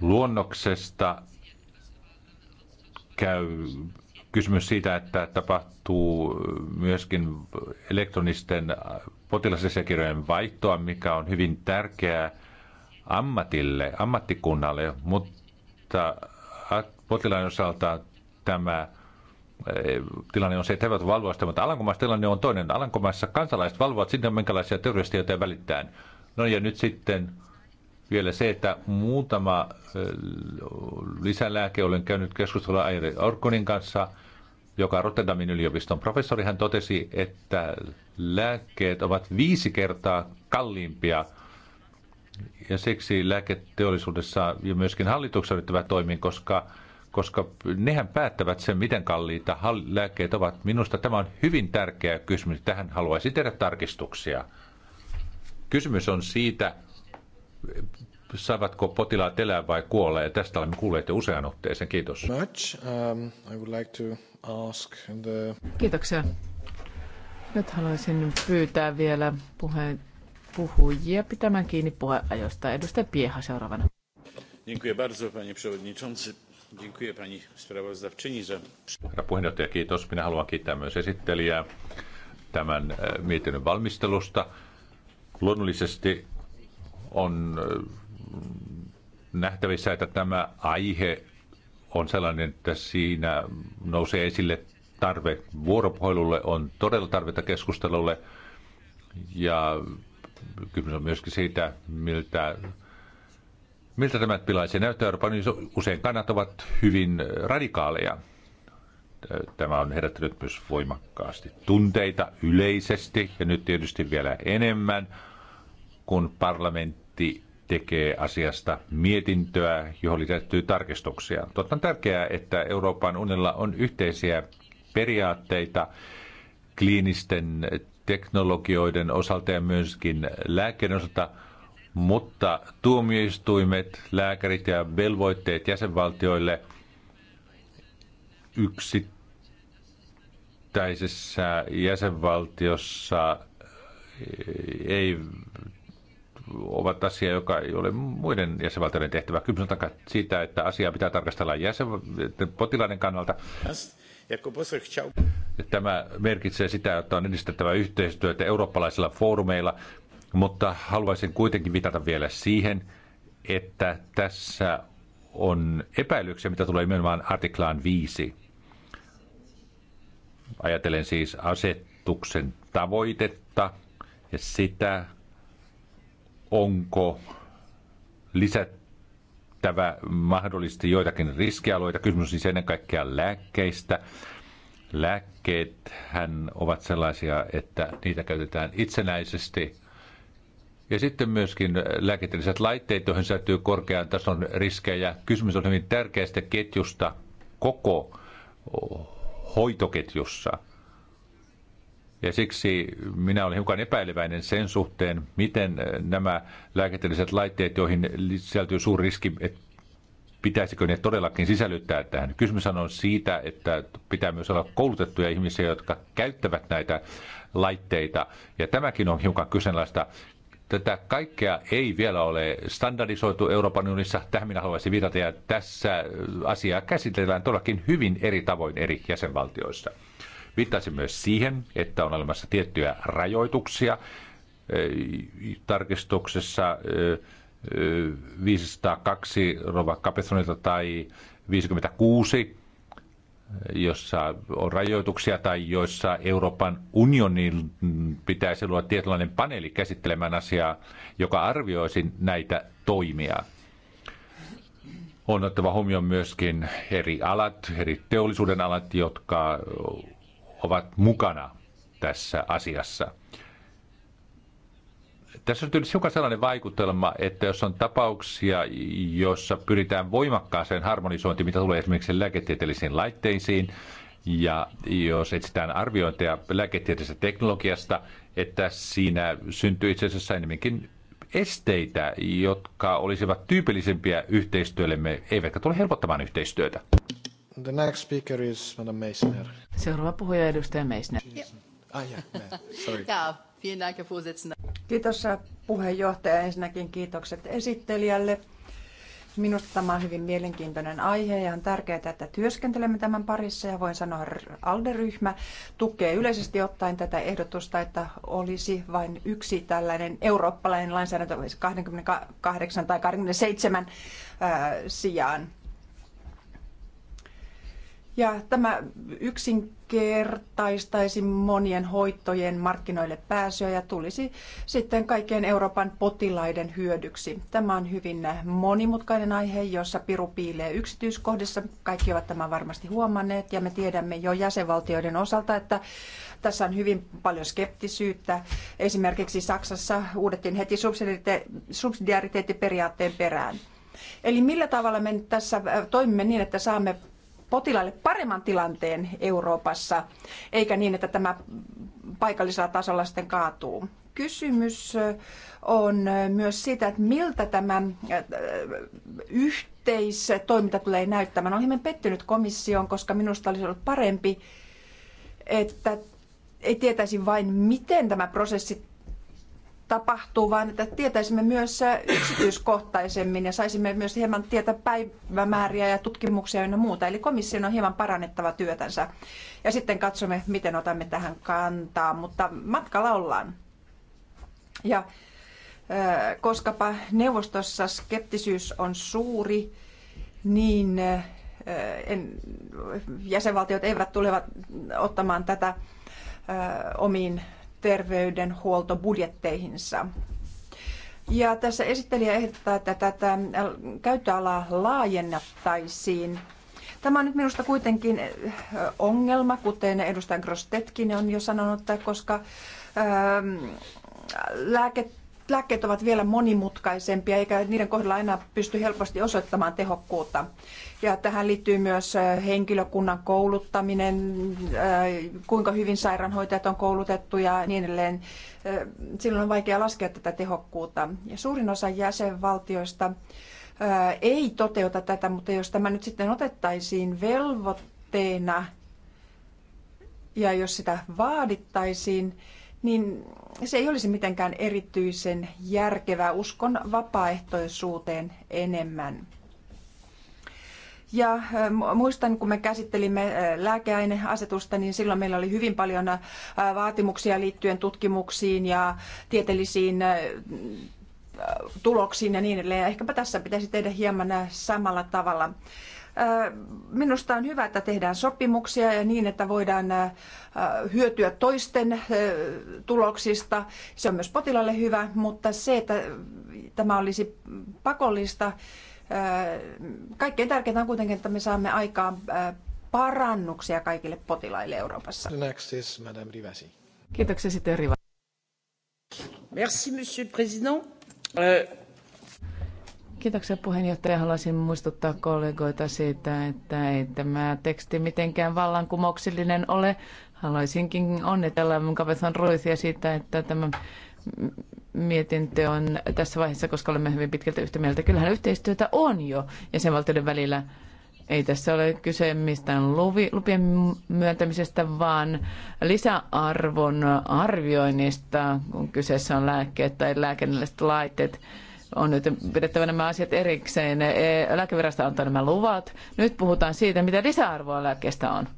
luonnoksesta käy kysymys siitä, että tapahtuu myöskin elektronisten potilasasiakirjojen vaihtoa, mikä on hyvin tärkeää ammatille, ammattikunnalle, mutta potilaan osalta tämä tilanne on se, että he eivät valvoa sitä, mutta Alankomaissa tilanne on toinen. Alankomaissa kansalaiset valvovat sinne, minkälaisia terroristijoita välittään. No ja nyt sitten vielä se, että muutama lisälääke, olen käynyt keskustelua Aire Orkonin kanssa, joka Rotterdamin yliopiston professori, hän totesi, että lääkkeet ovat viisi kertaa kalliimpia ja siksi lääketeollisuudessa ja myöskin hallituksessa yrittävät toimia, koska koska nehän päättävät sen, miten kalliita lääkkeet ovat. Minusta tämä on hyvin tärkeä kysymys. Tähän haluaisin tehdä tarkistuksia. Kysymys on siitä, saavatko potilaat elää vai kuolla, ja tästä olemme kuulleet jo usean otteeseen. Kiitos. Much. Um, I would like to ask the... Kiitoksia. Nyt haluaisin pyytää vielä puheen puhujia pitämään kiinni puheajosta. Edustaja Pieha seuraavana. Dziękuję bardzo, panie przewodniczący Herra puheenjohtaja, kiitos. Minä haluan kiittää myös esittelijää tämän e, mietinnön valmistelusta. Luonnollisesti on e, nähtävissä, että tämä aihe on sellainen, että siinä nousee esille tarve vuoropuhelulle, on todella tarvetta keskustelulle ja kysymys on myöskin siitä, miltä Miltä tämä pilaisi näyttää? Euroopan usein kannat ovat hyvin radikaaleja. Tämä on herättänyt myös voimakkaasti tunteita yleisesti ja nyt tietysti vielä enemmän, kun parlamentti tekee asiasta mietintöä, johon lisättyy tarkistuksia. Totta on tärkeää, että Euroopan unilla on yhteisiä periaatteita kliinisten teknologioiden osalta ja myöskin lääkkeiden osalta – mutta tuomioistuimet, lääkärit ja velvoitteet jäsenvaltioille yksittäisessä jäsenvaltiossa eh, ei ovat asia, joka ei ole muiden jäsenvaltioiden tehtävä. Kysymys on siitä, että asiaa pitää tarkastella jäsen, potilaiden kannalta. Tämä merkitsee sitä, että on edistettävä yhteistyötä eurooppalaisilla foorumeilla, mutta haluaisin kuitenkin vitata vielä siihen, että tässä on epäilyksiä, mitä tulee nimenomaan artiklaan 5. Ajatelen siis asetuksen tavoitetta ja sitä, onko lisättävä mahdollisesti joitakin riskialueita. Kysymys on siis ennen kaikkea lääkkeistä. Lääkkeet hän ovat sellaisia, että niitä käytetään itsenäisesti – ja sitten myöskin lääketieteelliset laitteet, joihin säätyy korkean tason riskejä. Kysymys on hyvin tärkeästä ketjusta koko hoitoketjussa. Ja siksi minä olen hiukan epäileväinen sen suhteen, miten nämä lääketieteelliset laitteet, joihin sisältyy suuri riski, että pitäisikö ne todellakin sisällyttää tähän. Kysymys on siitä, että pitää myös olla koulutettuja ihmisiä, jotka käyttävät näitä laitteita. Ja tämäkin on hiukan kyseenalaista. Tätä kaikkea ei vielä ole standardisoitu Euroopan unionissa. Tähän minä haluaisin viitata ja tässä äh, asiaa käsitellään todellakin hyvin eri tavoin eri jäsenvaltioissa. Viittaisin myös siihen, että on olemassa tiettyjä rajoituksia äh, tarkistuksessa 502 äh, Rova Capesonilta tai 56 jossa on rajoituksia tai joissa Euroopan unionin pitäisi luoda tietynlainen paneeli käsittelemään asiaa, joka arvioisi näitä toimia. On otettava huomioon myöskin eri alat, eri teollisuuden alat, jotka ovat mukana tässä asiassa. Tässä on tietysti hiukan sellainen vaikutelma, että jos on tapauksia, joissa pyritään voimakkaaseen harmonisointiin, mitä tulee esimerkiksi lääketieteellisiin laitteisiin, ja jos etsitään arviointeja lääketieteellisestä teknologiasta, että siinä syntyy itse asiassa enemmänkin esteitä, jotka olisivat tyypillisempiä yhteistyöllemme, eivätkä tule helpottamaan yhteistyötä. The next speaker is Madame Meissner. Seuraava puhuja edustaja Meissner. Yeah. Ah, yeah, sorry. yeah. Kiitos puheenjohtaja. Ensinnäkin kiitokset esittelijälle. Minusta tämä on hyvin mielenkiintoinen aihe ja on tärkeää, että työskentelemme tämän parissa ja voin sanoa, että ALDE-ryhmä tukee yleisesti ottaen tätä ehdotusta, että olisi vain yksi tällainen eurooppalainen lainsäädäntö 28 tai 27 sijaan. Ja tämä yksinkertaistaisi monien hoitojen markkinoille pääsyä ja tulisi sitten kaikkien Euroopan potilaiden hyödyksi. Tämä on hyvin monimutkainen aihe, jossa piru piilee yksityiskohdissa. Kaikki ovat tämän varmasti huomanneet ja me tiedämme jo jäsenvaltioiden osalta, että tässä on hyvin paljon skeptisyyttä. Esimerkiksi Saksassa uudettiin heti subsidiariteettiperiaatteen perään. Eli millä tavalla me tässä äh, toimimme niin, että saamme potilaille paremman tilanteen Euroopassa, eikä niin, että tämä paikallisella tasolla sitten kaatuu. Kysymys on myös siitä, että miltä tämä yhteistoiminta tulee näyttämään. Olen hieman pettynyt komissioon, koska minusta olisi ollut parempi, että ei tietäisi vain, miten tämä prosessi tapahtuu, vaan että tietäisimme myös yksityiskohtaisemmin ja saisimme myös hieman tietää päivämääriä ja tutkimuksia ja muuta. Eli komission on hieman parannettava työtänsä ja sitten katsomme, miten otamme tähän kantaa, mutta matkalla ollaan. Ja koskapa neuvostossa skeptisyys on suuri, niin en, jäsenvaltiot eivät tulevat ottamaan tätä omiin terveydenhuoltobudjetteihinsa. Ja tässä esittelijä ehdottaa, että tätä käyttöalaa laajennettaisiin. Tämä on nyt minusta kuitenkin eh, ongelma, kuten edustaja Grostetkin on jo sanonut, koska ehm, lääket lääkkeet ovat vielä monimutkaisempia eikä niiden kohdalla enää pysty helposti osoittamaan tehokkuutta. Ja tähän liittyy myös äh, henkilökunnan kouluttaminen, äh, kuinka hyvin sairaanhoitajat on koulutettu ja niin edelleen. Äh, silloin on vaikea laskea tätä tehokkuutta. Ja suurin osa jäsenvaltioista ei toteuta tätä, mutta jos tämä nyt sitten otettaisiin velvoitteena ja jos sitä vaadittaisiin, niin se ei olisi mitenkään erityisen järkevää. Uskon vapaaehtoisuuteen enemmän. Ja muistan, kun me käsittelimme lääkeaineasetusta, niin silloin meillä oli hyvin paljon vaatimuksia liittyen tutkimuksiin ja tieteellisiin tuloksiin ja niin edelleen. ehkäpä tässä pitäisi tehdä hieman samalla tavalla. Minusta on hyvä, että tehdään sopimuksia ja niin, että voidaan hyötyä toisten tuloksista. Se on myös potilaalle hyvä, mutta se, että tämä olisi pakollista, kaikkein tärkeintä on kuitenkin, että me saamme aikaan parannuksia kaikille potilaille Euroopassa. Next is Madame Rivasi. Kiitoksia sitten Riva. Merci, Monsieur le Président. Uh... Kiitoksia puheenjohtaja. Haluaisin muistuttaa kollegoita siitä, että ei tämä teksti mitenkään vallankumouksellinen ole. Haluaisinkin onnitella mun Kavethan Ruisia siitä, että tämä mietintö on tässä vaiheessa, koska olemme hyvin pitkälti yhtä mieltä. Kyllähän yhteistyötä on jo jäsenvaltioiden välillä. Ei tässä ole kyse mistään luvi, lupien myöntämisestä, vaan lisäarvon arvioinnista, kun kyseessä on lääkkeet tai lääkennelliset laitteet on nyt pidettävä nämä asiat erikseen. E, lääkevirasto antaa nämä luvat. Nyt puhutaan siitä, mitä lisäarvoa lääkkeestä on.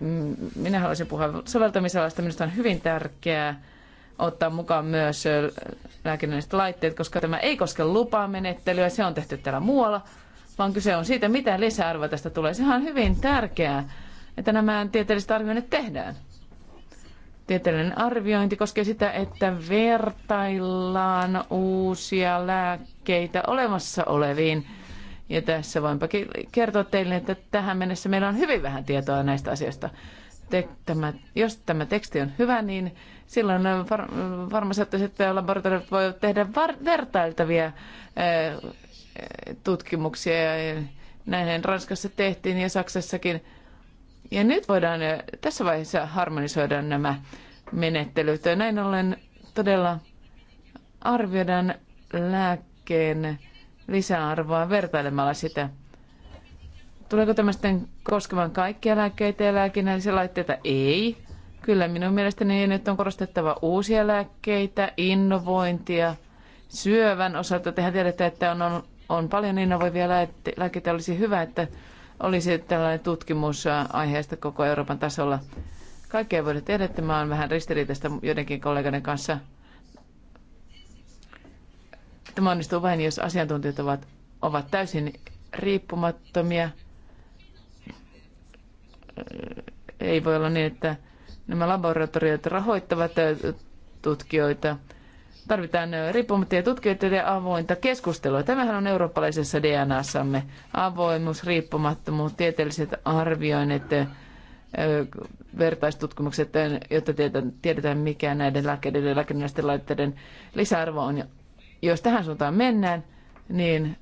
Mm, minä haluaisin puhua soveltamisalasta. Minusta on hyvin tärkeää ottaa mukaan myös lääkinnälliset laitteet, koska tämä ei koske lupamenettelyä. Se on tehty täällä muualla, vaan kyse on siitä, mitä lisäarvoa tästä tulee. Sehän on hyvin tärkeää, että nämä tieteelliset arvioinnit tehdään. Tieteellinen arviointi koskee sitä, että vertaillaan uusia lääkkeitä olemassa oleviin. Ja tässä voinpa kertoa teille, että tähän mennessä meillä on hyvin vähän tietoa näistä asioista. Te, tämä, jos tämä teksti on hyvä, niin silloin far, farmaseuttiset laboratoriot voivat tehdä var, vertailtavia ää, eh, tutkimuksia. Ja näinhän Ranskassa tehtiin ja Saksassakin ja nyt voidaan tässä vaiheessa harmonisoida nämä menettelyt. Näin ollen todella arvioidaan lääkkeen lisäarvoa vertailemalla sitä. Tuleeko tämä sitten koskemaan kaikkia lääkkeitä ja lääkinnällisiä laitteita? Ei. Kyllä minun mielestäni nyt on korostettava uusia lääkkeitä, innovointia. Syövän osalta tehän tiedätte, että on, on, on paljon innovoivia lääkkeitä. Olisi hyvä, että olisi tällainen tutkimus äh, aiheesta koko Euroopan tasolla. Kaikkea ei voida tehdä. Tämä on vähän ristiriitaista joidenkin kollegoiden kanssa. Tämä onnistuu vain, jos asiantuntijat ovat, ovat täysin riippumattomia. Ei voi olla niin, että nämä laboratoriot rahoittavat äh, tutkijoita – Tarvitaan riippumattomia tutkijoita ja avointa keskustelua. Tämähän on eurooppalaisessa DNAssamme. Avoimuus, riippumattomuus, tieteelliset arvioinnit, vertaistutkimukset, jotta tiedetään mikä näiden lääkkeiden ja lääkinnällisten laitteiden lisäarvo on. Jos tähän suuntaan mennään, niin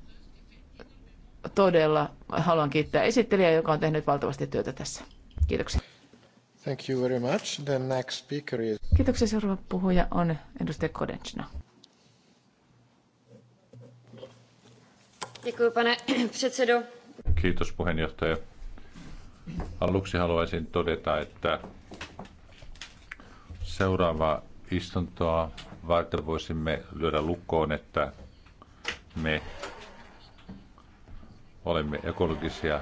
todella haluan kiittää esittelijää, joka on tehnyt valtavasti työtä tässä. Kiitoksia. Thank you very much. The next speaker is... Kiitoksia. Seuraava puhuja on edustaja Kodenchina. Kiitos puheenjohtaja. Aluksi haluaisin todeta, että seuraavaa istuntoa varten voisimme lyödä lukkoon, että me olemme ekologisia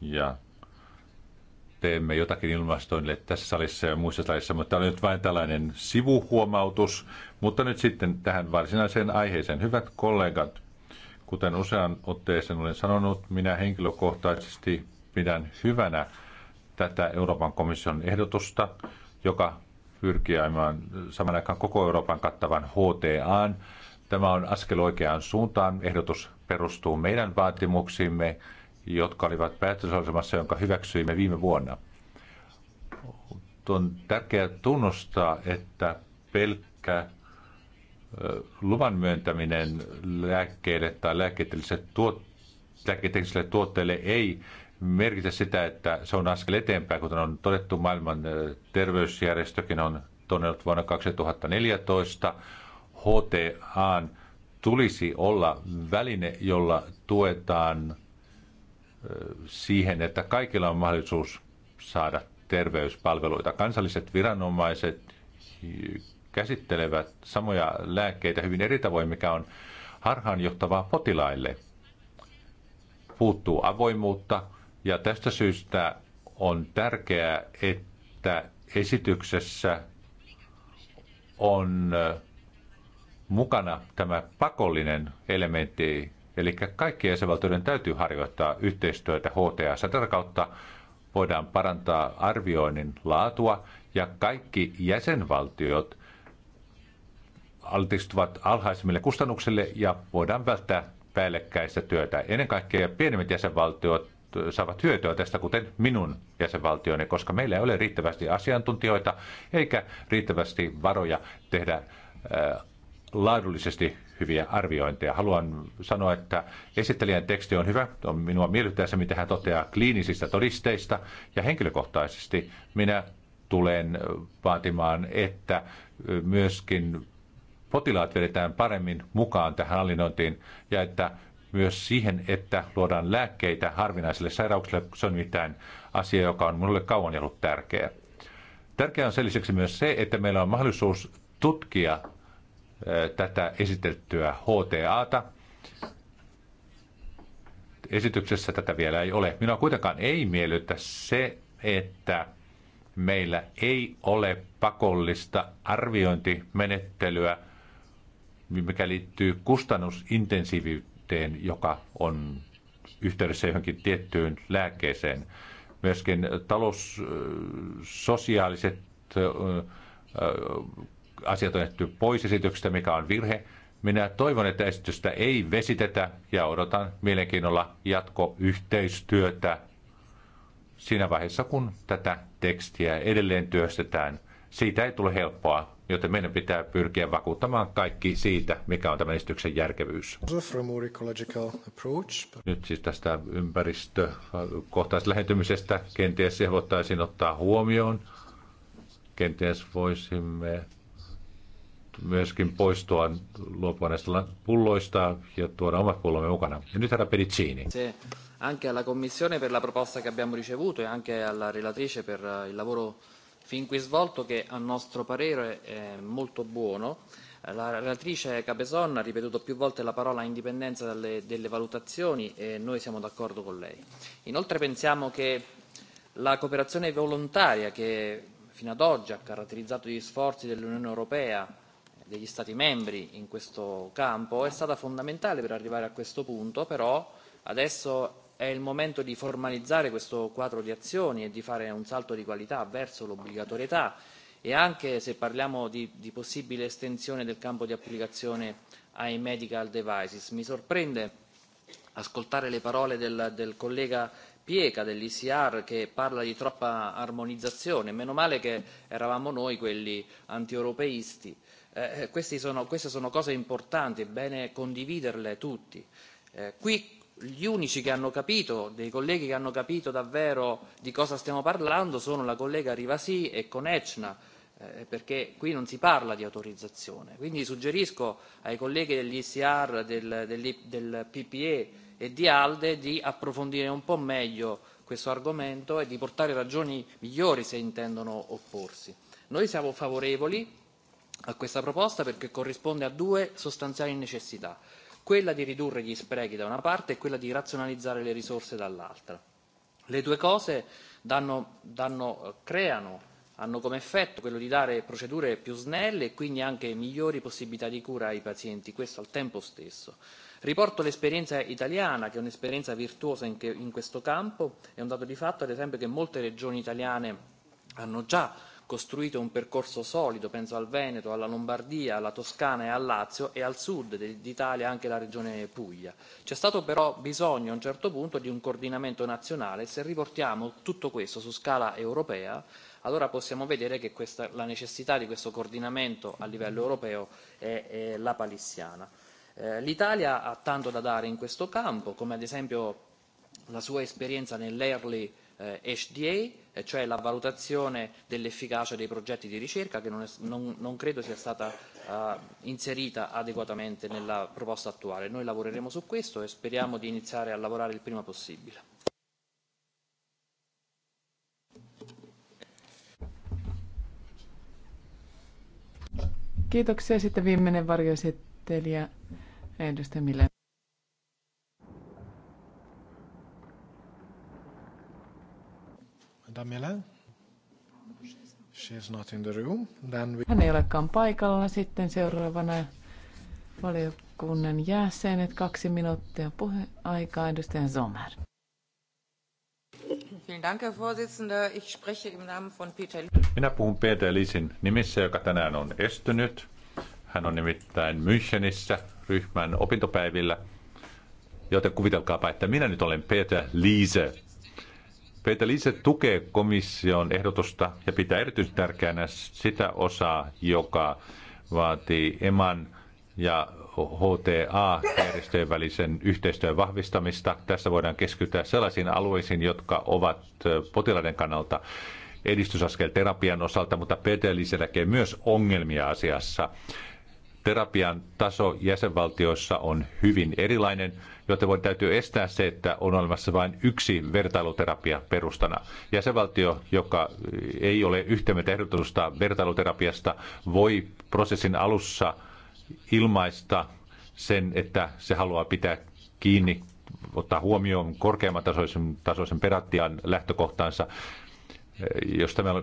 ja teemme jotakin ilmastoinnille tässä salissa ja muissa salissa, mutta tämä oli nyt vain tällainen sivuhuomautus. Mutta nyt sitten tähän varsinaiseen aiheeseen. Hyvät kollegat, kuten usean otteeseen olen sanonut, minä henkilökohtaisesti pidän hyvänä tätä Euroopan komission ehdotusta, joka pyrkii aivan saman aikaan koko Euroopan kattavan HTAan. Tämä on askel oikeaan suuntaan. Ehdotus perustuu meidän vaatimuksiimme jotka olivat päätösasemassa, jonka hyväksyimme viime vuonna. On tärkeää tunnustaa, että pelkkä luvan myöntäminen lääkkeelle tai lääketieteellisille, tuot, tuotteille ei merkitä sitä, että se on askel eteenpäin, kuten on todettu maailman terveysjärjestökin on todennut vuonna 2014. HTA tulisi olla väline, jolla tuetaan siihen, että kaikilla on mahdollisuus saada terveyspalveluita. Kansalliset viranomaiset käsittelevät samoja lääkkeitä hyvin eri tavoin, mikä on harhaanjohtavaa potilaille. Puuttuu avoimuutta ja tästä syystä on tärkeää, että esityksessä on mukana tämä pakollinen elementti Eli kaikkien jäsenvaltioiden täytyy harjoittaa yhteistyötä HTS. Tätä kautta voidaan parantaa arvioinnin laatua ja kaikki jäsenvaltiot altistuvat alhaisimmille kustannuksille ja voidaan välttää päällekkäistä työtä. Ennen kaikkea pienemmät jäsenvaltiot saavat hyötyä tästä, kuten minun jäsenvaltioni, koska meillä ei ole riittävästi asiantuntijoita eikä riittävästi varoja tehdä laadullisesti hyviä arviointeja. Haluan sanoa, että esittelijän teksti on hyvä. On minua miellyttää se, mitä hän toteaa kliinisistä todisteista. Ja henkilökohtaisesti minä tulen vaatimaan, että myöskin potilaat vedetään paremmin mukaan tähän hallinnointiin ja että myös siihen, että luodaan lääkkeitä harvinaisille sairauksille. Se on mitään asia, joka on minulle kauan ollut tärkeä. Tärkeää on sen lisäksi myös se, että meillä on mahdollisuus tutkia tätä esitettyä HTAta. Esityksessä tätä vielä ei ole. Minua kuitenkaan ei miellytä se, että meillä ei ole pakollista arviointimenettelyä, mikä liittyy kustannusintensiivyyteen, joka on yhteydessä johonkin tiettyyn lääkkeeseen. Myöskin taloussosiaaliset asiat on jätetty pois esityksestä, mikä on virhe. Minä toivon, että esitystä ei vesitetä ja odotan mielenkiinnolla jatkoyhteistyötä siinä vaiheessa, kun tätä tekstiä edelleen työstetään. Siitä ei tule helppoa, joten meidän pitää pyrkiä vakuuttamaan kaikki siitä, mikä on tämän esityksen järkevyys. Nyt siis tästä ympäristökohtaislähentymisestä kenties se voitaisiin ottaa huomioon. Kenties voisimme myöskin poistua luopua pulloista ja tuoda omat pullomme mukana. Ja nyt herra Pedicini. Se anche alla Commissione per la proposta che abbiamo ricevuto e anche alla relatrice per eh, il lavoro fin qui svolto che a nostro parere è molto buono. La relatrice Capeson ha ripetuto più volte la parola indipendenza dalle, delle valutazioni e noi siamo d'accordo con lei. Inoltre pensiamo che la cooperazione volontaria che fino ad oggi ha caratterizzato gli sforzi dell'Unione Europea degli Stati membri in questo campo è stata fondamentale per arrivare a questo punto, però adesso è il momento di formalizzare questo quadro di azioni e di fare un salto di qualità verso l'obbligatorietà e anche se parliamo di, di possibile estensione del campo di applicazione ai medical devices. Mi sorprende ascoltare le parole del, del collega Pieca dell'ICR che parla di troppa armonizzazione. Meno male che eravamo noi quelli antieuropeisti Eh, eh queste, sono, queste sono cose importanti, è bene condividerle tutti. Eh, qui gli unici che hanno capito, dei colleghi che hanno capito davvero di cosa stiamo parlando, sono la collega Rivasi e Conecna, eh, perché qui non si parla di autorizzazione. Quindi suggerisco ai colleghi dell'ICR, del, del, del PPE e di ALDE di approfondire un po' meglio questo argomento e di portare ragioni migliori se intendono opporsi. Noi siamo favorevoli a questa proposta perché corrisponde a due sostanziali necessità quella di ridurre gli sprechi da una parte e quella di razionalizzare le risorse dall'altra. Le due cose danno, danno, eh, creano, hanno come effetto quello di dare procedure più snelle e quindi anche migliori possibilità di cura ai pazienti, questo al tempo stesso. Riporto l'esperienza italiana, che è un'esperienza virtuosa in, che, in questo campo, è un dato di fatto ad esempio che molte regioni italiane hanno già costruito un percorso solido, penso al Veneto, alla Lombardia, alla Toscana e al Lazio e al sud d'Italia anche la regione Puglia. C'è stato però bisogno a un certo punto di un coordinamento nazionale, se riportiamo tutto questo su scala europea allora possiamo vedere che questa, la necessità di questo coordinamento a livello europeo è, è la palissiana. Eh, L'Italia ha tanto da dare in questo campo, come ad esempio la sua esperienza nell'early eh, HDA, eh, cioè la valutazione dell'efficacia dei progetti di ricerca che non, è, non, non credo sia stata eh, inserita adeguatamente nella proposta attuale. Noi lavoreremo su questo e speriamo di iniziare a lavorare il prima possibile. Kiitoksia. Sitten viimeinen varjoesittelijä edustaja Mille. Madame She's not in the room. Then we... Hän ei olekaan paikalla. Sitten seuraavana valiokunnan jäsenet. Kaksi minuuttia puheaikaa. Edustaja Sommer. Minä puhun Peter Lisin nimissä, joka tänään on estynyt. Hän on nimittäin Münchenissä ryhmän opintopäivillä. Joten kuvitelkaapa, että minä nyt olen Peter Liese, Peter Liise tukee komission ehdotusta ja pitää erityisen tärkeänä sitä osaa, joka vaatii EMAN ja HTA-järjestöjen välisen yhteistyön vahvistamista. Tässä voidaan keskittyä sellaisiin alueisiin, jotka ovat potilaiden kannalta edistysaskel terapian osalta, mutta Peter Liise näkee myös ongelmia asiassa. Terapian taso jäsenvaltioissa on hyvin erilainen joten voi täytyy estää se, että on olemassa vain yksi vertailuterapia perustana. Jäsenvaltio, joka ei ole yhtä mieltä ehdotusta vertailuterapiasta, voi prosessin alussa ilmaista sen, että se haluaa pitää kiinni, ottaa huomioon korkeamman tasoisen, tasoisen perattian lähtökohtaansa jos tämä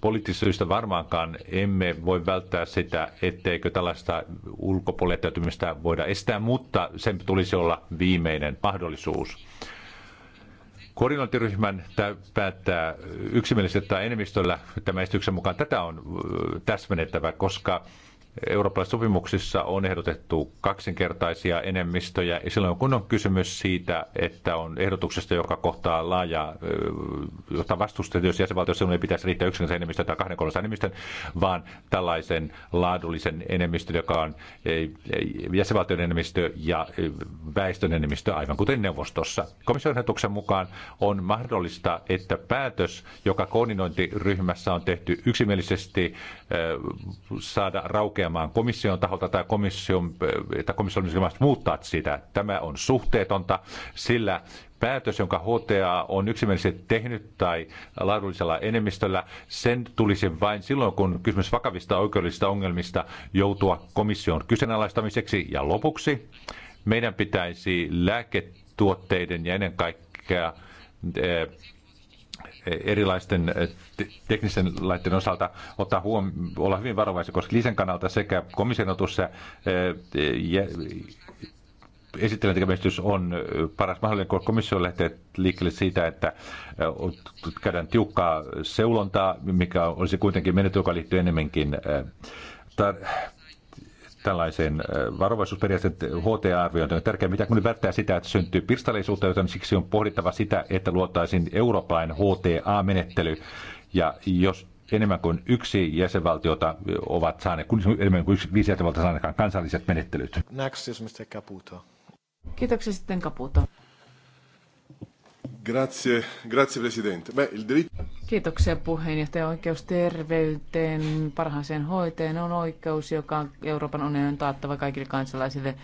poliittisista syistä varmaankaan emme voi välttää sitä, etteikö tällaista ulkopuolettautumista voida estää, mutta sen tulisi olla viimeinen mahdollisuus. Koordinointiryhmän päättää yksimielisesti tai enemmistöllä tämän esityksen mukaan tätä on täsmennettävä, koska Euroopan sopimuksissa on ehdotettu kaksinkertaisia enemmistöjä, ja silloin kun on kysymys siitä, että on ehdotuksesta, joka kohtaa laajaa, jota vastustetaan, jos jäsenvaltiossa ei pitäisi riittää yksinkertaisen enemmistön tai kahden kolmasen enemmistön, vaan tällaisen laadullisen enemmistön, joka on jäsenvaltion enemmistö ja väestön enemmistö, aivan kuten neuvostossa. Komission ehdotuksen mukaan on mahdollista, että päätös, joka koordinointiryhmässä on tehty yksimielisesti, saada raukea korkeamman komission taholta tai komission, tai komission muuttaa sitä. Tämä on suhteetonta, sillä päätös, jonka HTA on yksimielisesti tehnyt tai laadullisella enemmistöllä, sen tulisi vain silloin, kun kysymys vakavista oikeudellisista ongelmista joutua komission kyseenalaistamiseksi. Ja lopuksi meidän pitäisi lääketuotteiden ja ennen kaikkea eh, erilaisten eh, teknisten laitteiden osalta ottaa huom- olla hyvin varovaisia, koska lisän kannalta sekä komission otussa eh, ja tekemistys on eh, paras mahdollinen, kun komissio lähtee liikkeelle siitä, että käydään tiukkaa seulontaa, mikä olisi kuitenkin menetty, joka liittyy enemmänkin tällaiseen varovaisuusperiaatteen HT-arviointiin on tärkeää, mitä kun välttää sitä, että syntyy pirstaleisuutta, joten siksi on pohdittava sitä, että luotaisiin eurooppalainen HTA-menettely. Ja jos enemmän kuin yksi jäsenvaltiota ovat saaneet, kun enemmän kuin yksi, viisi jäsenvaltiota saaneet kansalliset menettelyt. Next is Mr. Caputo. Kiitoksia sitten Caputo. Grazie, grazie presidente. Beh, il diritto... Kiitoksia puheenjohtaja. Oikeus terveyteen, parhaaseen hoiteen on oikeus, joka on Euroopan unionin taattava kaikille kansalaisille.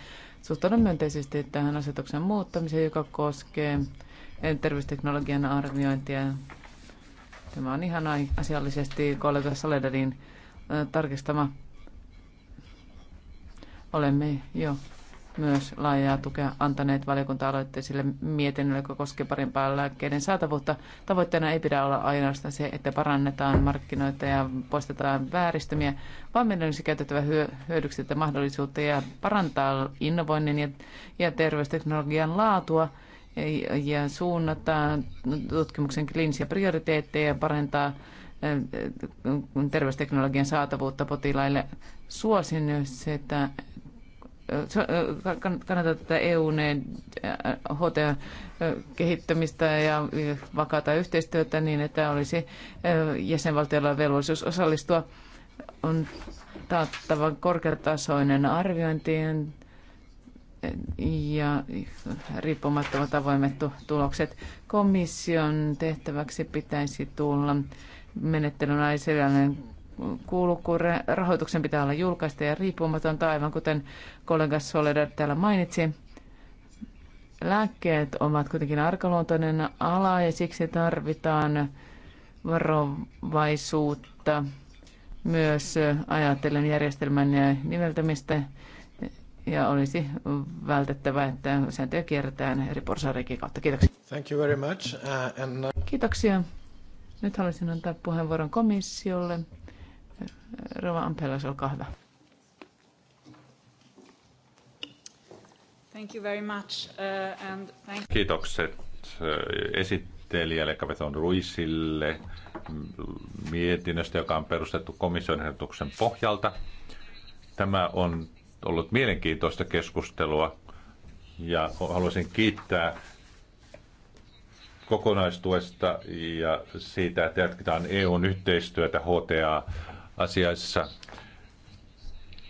Suhtaudun myönteisesti tähän asetuksen muuttamiseen, joka koskee terveysteknologian arviointia. Tämä on ihan asiallisesti kollega Saledadin tarkistama. Olemme jo myös laajaa tukea antaneet valiokunta-aloitteiselle mietinnölle, joka koskee parempaa lääkkeiden saatavuutta. Tavoitteena ei pidä olla ainoastaan se, että parannetaan markkinoita ja poistetaan vääristymiä, vaan meidän olisi käytettävä hyö- hyödyksi tätä mahdollisuutta ja parantaa innovoinnin ja, ja terveysteknologian laatua ja suunnata tutkimuksen kliinisiä prioriteetteja ja parantaa eh, eh, terveysteknologian saatavuutta potilaille. Suosin että kannata tätä EUn HT-kehittämistä ja vakaata yhteistyötä niin, että olisi jäsenvaltiolla velvollisuus osallistua. On taattava korkeatasoinen arviointi ja riippumattomat avoimet tulokset. Komission tehtäväksi pitäisi tulla menettelyn aiseellinen kuulu, kun rahoituksen pitää olla julkaista ja riippumatonta, aivan kuten kollega Soledad täällä mainitsi. Lääkkeet ovat kuitenkin arkaluontoinen ala ja siksi tarvitaan varovaisuutta myös ajatellen järjestelmän ja niveltämistä ja olisi vältettävä, että sääntöjä kierretään eri porsareikin kautta. Kiitoksia. Thank you very much. Uh, and... Uh, Kiitoksia. Nyt haluaisin antaa puheenvuoron komissiolle. Rova Ampelas, olkaa hyvä. Thank you very much, uh, and thank Kiitokset uh, esittelijälle Kaveton Ruisille mietinnöstä, joka on perustettu komission ehdotuksen pohjalta. Tämä on ollut mielenkiintoista keskustelua ja haluaisin kiittää kokonaistuesta ja siitä, että jatketaan EUn yhteistyötä HTA asiassa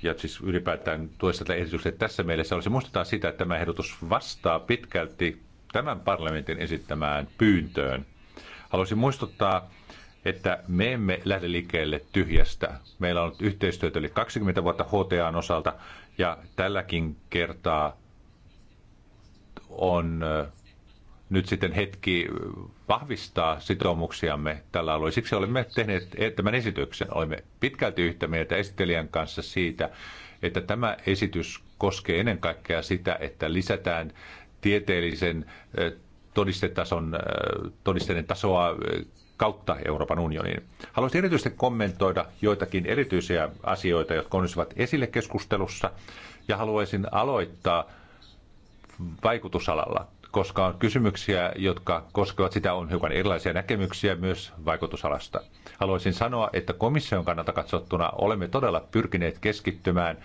ja siis ylipäätään tuessa tätä esitystä tässä mielessä olisi muistetaan sitä, että tämä ehdotus vastaa pitkälti tämän parlamentin esittämään pyyntöön. Haluaisin muistuttaa, että me emme lähde liikkeelle tyhjästä. Meillä on ollut yhteistyötä yli 20 vuotta HTAn osalta ja tälläkin kertaa on nyt sitten hetki äh, vahvistaa sitoumuksiamme tällä alueella. Siksi olemme tehneet e, tämän esityksen. Olemme pitkälti yhtä mieltä esittelijän kanssa siitä, että tämä esitys koskee ennen kaikkea sitä, että lisätään tieteellisen äh, todistetason, äh, todisteiden tasoa kautta Euroopan unionin. Haluaisin erityisesti kommentoida joitakin erityisiä asioita, jotka onnistuvat esille keskustelussa, ja haluaisin aloittaa vaikutusalalla koska on kysymyksiä, jotka koskevat sitä, on hiukan erilaisia näkemyksiä myös vaikutusalasta. Haluaisin sanoa, että komission kannalta katsottuna olemme todella pyrkineet keskittymään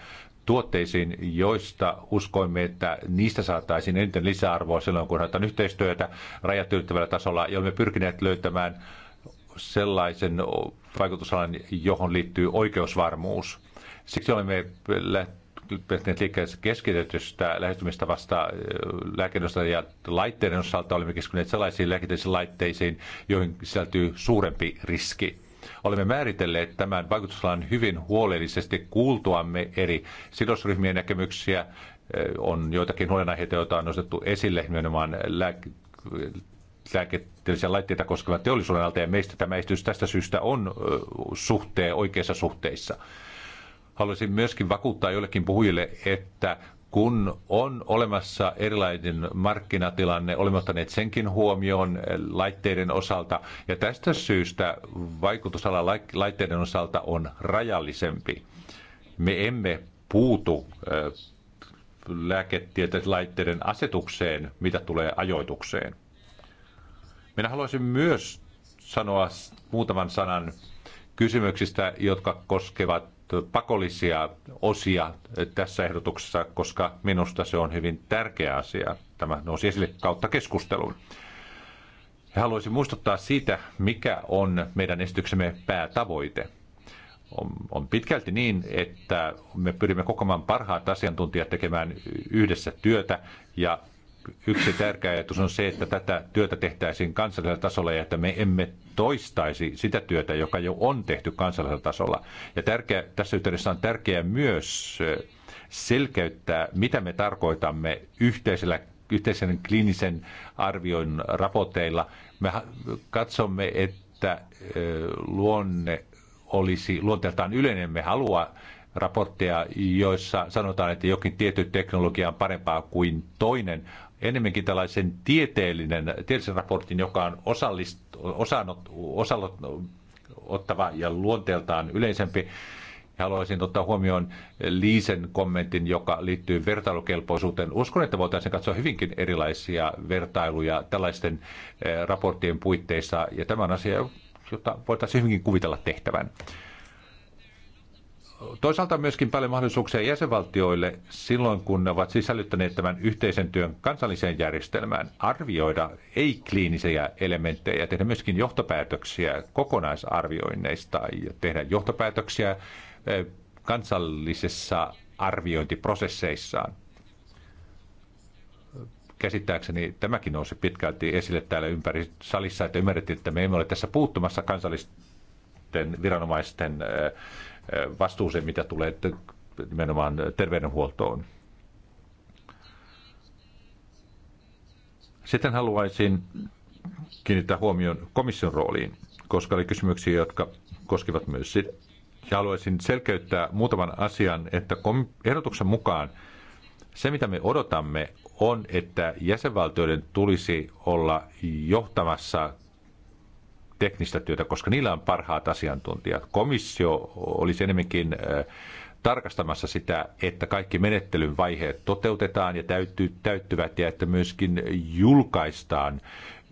tuotteisiin, joista uskoimme, että niistä saataisiin eniten lisäarvoa silloin, kun haetaan yhteistyötä rajat ylittävällä tasolla, ja olemme pyrkineet löytämään sellaisen vaikutusalan, johon liittyy oikeusvarmuus. Siksi olemme lähteneet liikkeelle keskitetystä lähestymistavasta äh, lääkinnöstä ja laitteiden osalta olemme keskittyneet sellaisiin lääketieteellisiin laitteisiin, joihin sisältyy suurempi riski. Olemme määritelleet tämän vaikutusalan hyvin huolellisesti kuultuamme eri sidosryhmien näkemyksiä. Äh, on joitakin huolenaiheita, joita on nostettu esille nimenomaan lääketieteellisiä laitteita koskevan teollisuuden alta, ja meistä tämä esitys tästä syystä on suhteen oikeissa suhteissa. Haluaisin myöskin vakuuttaa jollekin puhujille, että kun on olemassa erilainen markkinatilanne, olemme ottaneet senkin huomioon eh, laitteiden osalta, ja tästä syystä vaikutusala laitteiden osalta on rajallisempi. Me emme puutu eh, lääketieteen laitteiden asetukseen, mitä tulee ajoitukseen. Minä haluaisin myös sanoa muutaman sanan kysymyksistä, jotka koskevat pakollisia osia tässä ehdotuksessa, koska minusta se on hyvin tärkeä asia. Tämä nousi esille kautta keskusteluun. Haluaisin muistuttaa siitä, mikä on meidän esityksemme päätavoite. On, pitkälti niin, että me pyrimme kokoamaan parhaat asiantuntijat tekemään yhdessä työtä ja yksi tärkeä ajatus on se, että tätä työtä tehtäisiin kansallisella tasolla ja että me emme toistaisi sitä työtä, joka jo on tehty kansallisella tasolla. Ja tärkeä, tässä yhteydessä on tärkeää myös selkeyttää, mitä me tarkoitamme yhteisellä yhteisen kliinisen arvioin raporteilla. Me katsomme, että luonne olisi luonteeltaan yleinen. Me haluaa raportteja, joissa sanotaan, että jokin tietty teknologia on parempaa kuin toinen, enemmänkin tällaisen tieteellinen, tieteellisen raportin, joka on osallist, osanot, osalot, ottava ja luonteeltaan yleisempi. Haluaisin ottaa huomioon Liisen kommentin, joka liittyy vertailukelpoisuuteen. Uskon, että voitaisiin katsoa hyvinkin erilaisia vertailuja tällaisten eh, raporttien puitteissa, ja tämä on asia, jota voitaisiin hyvinkin kuvitella tehtävän toisaalta myöskin paljon mahdollisuuksia jäsenvaltioille silloin, kun ne ovat sisällyttäneet tämän yhteisen työn kansalliseen järjestelmään, arvioida ei-kliinisiä elementtejä ja tehdä myöskin johtopäätöksiä kokonaisarvioinneista ja tehdä johtopäätöksiä eh, kansallisessa arviointiprosesseissaan. Käsittääkseni tämäkin nousi pitkälti esille täällä ympäri salissa, että ymmärrettiin, että me emme ole tässä puuttumassa kansallisten viranomaisten eh, vastuuseen, mitä tulee nimenomaan terveydenhuoltoon. Sitten haluaisin kiinnittää huomion komission rooliin, koska oli kysymyksiä, jotka koskivat myös sitä. Ja haluaisin selkeyttää muutaman asian, että ehdotuksen mukaan se, mitä me odotamme, on, että jäsenvaltioiden tulisi olla johtamassa teknistä työtä, koska niillä on parhaat asiantuntijat. Komissio olisi enemmänkin tarkastamassa sitä, että kaikki menettelyn vaiheet toteutetaan ja täyttyvät ja että myöskin julkaistaan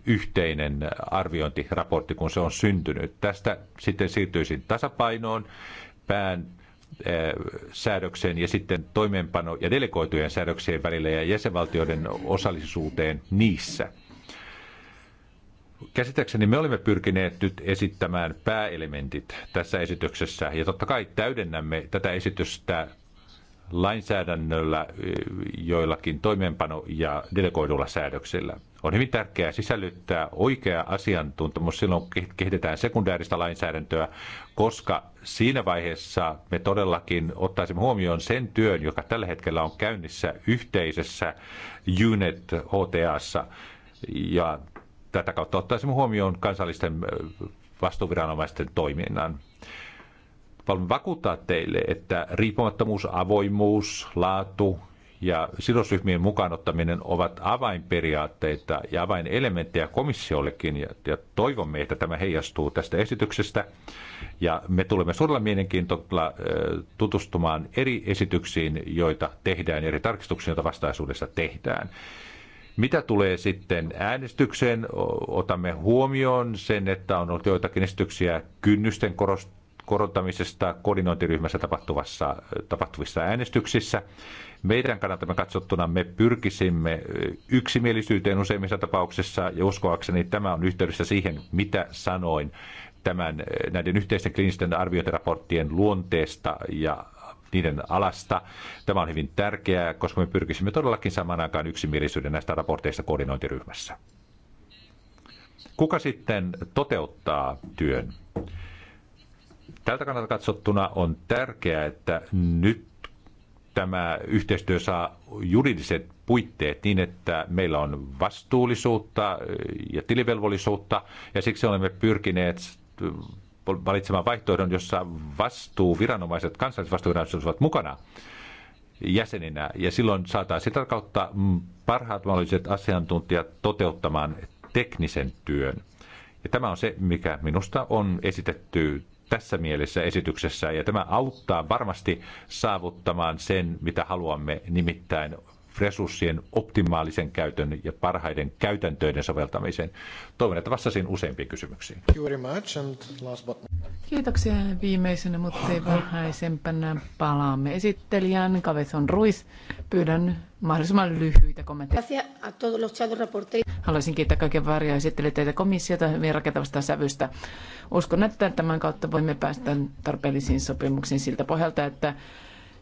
yhteinen arviointiraportti, kun se on syntynyt. Tästä sitten siirtyisin tasapainoon pään säädöksen ja sitten toimeenpano- ja delegoitujen säädöksien välillä ja jäsenvaltioiden osallisuuteen niissä. Käsittääkseni me olemme pyrkineet nyt esittämään pääelementit tässä esityksessä ja totta kai täydennämme tätä esitystä lainsäädännöllä joillakin toimeenpano- ja delegoidulla säädöksillä. On hyvin tärkeää sisällyttää oikea asiantuntemus silloin, kun kehitetään sekundääristä lainsäädäntöä, koska siinä vaiheessa me todellakin ottaisimme huomioon sen työn, joka tällä hetkellä on käynnissä yhteisessä UNET HTAssa. Ja tätä kautta ottaisimme huomioon kansallisten vastuuviranomaisten toiminnan. Haluan vakuuttaa teille, että riippumattomuus, avoimuus, laatu ja sidosryhmien mukaanottaminen ovat avainperiaatteita ja avainelementtejä komissiollekin, ja, ja toivomme, että tämä heijastuu tästä esityksestä. Ja me tulemme suurella mielenkiintoilla tutustumaan eri esityksiin, joita tehdään, eri tarkistuksiin, joita vastaisuudessa tehdään. Mitä tulee sitten äänestykseen, otamme huomioon sen, että on ollut joitakin esityksiä kynnysten korost- korottamisesta koordinointiryhmässä tapahtuvassa, tapahtuvissa äänestyksissä. Meidän me katsottuna me pyrkisimme e, yksimielisyyteen useimmissa tapauksissa, ja uskoakseni tämä on yhteydessä siihen, mitä sanoin tämän, e, näiden yhteisten kliinisten arviointiraporttien luonteesta ja niiden alasta. Tämä on hyvin tärkeää, koska me pyrkisimme todellakin samaan aikaan yksimielisyyden näistä raporteista koordinointiryhmässä. Kuka sitten toteuttaa työn? Tältä kannalta katsottuna on tärkeää, että nyt tämä yhteistyö saa juridiset puitteet niin, että meillä on vastuullisuutta ja tilivelvollisuutta, ja siksi olemme pyrkineet valitsemaan vaihtoehdon, jossa vastuuviranomaiset, kansalliset vastuuviranomaiset ovat mukana jäseninä, ja silloin saadaan sitä kautta parhaat mahdolliset asiantuntijat toteuttamaan teknisen työn. Ja tämä on se, mikä minusta on esitetty tässä mielessä esityksessä, ja tämä auttaa varmasti saavuttamaan sen, mitä haluamme, nimittäin resurssien optimaalisen käytön ja parhaiden käytäntöiden soveltamiseen? Toivon, että vastasin useimpiin kysymyksiin. Kiitoksia viimeisenä, mutta ei vähäisempänä palaamme esittelijän Kaveson Ruiz. Pyydän mahdollisimman lyhyitä kommentteja. Haluaisin kiittää kaiken varjoa esittelijöitä komissiota hyvin rakentavasta sävystä. Uskon, että tämän kautta voimme päästä tarpeellisiin sopimuksiin siltä pohjalta, että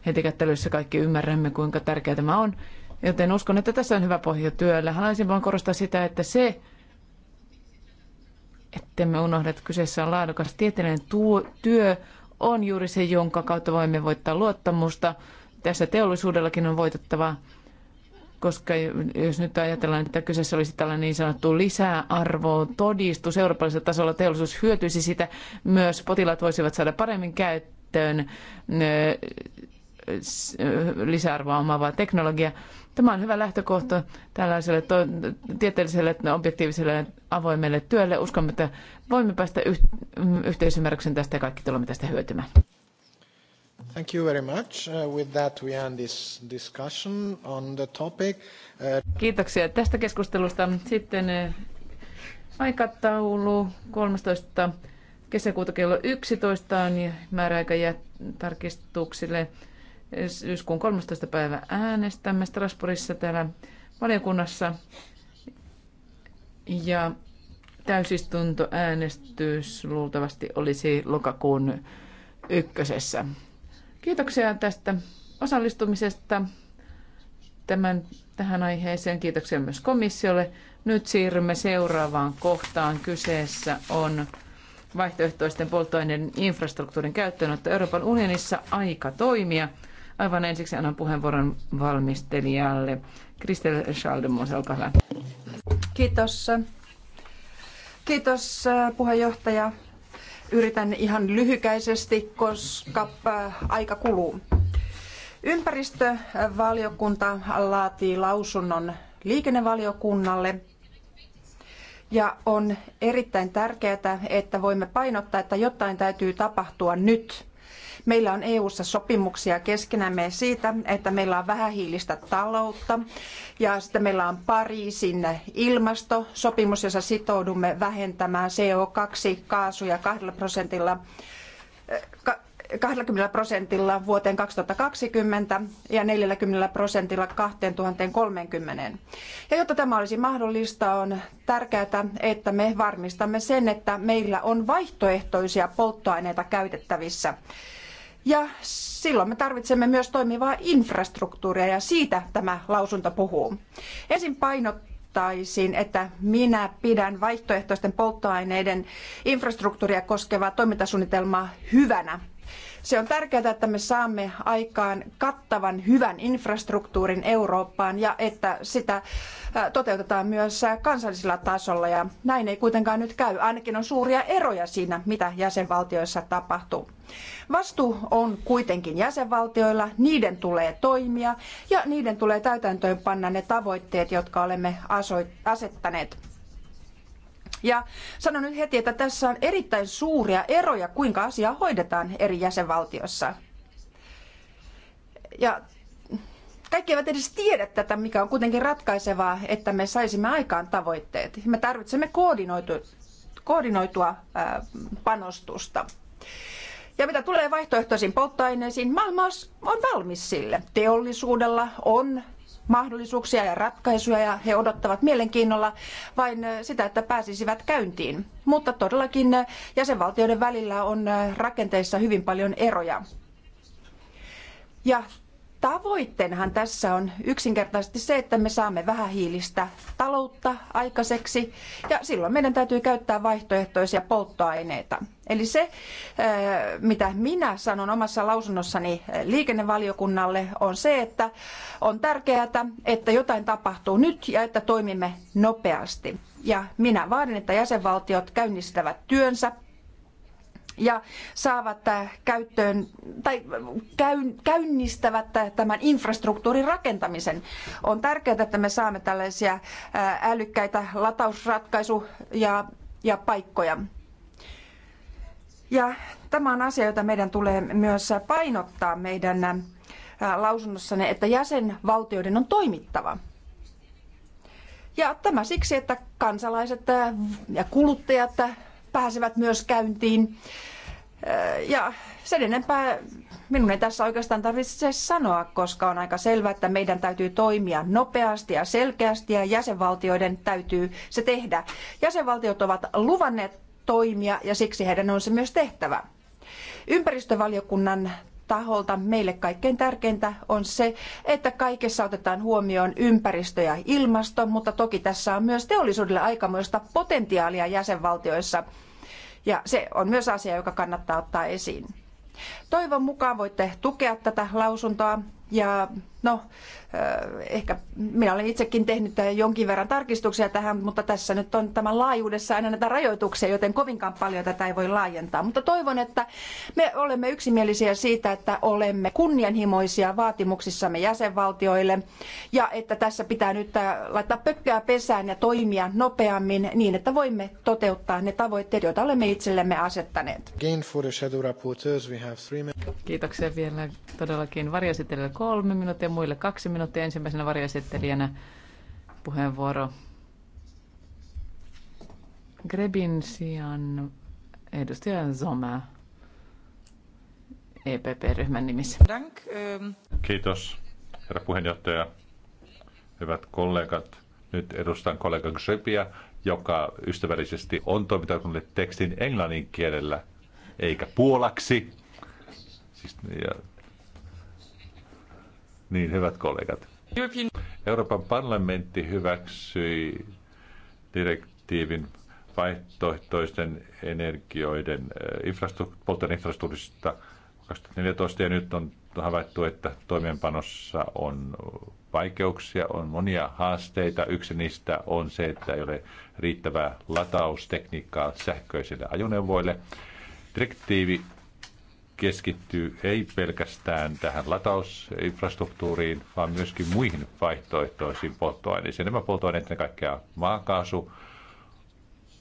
heti kättelyssä kaikki ymmärrämme, kuinka tärkeää tämä on. Joten uskon, että tässä on hyvä pohja työllä. Haluaisin vain korostaa sitä, että se, me unohda, että kyseessä on laadukas tieteellinen työ, on juuri se, jonka kautta voimme voittaa luottamusta. Tässä teollisuudellakin on voitettava, koska jos nyt ajatellaan, että kyseessä olisi tällainen niin sanottu lisäarvo, todistus eurooppalaisella tasolla, teollisuus hyötyisi sitä, myös potilaat voisivat saada paremmin käyttöön lisäarvoa omaavaa teknologiaa. Tämä on hyvä lähtökohta tällaiselle to- tieteelliselle, objektiiviselle, avoimelle työlle. Uskomme, että voimme päästä yh- mm, yhteisymmärryksen tästä ja kaikki tulemme tästä hyötymään. Thank you very much. Uh, with that we end this discussion on the topic. Uh... Kiitoksia tästä keskustelusta. Sitten uh, aikataulu 13. kesäkuuta kello 11 on määräaika tarkistuksille syyskuun 13. päivä äänestämme Strasbourgissa täällä valiokunnassa. Ja täysistuntoäänestys luultavasti olisi lokakuun ykkösessä. Kiitoksia tästä osallistumisesta tämän, tähän aiheeseen. Kiitoksia myös komissiolle. Nyt siirrymme seuraavaan kohtaan. Kyseessä on vaihtoehtoisten polttoaineiden infrastruktuurin käyttöönotto Euroopan unionissa aika toimia. Aivan ensiksi annan puheenvuoron valmistelijalle. Kristel Schaldemus, olkaa hyvä. Kiitos. Kiitos äh, puheenjohtaja. Yritän ihan lyhykäisesti, koska äh, aika kuluu. Ympäristövaliokunta laatii lausunnon liikennevaliokunnalle ja on erittäin tärkeää, että voimme painottaa, että jotain täytyy tapahtua nyt Meillä on EU:ssa sopimuksia keskenämme siitä, että meillä on vähähiilistä taloutta ja sitten meillä on Pariisin ilmastosopimus, jossa sitoudumme vähentämään CO2-kaasuja 2 prosentilla 20 prosentilla vuoteen 2020 ja 40 prosentilla 2030. Ja jotta tämä olisi mahdollista, on tärkeää, että me varmistamme sen, että meillä on vaihtoehtoisia polttoaineita käytettävissä. Ja silloin me tarvitsemme myös toimivaa infrastruktuuria ja siitä tämä lausunto puhuu. Ensin painottaisin, että minä pidän vaihtoehtoisten polttoaineiden infrastruktuuria koskevaa toimintasuunnitelmaa hyvänä. Se on tärkeää, että me saamme aikaan kattavan hyvän infrastruktuurin Eurooppaan ja että sitä toteutetaan myös kansallisella tasolla ja näin ei kuitenkaan nyt käy. Ainakin on suuria eroja siinä, mitä jäsenvaltioissa tapahtuu. Vastuu on kuitenkin jäsenvaltioilla, niiden tulee toimia ja niiden tulee täytäntöönpanna panna ne tavoitteet, jotka olemme asettaneet. Ja sanon nyt heti, että tässä on erittäin suuria eroja, kuinka asiaa hoidetaan eri jäsenvaltioissa. Ja kaikki eivät edes tiedä tätä, mikä on kuitenkin ratkaisevaa, että me saisimme aikaan tavoitteet. Me tarvitsemme koordinoitua, koordinoitua ää, panostusta. Ja mitä tulee vaihtoehtoisiin polttoaineisiin, maailma on valmis sille. Teollisuudella on mahdollisuuksia ja ratkaisuja ja he odottavat mielenkiinnolla vain sitä, että pääsisivät käyntiin. Mutta todellakin jäsenvaltioiden välillä on rakenteissa hyvin paljon eroja. Ja tavoitteenhan tässä on yksinkertaisesti se, että me saamme vähähiilistä taloutta aikaiseksi ja silloin meidän täytyy käyttää vaihtoehtoisia polttoaineita. Eli se, mitä minä sanon omassa lausunnossani liikennevaliokunnalle, on se, että on tärkeää, että jotain tapahtuu nyt ja että toimimme nopeasti. Ja minä vaadin, että jäsenvaltiot käynnistävät työnsä ja saavat äh, käyttöön tai äh, käynnistävät äh, tämän infrastruktuurin rakentamisen. On tärkeää, että me saamme tällaisia älykkäitä latausratkaisuja ja paikkoja. Ja tämä on asia, jota meidän tulee myös painottaa meidän lausunnossanne, että jäsenvaltioiden on toimittava. Ja tämä siksi, että kansalaiset ja kuluttajat pääsevät myös käyntiin. Ja sen enempää minun ei tässä oikeastaan tarvitse sanoa, koska on aika selvää, että meidän täytyy toimia nopeasti ja selkeästi ja jäsenvaltioiden täytyy se tehdä. Jäsenvaltiot ovat luvanneet toimia ja siksi heidän on se myös tehtävä. Ympäristövaliokunnan taholta meille kaikkein tärkeintä on se, että kaikessa otetaan huomioon ympäristö ja ilmasto, mutta toki tässä on myös teollisuudelle aikamoista potentiaalia jäsenvaltioissa ja se on myös asia, joka kannattaa ottaa esiin. Toivon mukaan voitte tukea tätä lausuntoa ja no, äh, ehkä minä olen itsekin tehnyt äh, jonkin verran tarkistuksia tähän, mutta tässä nyt on tämän laajuudessa aina näitä rajoituksia, joten kovinkaan paljon tätä ei voi laajentaa. Mutta toivon, että me olemme yksimielisiä siitä, että olemme kunnianhimoisia vaatimuksissamme jäsenvaltioille ja että tässä pitää nyt äh, laittaa pökköä pesään ja toimia nopeammin niin, että voimme toteuttaa ne tavoitteet, joita olemme itsellemme asettaneet. Kiitoksia vielä todellakin varjositelle kolme minuuttia, muille kaksi minuuttia. Ensimmäisenä varjoesittelijänä puheenvuoro Grebin sijaan edustaja Zoma EPP-ryhmän nimissä. Dank, ähm. Kiitos, herra puheenjohtaja. Hyvät kollegat, nyt edustan kollega Grebiä, joka ystävällisesti on toimittanut tekstin englannin kielellä, eikä puolaksi. Siis, ja niin, hyvät kollegat. Euroopan parlamentti hyväksyi direktiivin vaihtoehtoisten energioiden eh, infrastruktuurin infrastruktuurista 2014 ja nyt on havaittu, että toimeenpanossa on vaikeuksia, on monia haasteita. Yksi niistä on se, että ei ole riittävää lataustekniikkaa sähköisille ajoneuvoille. Direktiivi keskittyy ei pelkästään tähän latausinfrastruktuuriin, vaan myöskin muihin vaihtoehtoisiin polttoaineisiin. Nämä polttoaineet, ne kaikkea maakaasu,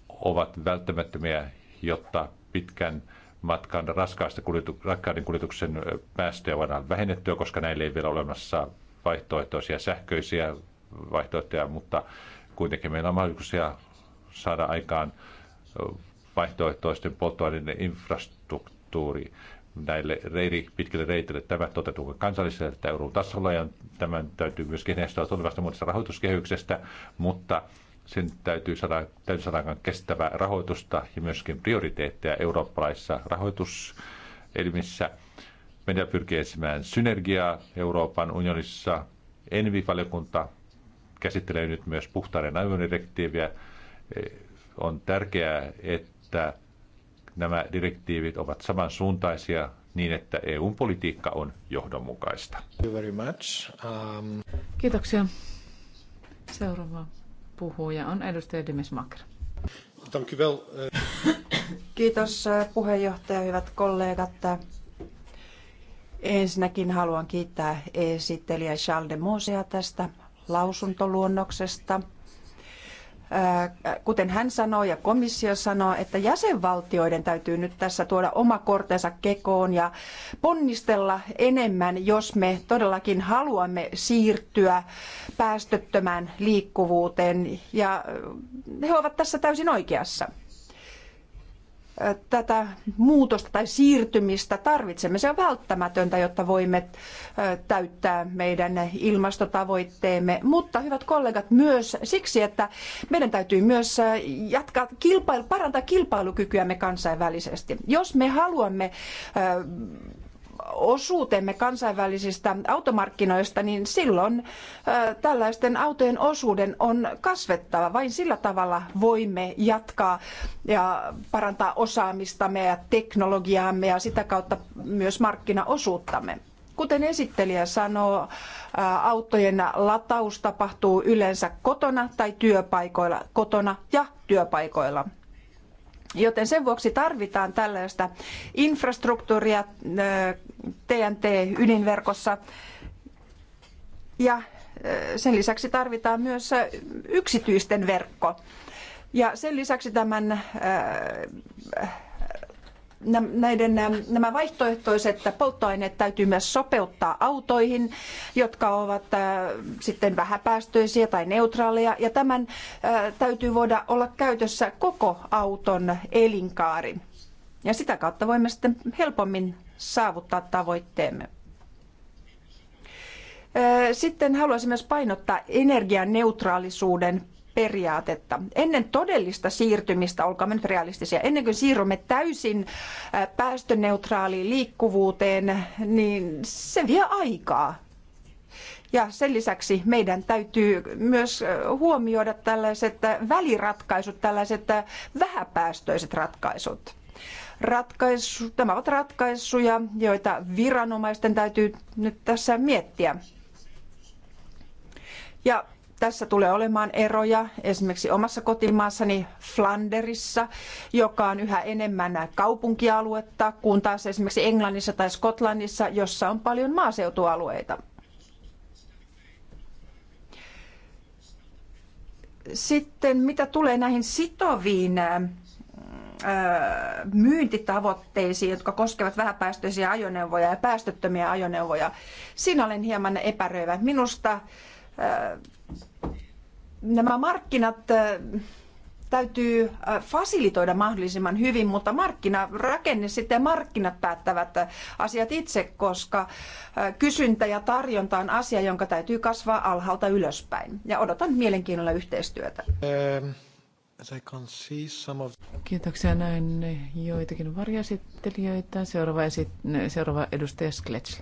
ovat välttämättömiä, jotta pitkän matkan raskaasta kuljetu, rakkaiden kuljetuksen päästöjä voidaan vähennettyä, koska näille ei vielä ole olemassa vaihtoehtoisia sähköisiä vaihtoehtoja, mutta kuitenkin meillä on mahdollisuuksia saada aikaan vaihtoehtoisten polttoaineiden infrastruktuuri näille reiri, pitkille reiteille. Tämä toteutuu kansallisella että tasolla ja tämän täytyy myöskin kehittää tulevasta muodosta rahoituskehyksestä, mutta sen täytyy saada, täytyy saada kestävää rahoitusta ja myöskin prioriteetteja eurooppalaisissa rahoituselimissä. Meidän pyrkii etsimään synergiaa Euroopan unionissa. Envi-valiokunta käsittelee nyt myös puhtaiden aivodirektiiviä. On tärkeää, että nämä direktiivit ovat samansuuntaisia niin, että EUn politiikka on johdonmukaista. Um, Kiitoksia. Seuraava puhuja on edustaja Dimes Makr. Uh, Kiitos uh, puheenjohtaja, hyvät kollegat. Ensinnäkin haluan kiittää esittelijä Charles de Mosea tästä lausuntoluonnoksesta – kuten hän sanoo ja komissio sanoo, että jäsenvaltioiden täytyy nyt tässä tuoda oma kortensa kekoon ja ponnistella enemmän, jos me todellakin haluamme siirtyä päästöttömään liikkuvuuteen. Ja he ovat tässä täysin oikeassa tätä muutosta tai siirtymistä tarvitsemme. Se on välttämätöntä, jotta voimme täyttää meidän ilmastotavoitteemme. Mutta hyvät kollegat, myös siksi, että meidän täytyy myös jatkaa kilpailu, parantaa kilpailukykyämme kansainvälisesti. Jos me haluamme osuutemme kansainvälisistä automarkkinoista, niin silloin tällaisten autojen osuuden on kasvettava. Vain sillä tavalla voimme jatkaa ja parantaa osaamistamme ja teknologiaamme ja sitä kautta myös markkinaosuuttamme. Kuten esittelijä sanoo, autojen lataus tapahtuu yleensä kotona tai työpaikoilla, kotona ja työpaikoilla. Joten sen vuoksi tarvitaan tällaista infrastruktuuria TNT-ydinverkossa. Ja sen lisäksi tarvitaan myös yksityisten verkko. Ja sen lisäksi tämän, näiden, nämä vaihtoehtoiset polttoaineet täytyy myös sopeuttaa autoihin, jotka ovat sitten vähäpäästöisiä tai neutraaleja. Ja tämän täytyy voida olla käytössä koko auton elinkaari. Ja sitä kautta voimme sitten helpommin saavuttaa tavoitteemme. Sitten haluaisin myös painottaa energianeutraalisuuden periaatetta. Ennen todellista siirtymistä, olkaamme nyt realistisia, ennen kuin siirrymme täysin päästöneutraaliin liikkuvuuteen, niin se vie aikaa. Ja sen lisäksi meidän täytyy myös huomioida tällaiset väliratkaisut, tällaiset vähäpäästöiset ratkaisut ratkaisu, tämä ovat ratkaisuja, joita viranomaisten täytyy nyt tässä miettiä. Ja tässä tulee olemaan eroja esimerkiksi omassa kotimaassani Flanderissa, joka on yhä enemmän kaupunkialuetta, kun taas esimerkiksi Englannissa tai Skotlannissa, jossa on paljon maaseutualueita. Sitten mitä tulee näihin sitoviin myyntitavoitteisiin, jotka koskevat vähäpäästöisiä ajoneuvoja ja päästöttömiä ajoneuvoja. Siinä olen hieman epäröivä. Minusta nämä markkinat täytyy fasilitoida mahdollisimman hyvin, mutta markkinarakenne sitten markkinat päättävät asiat itse, koska kysyntä ja tarjonta on asia, jonka täytyy kasvaa alhaalta ylöspäin. Ja odotan mielenkiinnolla yhteistyötä. Ähm. Kiitoksia näin joitakin varjasittelijöitä. Seuraava, esit, seuraava edustaja Sklets.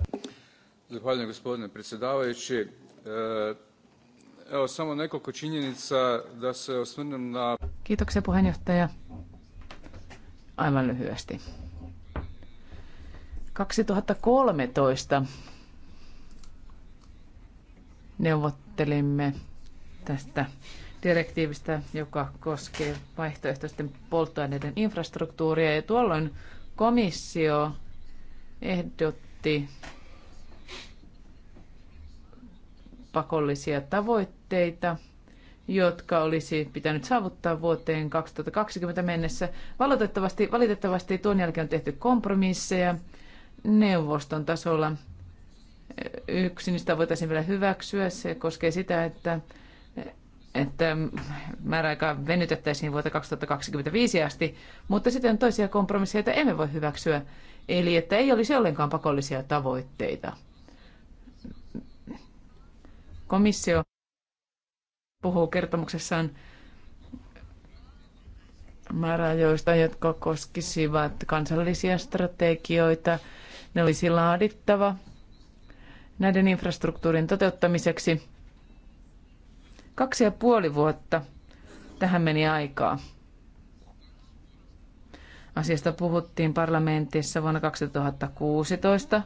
Zahvaljujem gospodine predsjedavajući. E, evo samo nekoliko činjenica da se osvrnem na... Kiitoksia puheenjohtaja. Aivan lyhyesti. 2013 neuvottelimme tästä direktiivistä, joka koskee vaihtoehtoisten polttoaineiden infrastruktuuria. Ja tuolloin komissio ehdotti pakollisia tavoitteita, jotka olisi pitänyt saavuttaa vuoteen 2020 mennessä. Valitettavasti, valitettavasti tuon jälkeen on tehty kompromisseja neuvoston tasolla. Yksi niistä voitaisiin vielä hyväksyä. Se koskee sitä, että että määräaikaa venytettäisiin vuoteen 2025 asti, mutta sitten on toisia kompromisseja, joita emme voi hyväksyä, eli että ei olisi ollenkaan pakollisia tavoitteita. Komissio puhuu kertomuksessaan määräajoista, jotka koskisivat kansallisia strategioita. Ne olisi laadittava näiden infrastruktuurin toteuttamiseksi – Kaksi ja puoli vuotta tähän meni aikaa. Asiasta puhuttiin parlamentissa vuonna 2016.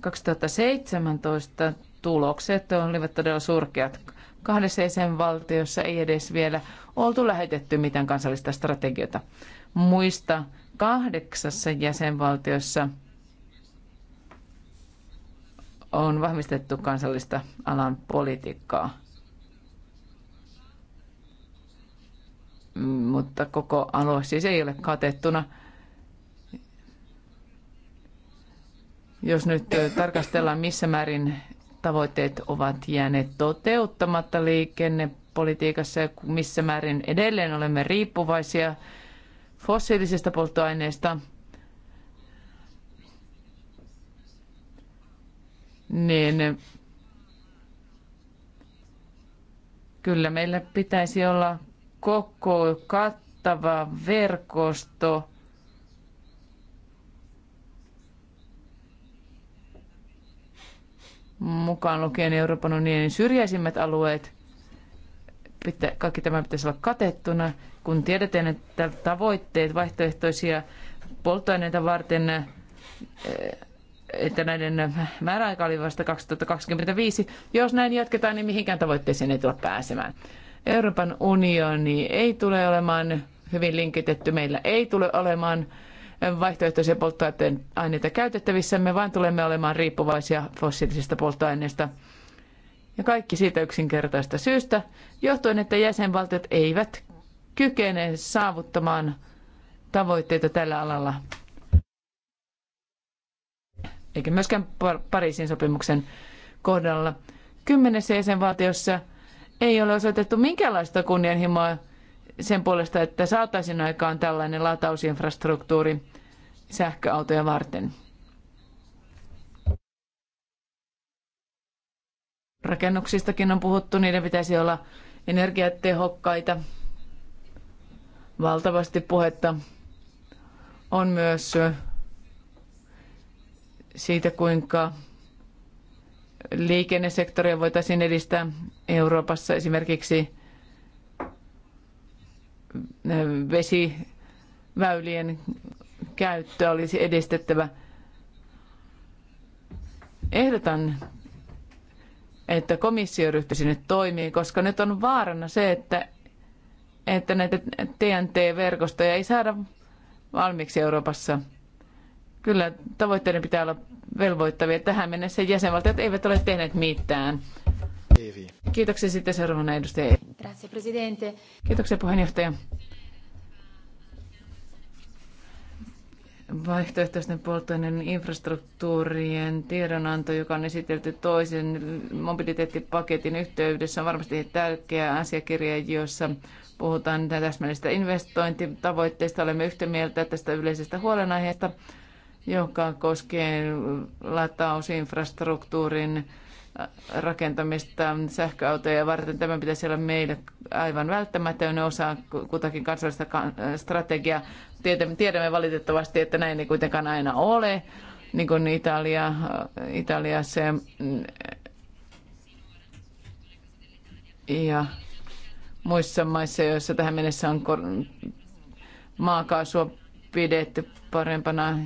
2017 tulokset olivat todella surkeat. Kahdessa jäsenvaltiossa ei edes vielä oltu lähetetty mitään kansallista strategiota. Muista kahdeksassa jäsenvaltiossa on vahvistettu kansallista alan politiikkaa. mutta koko alue siis ei ole katettuna. Jos nyt tarkastellaan, missä määrin tavoitteet ovat jääneet toteuttamatta liikennepolitiikassa ja missä määrin edelleen olemme riippuvaisia fossiilisista polttoaineista, niin kyllä meillä pitäisi olla koko kattava verkosto mukaan lukien Euroopan unionin syrjäisimmät alueet. Pitä, kaikki tämä pitäisi olla katettuna, kun tiedetään, että tavoitteet vaihtoehtoisia polttoaineita varten, eh, että näiden määräaika oli vasta 2025. Jos näin jatketaan, niin mihinkään tavoitteeseen ei tule pääsemään. Euroopan unioni ei tule olemaan hyvin linkitetty. Meillä ei tule olemaan vaihtoehtoisia polttoaineita käytettävissämme, vaan tulemme olemaan riippuvaisia fossiilisista polttoaineista. Ja kaikki siitä yksinkertaista syystä, johtuen, että jäsenvaltiot eivät kykene saavuttamaan tavoitteita tällä alalla. Eikä myöskään Pariisin sopimuksen kohdalla. Kymmenessä jäsenvaltiossa – ei ole osoitettu minkäänlaista kunnianhimoa sen puolesta, että saataisiin aikaan tällainen latausinfrastruktuuri sähköautoja varten. Rakennuksistakin on puhuttu, niiden pitäisi olla energiatehokkaita. Valtavasti puhetta on myös siitä, kuinka liikennesektoria voitaisiin edistää Euroopassa esimerkiksi vesiväylien käyttöä olisi edistettävä. Ehdotan, että komissio ryhtyisi nyt toimiin, koska nyt on vaarana se, että, että näitä TNT-verkostoja ei saada valmiiksi Euroopassa – Kyllä tavoitteiden pitää olla velvoittavia. Tähän mennessä jäsenvaltiot eivät ole tehneet mitään. Kiitoksia sitten seuraavana edustaja. Grazie, presidente. Kiitoksia puheenjohtaja. vaihtoehtoisten polttoaineiden infrastruktuurien tiedonanto, joka on esitelty toisen mobiliteettipaketin yhteydessä, on varmasti tärkeä asiakirja, jossa puhutaan täsmällisistä investointitavoitteista. Olemme yhtä mieltä tästä yleisestä huolenaiheesta joka koskee latausinfrastruktuurin rakentamista sähköautoja varten. Tämä pitäisi olla meille aivan välttämätön osa kutakin kansallista strategiaa. Tiedämme valitettavasti, että näin ei kuitenkaan aina ole. Niin kuin Italia, Italiassa ja muissa maissa, joissa tähän mennessä on maakaasua pidetty parempana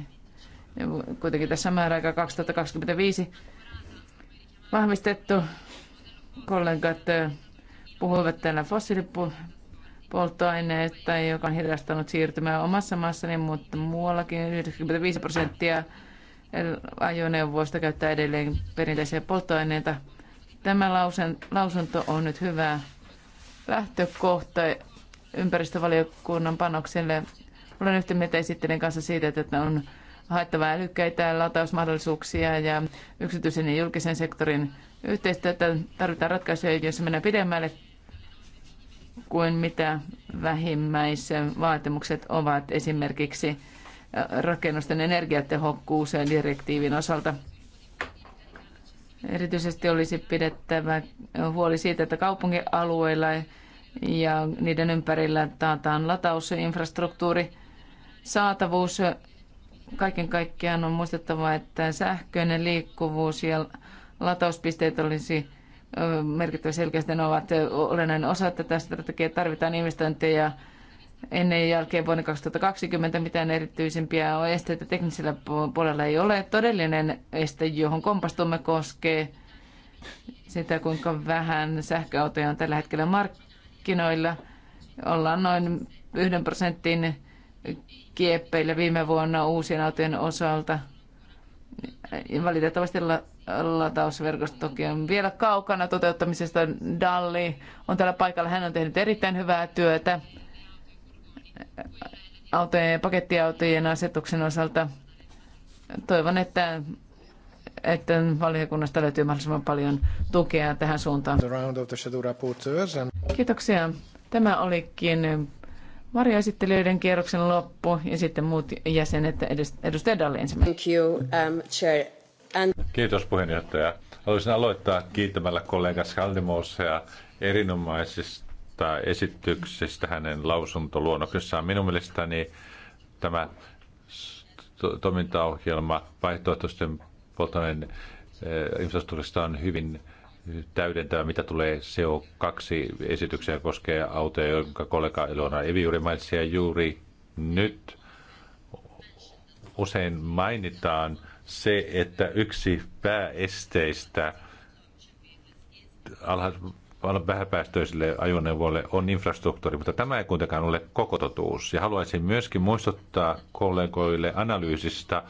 kuitenkin tässä määräaika 2025 vahvistettu. Kollegat puhuivat täällä fossiilipolttoaineesta, joka on hidastanut siirtymää omassa maassani, mutta muuallakin 95 prosenttia ajoneuvoista käyttää edelleen perinteisiä polttoaineita. Tämä lausunto on nyt hyvä lähtökohta ympäristövaliokunnan panokselle. Olen yhtä mieltä esittelen kanssa siitä, että on haettava älykkäitä latausmahdollisuuksia ja yksityisen ja julkisen sektorin yhteistyötä. Tarvitaan ratkaisuja, joissa mennään pidemmälle kuin mitä vaatimukset ovat esimerkiksi äh, rakennusten energiatehokkuus ja direktiivin osalta. Erityisesti olisi pidettävä huoli siitä, että kaupunkialueilla ja niiden ympärillä taataan latausinfrastruktuuri, saatavuus Kaiken kaikkiaan on muistettava, että sähköinen liikkuvuus ja latauspisteet olisi merkittävä selkeästi ne ovat olennainen osa tätä strategiaa. Tarvitaan investointeja ennen ja jälkeen vuonna 2020 mitään erityisempiä esteitä teknisellä puolella ei ole. Todellinen este, johon kompastumme, koskee sitä, kuinka vähän sähköautoja on tällä hetkellä markkinoilla. Ollaan noin yhden prosentin kieppeillä viime vuonna uusien autojen osalta. Valitettavasti latausverkostokin on vielä kaukana toteuttamisesta. Dalli on täällä paikalla. Hän on tehnyt erittäin hyvää työtä autojen pakettiautojen asetuksen osalta. Toivon, että, että valiokunnasta löytyy mahdollisimman paljon tukea tähän suuntaan. Kiitoksia. Tämä olikin varjoesittelijöiden kierroksen loppu ja sitten muut jäsenet. Edustaja Dalli ensimmäinen. Thank you, um, chair. And... Kiitos puheenjohtaja. Haluaisin aloittaa kiittämällä kollega Skaldimousea erinomaisista esityksistä hänen lausuntoluonnoksessaan. Minun mielestäni tämä to- toimintaohjelma vaihtoehtoisten polttoaineen eh, infrastruktuurista on hyvin Täydentää mitä tulee co 2 esityksiä koskee autoja, jonka kollega Elona Evi juuri mainitsi ja juuri nyt usein mainitaan se, että yksi pääesteistä alha- vähäpäästöisille ajoneuvoille on infrastruktuuri, mutta tämä ei kuitenkaan ole koko totuus. Ja haluaisin myöskin muistuttaa kollegoille analyysistä,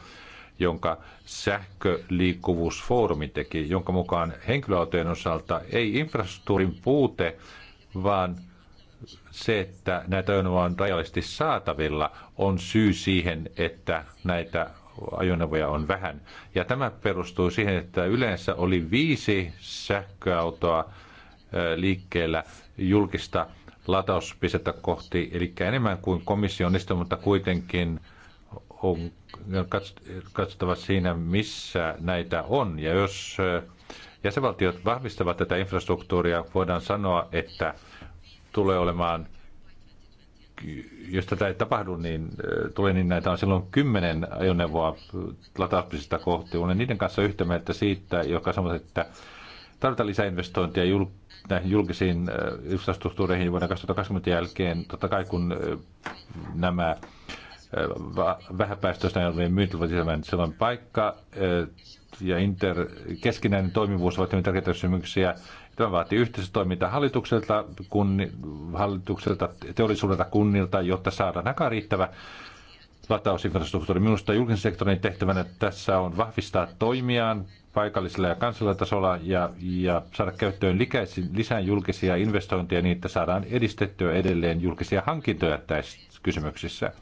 jonka sähköliikkuvuusfoorumi teki, jonka mukaan henkilöautojen osalta ei infrastruktuurin puute, vaan se, että näitä ajoneuvoja on rajallisesti saatavilla, on syy siihen, että näitä ajoneuvoja on vähän. Ja tämä perustuu siihen, että yleensä oli viisi sähköautoa liikkeellä julkista latauspistettä kohti, eli enemmän kuin komission mutta kuitenkin on katsottava siinä, missä näitä on. Ja jos jäsenvaltiot vahvistavat tätä infrastruktuuria, voidaan sanoa, että tulee olemaan, jos tätä ei tapahdu, niin tulee niin näitä on silloin kymmenen ajoneuvoa latauspisista kohti. Olen niiden kanssa yhtä mieltä siitä, joka sanoo, että tarvitaan lisäinvestointia jul- näihin julkisiin infrastruktuureihin vuoden 2020 jälkeen. Totta kai kun nämä vähäpäästöistä ajoneuvojen myynti ovat lisäämään. Siellä on paikka ja inter, keskinäinen toimivuus ovat hyvin tärkeitä kysymyksiä. Tämä vaatii yhteistoimintaa hallitukselta, kunni, hallitukselta, teollisuudelta, kunnilta, jotta saadaan aika riittävä latausinfrastruktuuri. Minusta julkisen sektorin tehtävänä tässä on vahvistaa toimiaan paikallisella ja kansallisella tasolla ja, ja saada käyttöön lisää julkisia investointeja niin, että saadaan edistettyä edelleen julkisia hankintoja tässä kysymyksissä.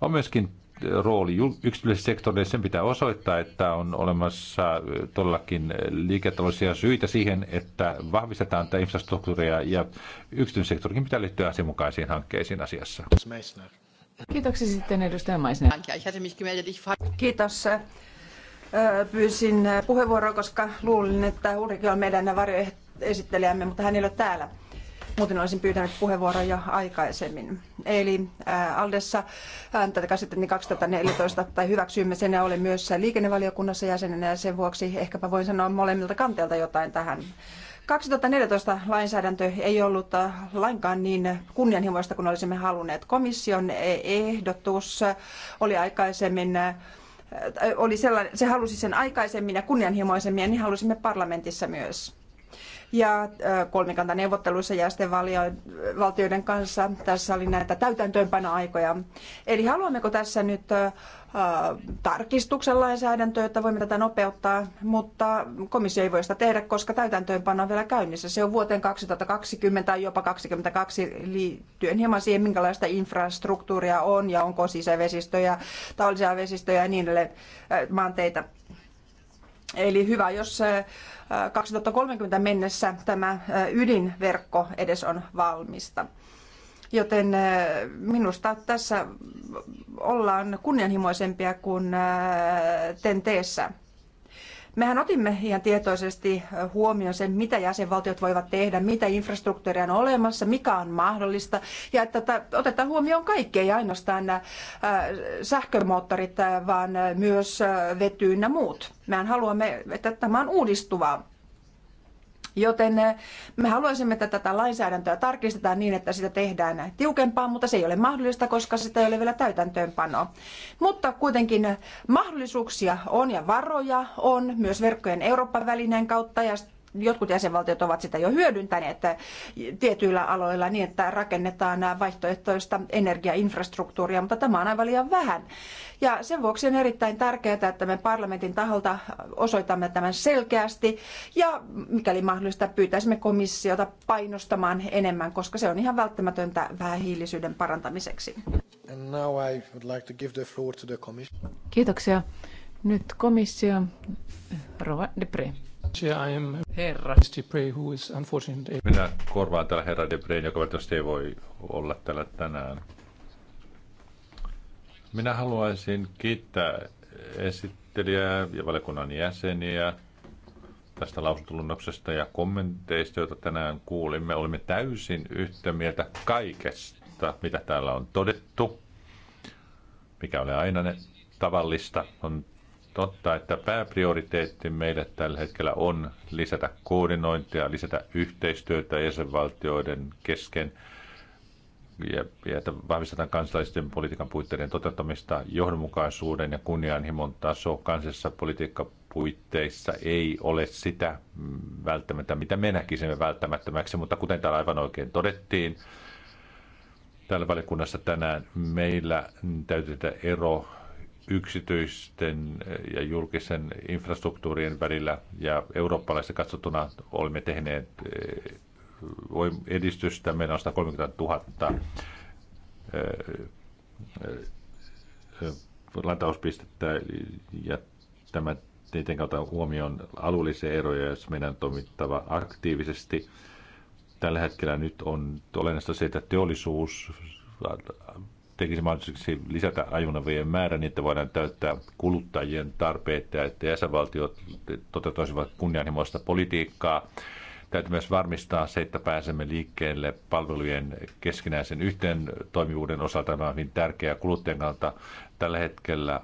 On myöskin äh, rooli yksityisessä sektorille. Sen pitää osoittaa, että on olemassa äh, todellakin äh, liiketaloudellisia syitä siihen, että vahvistetaan tätä infrastruktuuria ja yksityisen sektorikin pitää liittyä asianmukaisiin hankkeisiin asiassa. Kiitoksia sitten edustaja Maisner. Kiitos. Pyysin puheenvuoroa, koska luulin, että Ulrike on meidän varjoesittelijämme, mutta hän ei ole täällä. Muuten olisin pyytänyt puheenvuoron jo aikaisemmin. Eli äh, Aldessa äh, tätä käsiteltiin 2014 tai hyväksyimme sen ja olen myös liikennevaliokunnassa jäsenenä ja sen vuoksi ehkäpä voin sanoa molemmilta kanteilta jotain tähän. 2014 lainsäädäntö ei ollut äh, lainkaan niin kunnianhimoista kuin olisimme halunneet. Komission ehdotus oli aikaisemmin oli sellainen, se halusi sen aikaisemmin ja kunnianhimoisemmin ja niin halusimme parlamentissa myös ja kolmikantaneuvotteluissa jäsenvaltioiden kanssa tässä oli näitä täytäntöönpanoaikoja. Eli haluammeko tässä nyt tarkistuksen lainsäädäntöön, että voimme tätä nopeuttaa, mutta komissio ei voi sitä tehdä, koska täytäntöönpano on vielä käynnissä. Se on vuoteen 2020 tai jopa 2022 liittyen hieman siihen, minkälaista infrastruktuuria on ja onko sisävesistöjä, taulisia vesistöjä ja niin edelleen maanteita. Eli hyvä, jos 2030 mennessä tämä ydinverkko edes on valmista. Joten minusta tässä ollaan kunnianhimoisempia kuin tenteessä. Mehän otimme ihan tietoisesti huomioon sen, mitä jäsenvaltiot voivat tehdä, mitä infrastruktuuria on olemassa, mikä on mahdollista, ja että otetaan huomioon kaikki, ei ainoastaan nämä äh, sähkömoottorit, äh, vaan äh, myös vety ja muut. Mehän haluamme, että tämä on uudistuvaa. Joten eh, me haluaisimme, että tätä lainsäädäntöä tarkistetaan niin, että sitä tehdään tiukempaa, mutta se ei ole mahdollista, koska sitä ei ole vielä täytäntöönpano. Mutta kuitenkin mahdollisuuksia on ja varoja on myös verkkojen Euroopan välineen kautta ja jotkut jäsenvaltiot ovat sitä jo hyödyntäneet tietyillä aloilla niin, että rakennetaan vaihtoehtoista energiainfrastruktuuria, mutta tämä on aivan liian vähän. Ja sen vuoksi on erittäin tärkeää, että me parlamentin taholta osoitamme tämän selkeästi ja mikäli mahdollista pyytäisimme komissiota painostamaan enemmän, koska se on ihan välttämätöntä vähähiilisyyden parantamiseksi. Kiitoksia. Nyt komissio Rova Depre. Minä korvaan täällä herra Debre, joka valitettavasti ei voi olla täällä tänään. Minä haluaisin kiittää esittelijää ja valiokunnan jäseniä tästä lausuntolunnoksesta ja kommenteista, joita tänään kuulimme. Olimme täysin yhtä mieltä kaikesta, mitä täällä on todettu, mikä oli aina ne tavallista. On totta, että pääprioriteetti meille tällä hetkellä on lisätä koordinointia, lisätä yhteistyötä jäsenvaltioiden kesken ja, ja että vahvistetaan kansallisten politiikan puitteiden toteuttamista johdonmukaisuuden ja kunnianhimon taso kansallisessa politiikkapuitteissa ei ole sitä välttämättä, mitä me näkisimme välttämättömäksi, mutta kuten täällä aivan oikein todettiin, täällä valikunnassa tänään meillä täytyy tehdä ero yksityisten ja julkisen infrastruktuurien välillä ja eurooppalaisesti katsottuna olemme tehneet eh, edistystä. Meillä on 130 000 eh, eh, latauspistettä ja tämä niiden kautta huomioon alueellisia eroja, jos meidän on toimittava aktiivisesti. Tällä hetkellä nyt on olennaista se, että teollisuus tekisi mahdolliseksi lisätä ajunavien määrä niin, että voidaan täyttää kuluttajien tarpeet ja että jäsenvaltiot toteutuisivat kunnianhimoista politiikkaa. Täytyy myös varmistaa se, että pääsemme liikkeelle palvelujen keskinäisen yhteen toimivuuden osalta. Tämä on hyvin tärkeää kuluttajien kannalta. Tällä hetkellä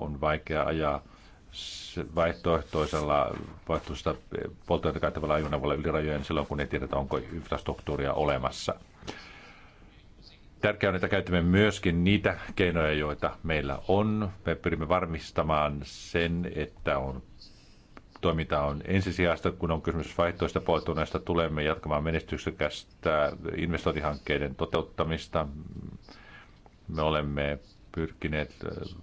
on vaikea ajaa vaihtoehtoisella vaihtoehtoista polttoainetta käyttävällä ajoneuvolla yli rajojen silloin, kun ei tiedetä, onko infrastruktuuria olemassa. Tärkeää on, että käytämme myöskin niitä keinoja, joita meillä on. Me pyrimme varmistamaan sen, että on toiminta on ensisijaista, kun on kysymys vaihtoista polttoaineista. Tulemme jatkamaan menestyksekästä investointihankkeiden toteuttamista. Me olemme pyrkineet äh,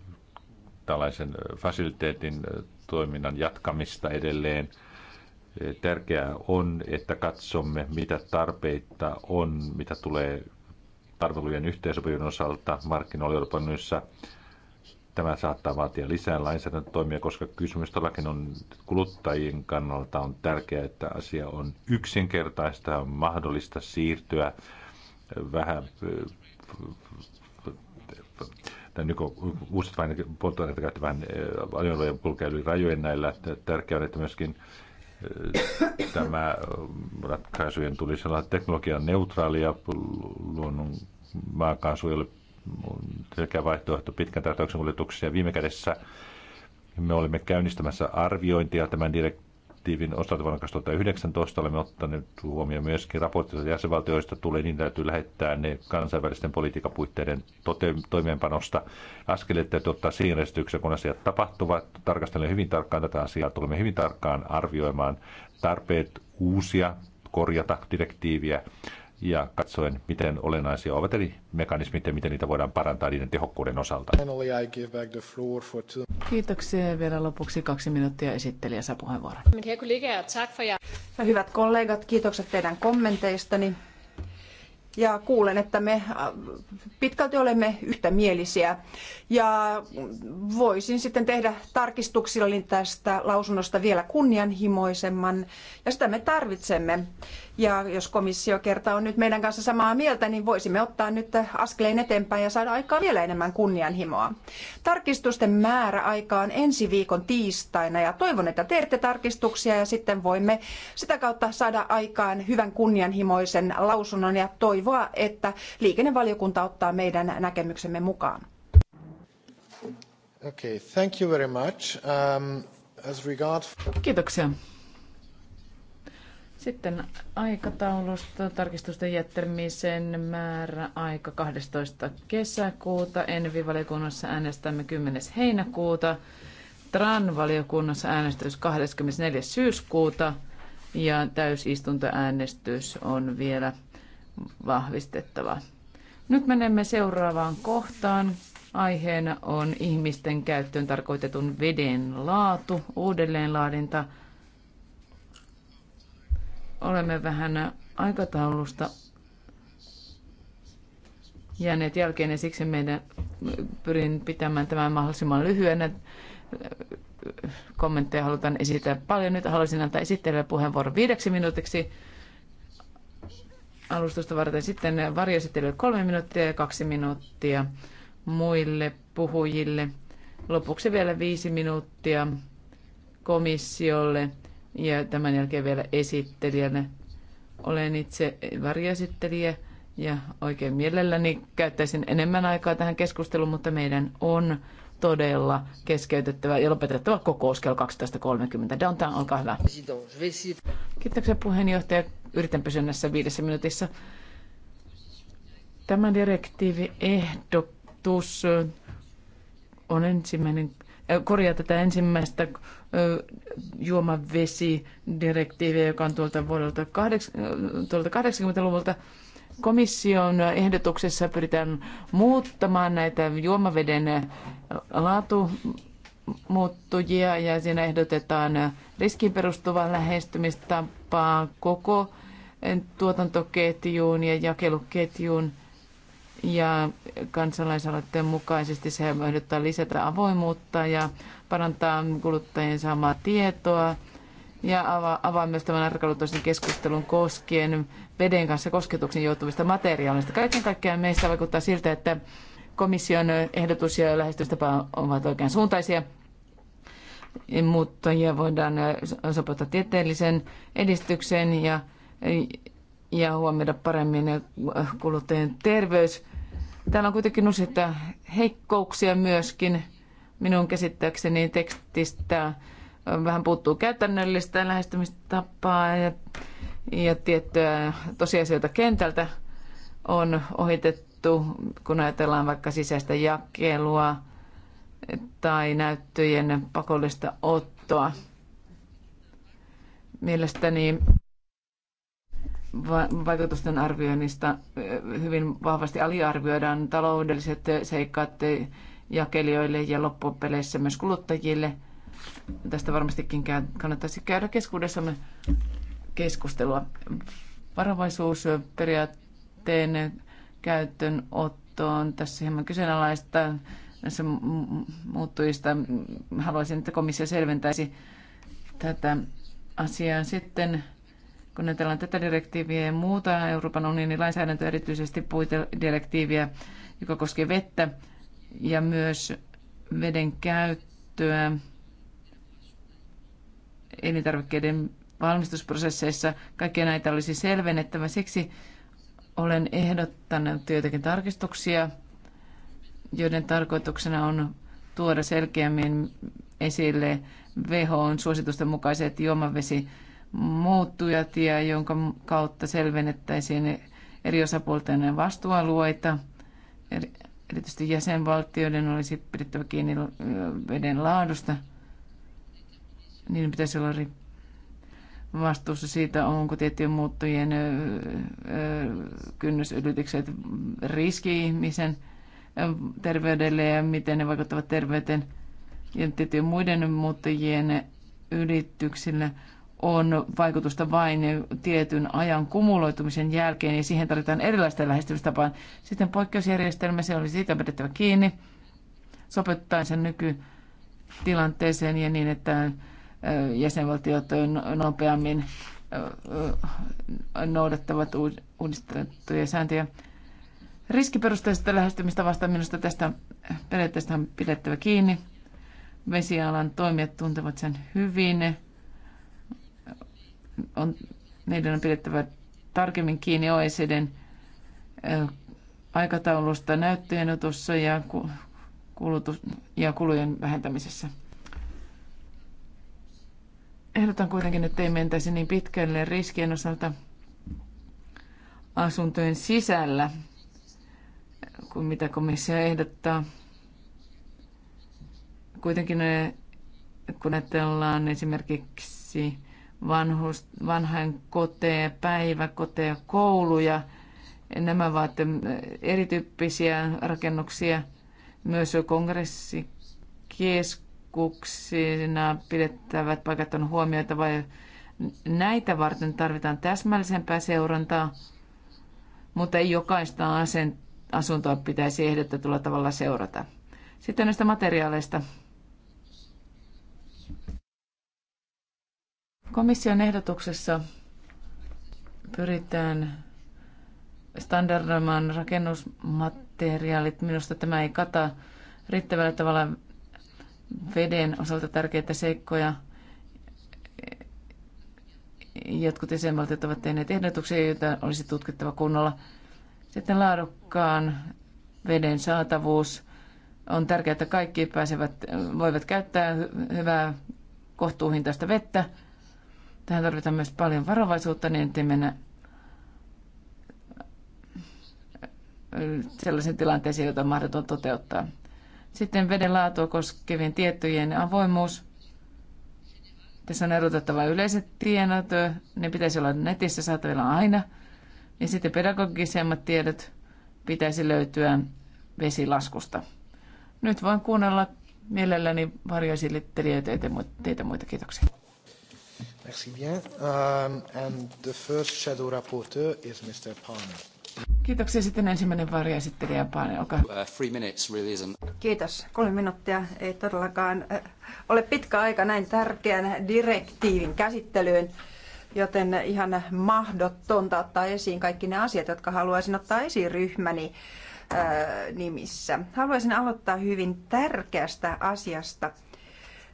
tällaisen äh, fasiliteetin äh, toiminnan jatkamista edelleen. Tärkeää on, että katsomme, mitä tarpeita on, mitä tulee palvelujen yhteensopivuuden osalta markkinoilla Euroopan Tämä saattaa vaatia lisää lainsäädäntötoimia, koska kysymys todellakin on kuluttajien kannalta on tärkeää, että asia on yksinkertaista ja on mahdollista siirtyä vähän tämän äh, niin uusit polttoaineet käyttävän äh, ajoneuvojen kulkea rajojen näillä tärkeää, että myöskin tämä ratkaisujen tulisi olla teknologian neutraalia, luonnon maakaasu ei ole selkeä vaihtoehto pitkän tähtäyksen kuljetuksia. Viime kädessä me olimme käynnistämässä arviointia tämän direkt- direktiivin osalta vuonna 2019 olemme ottaneet huomioon myöskin että jäsenvaltioista tulee, niin täytyy lähettää ne kansainvälisten politiikapuitteiden tote- toimeenpanosta. Askeleet täytyy ottaa siinä restyksessä, kun asiat tapahtuvat. Tarkastelemme hyvin tarkkaan tätä asiaa, tulemme hyvin tarkkaan arvioimaan tarpeet uusia korjata direktiiviä ja katsoen, miten olennaisia ovat eli mekanismit ja miten niitä voidaan parantaa niiden tehokkuuden osalta. Kiitoksia vielä lopuksi kaksi minuuttia esittelijä saa puheenvuoron. Hyvät kollegat, kiitokset teidän kommenteistani. Ja kuulen, että me äh, pitkälti olemme yhtämielisiä. Ja voisin sitten tehdä tarkistuksilla tästä lausunnosta vielä kunnianhimoisemman. Ja sitä me tarvitsemme ja jos komissio kerta on nyt meidän kanssa samaa mieltä, niin voisimme ottaa nyt askeleen eteenpäin ja saada aikaan vielä enemmän kunnianhimoa. Tarkistusten määrä aikaan on ensi viikon tiistaina ja toivon, että teette tarkistuksia ja sitten voimme sitä kautta saada aikaan hyvän kunnianhimoisen lausunnon ja toivoa, että liikennevaliokunta ottaa meidän näkemyksemme mukaan. Okay, thank you very much. Um, as regard... Kiitoksia. Sitten aikataulusta tarkistusten jättämisen määrä aika 12. kesäkuuta. Envi-valiokunnassa äänestämme 10. heinäkuuta. TRAN-valiokunnassa äänestys 24. syyskuuta ja täysistuntoäänestys on vielä vahvistettava. Nyt menemme seuraavaan kohtaan. Aiheena on ihmisten käyttöön tarkoitetun veden laatu, uudelleenlaadinta – olemme vähän aikataulusta jääneet jälkeen ja siksi meidän pyrin pitämään tämän mahdollisimman lyhyenä. Kommentteja halutaan esittää paljon. Nyt haluaisin antaa esittelylle puheenvuoron viideksi minuutiksi alustusta varten. Sitten varjoesittelylle kolme minuuttia ja kaksi minuuttia muille puhujille. Lopuksi vielä viisi minuuttia komissiolle ja tämän jälkeen vielä esittelijänä. Olen itse varjoesittelijä ja oikein mielelläni käyttäisin enemmän aikaa tähän keskusteluun, mutta meidän on todella keskeytettävä ja lopetettava kokous kello 12.30. Downtown, olkaa hyvä. Kiitoksia puheenjohtaja. Yritän pysyä näissä viidessä minuutissa. Tämä direktiivi ehdotus on ensimmäinen, äh, korjaa tätä ensimmäistä juomavesidirektiiviä, joka on tuolta vuodelta 80-luvulta. Komission ehdotuksessa pyritään muuttamaan näitä juomaveden laatu muuttujia ja siinä ehdotetaan riskiin perustuvaa lähestymistapaa koko tuotantoketjuun ja jakeluketjuun – ja kansalaisaloitteen mukaisesti se mahdollistaa lisätä avoimuutta ja parantaa kuluttajien saamaa tietoa ja avaa, avaa myös tämän arkaluontoisen keskustelun koskien veden kanssa kosketuksen joutuvista materiaaleista. Kaiken kaikkiaan meistä vaikuttaa siltä, että komission ehdotus ja lähestystapa ovat oikean suuntaisia muuttajia voidaan sopeuttaa tieteellisen edistykseen ja ja huomioida paremmin kuluttajien terveys. Täällä on kuitenkin useita heikkouksia myöskin. Minun käsittääkseni tekstistä vähän puuttuu käytännöllistä lähestymistapaa ja, ja tiettyä tosiasioita kentältä on ohitettu, kun ajatellaan vaikka sisäistä jakelua tai näyttöjen pakollista ottoa. Mielestäni vaikutusten arvioinnista hyvin vahvasti aliarvioidaan taloudelliset seikat jakelijoille ja loppupeleissä myös kuluttajille. Tästä varmastikin kannattaisi käydä keskuudessamme keskustelua. Varovaisuusperiaatteen käyttöönotto on tässä hieman kyseenalaista näissä muuttujista. Haluaisin, että komissio selventäisi tätä asiaa sitten kun ajatellaan tätä direktiiviä ja muuta Euroopan unionin lainsäädäntö, erityisesti puitedirektiiviä, joka koskee vettä ja myös veden käyttöä elintarvikkeiden valmistusprosesseissa, kaikkia näitä olisi selvennettävä. Siksi olen ehdottanut joitakin tarkistuksia, joiden tarkoituksena on tuoda selkeämmin esille WHOn suositusten mukaiset juomavesi muuttujatie, jonka kautta selvennettäisiin eri osapuolten vastuualueita. Erityisesti jäsenvaltioiden olisi pidettävä kiinni veden laadusta. Niin pitäisi olla vastuussa siitä, onko tiettyjen muuttujien kynnysylitykset riski ihmisen terveydelle ja miten ne vaikuttavat terveyteen ja tiettyjen muiden muuttujien ylityksillä on vaikutusta vain tietyn ajan kumuloitumisen jälkeen ja siihen tarvitaan erilaista lähestymistapaa. Sitten poikkeusjärjestelmä, se oli siitä pidettävä kiinni, sopeuttaen sen nykytilanteeseen ja niin, että jäsenvaltiot nopeammin noudattavat uudistettuja sääntöjä. Riskiperusteisesta lähestymistavasta minusta tästä periaatteesta on pidettävä kiinni. Vesialan toimijat tuntevat sen hyvin on, meidän on pidettävä tarkemmin kiinni OECDn aikataulusta otossa ja, kulutus, ja kulujen vähentämisessä. Ehdotan kuitenkin, että ei mentäisi niin pitkälle riskien osalta asuntojen sisällä kuin mitä komissio ehdottaa. Kuitenkin kun ajatellaan esimerkiksi vanhus, vanhain koteja, päiväkoteja, kouluja. Nämä ovat erityyppisiä rakennuksia. Myös kongressikeskuksina pidettävät paikat on huomioitava. Näitä varten tarvitaan täsmällisempää seurantaa, mutta ei jokaista asuntoa pitäisi ehdotetulla tavalla seurata. Sitten näistä materiaaleista. Komission ehdotuksessa pyritään standardoimaan rakennusmateriaalit. Minusta tämä ei kata riittävällä tavalla veden osalta tärkeitä seikkoja. Jotkut jäsenvaltiot ovat tehneet ehdotuksia, joita olisi tutkittava kunnolla. Sitten laadukkaan veden saatavuus. On tärkeää, että kaikki pääsevät, voivat käyttää hyvää kohtuuhintaista vettä. Tähän tarvitaan myös paljon varovaisuutta, niin ettei mennä sellaisiin tilanteisiin, joita on mahdoton toteuttaa. Sitten veden laatua koskevien tietojen avoimuus. Tässä on erotettava yleiset tiedot, ne pitäisi olla netissä saatavilla aina. Ja sitten pedagogisemmat tiedot pitäisi löytyä vesilaskusta. Nyt voin kuunnella mielelläni varjoisille teitä muita. Kiitoksia. Merci bien. Um, and the first shadow rapporteur is Mr. Palmer. Kiitoksia. Sitten ensimmäinen varjaesittelijä Paane, olkaa hyvä. Uh, three minutes really isn't. Kiitos. Kolme minuuttia ei todellakaan uh, ole pitkä aika näin tärkeän direktiivin käsittelyyn, joten ihan mahdotonta ottaa esiin kaikki ne asiat, jotka haluaisin ottaa esiin ryhmäni uh, nimissä. Haluaisin aloittaa hyvin tärkeästä asiasta –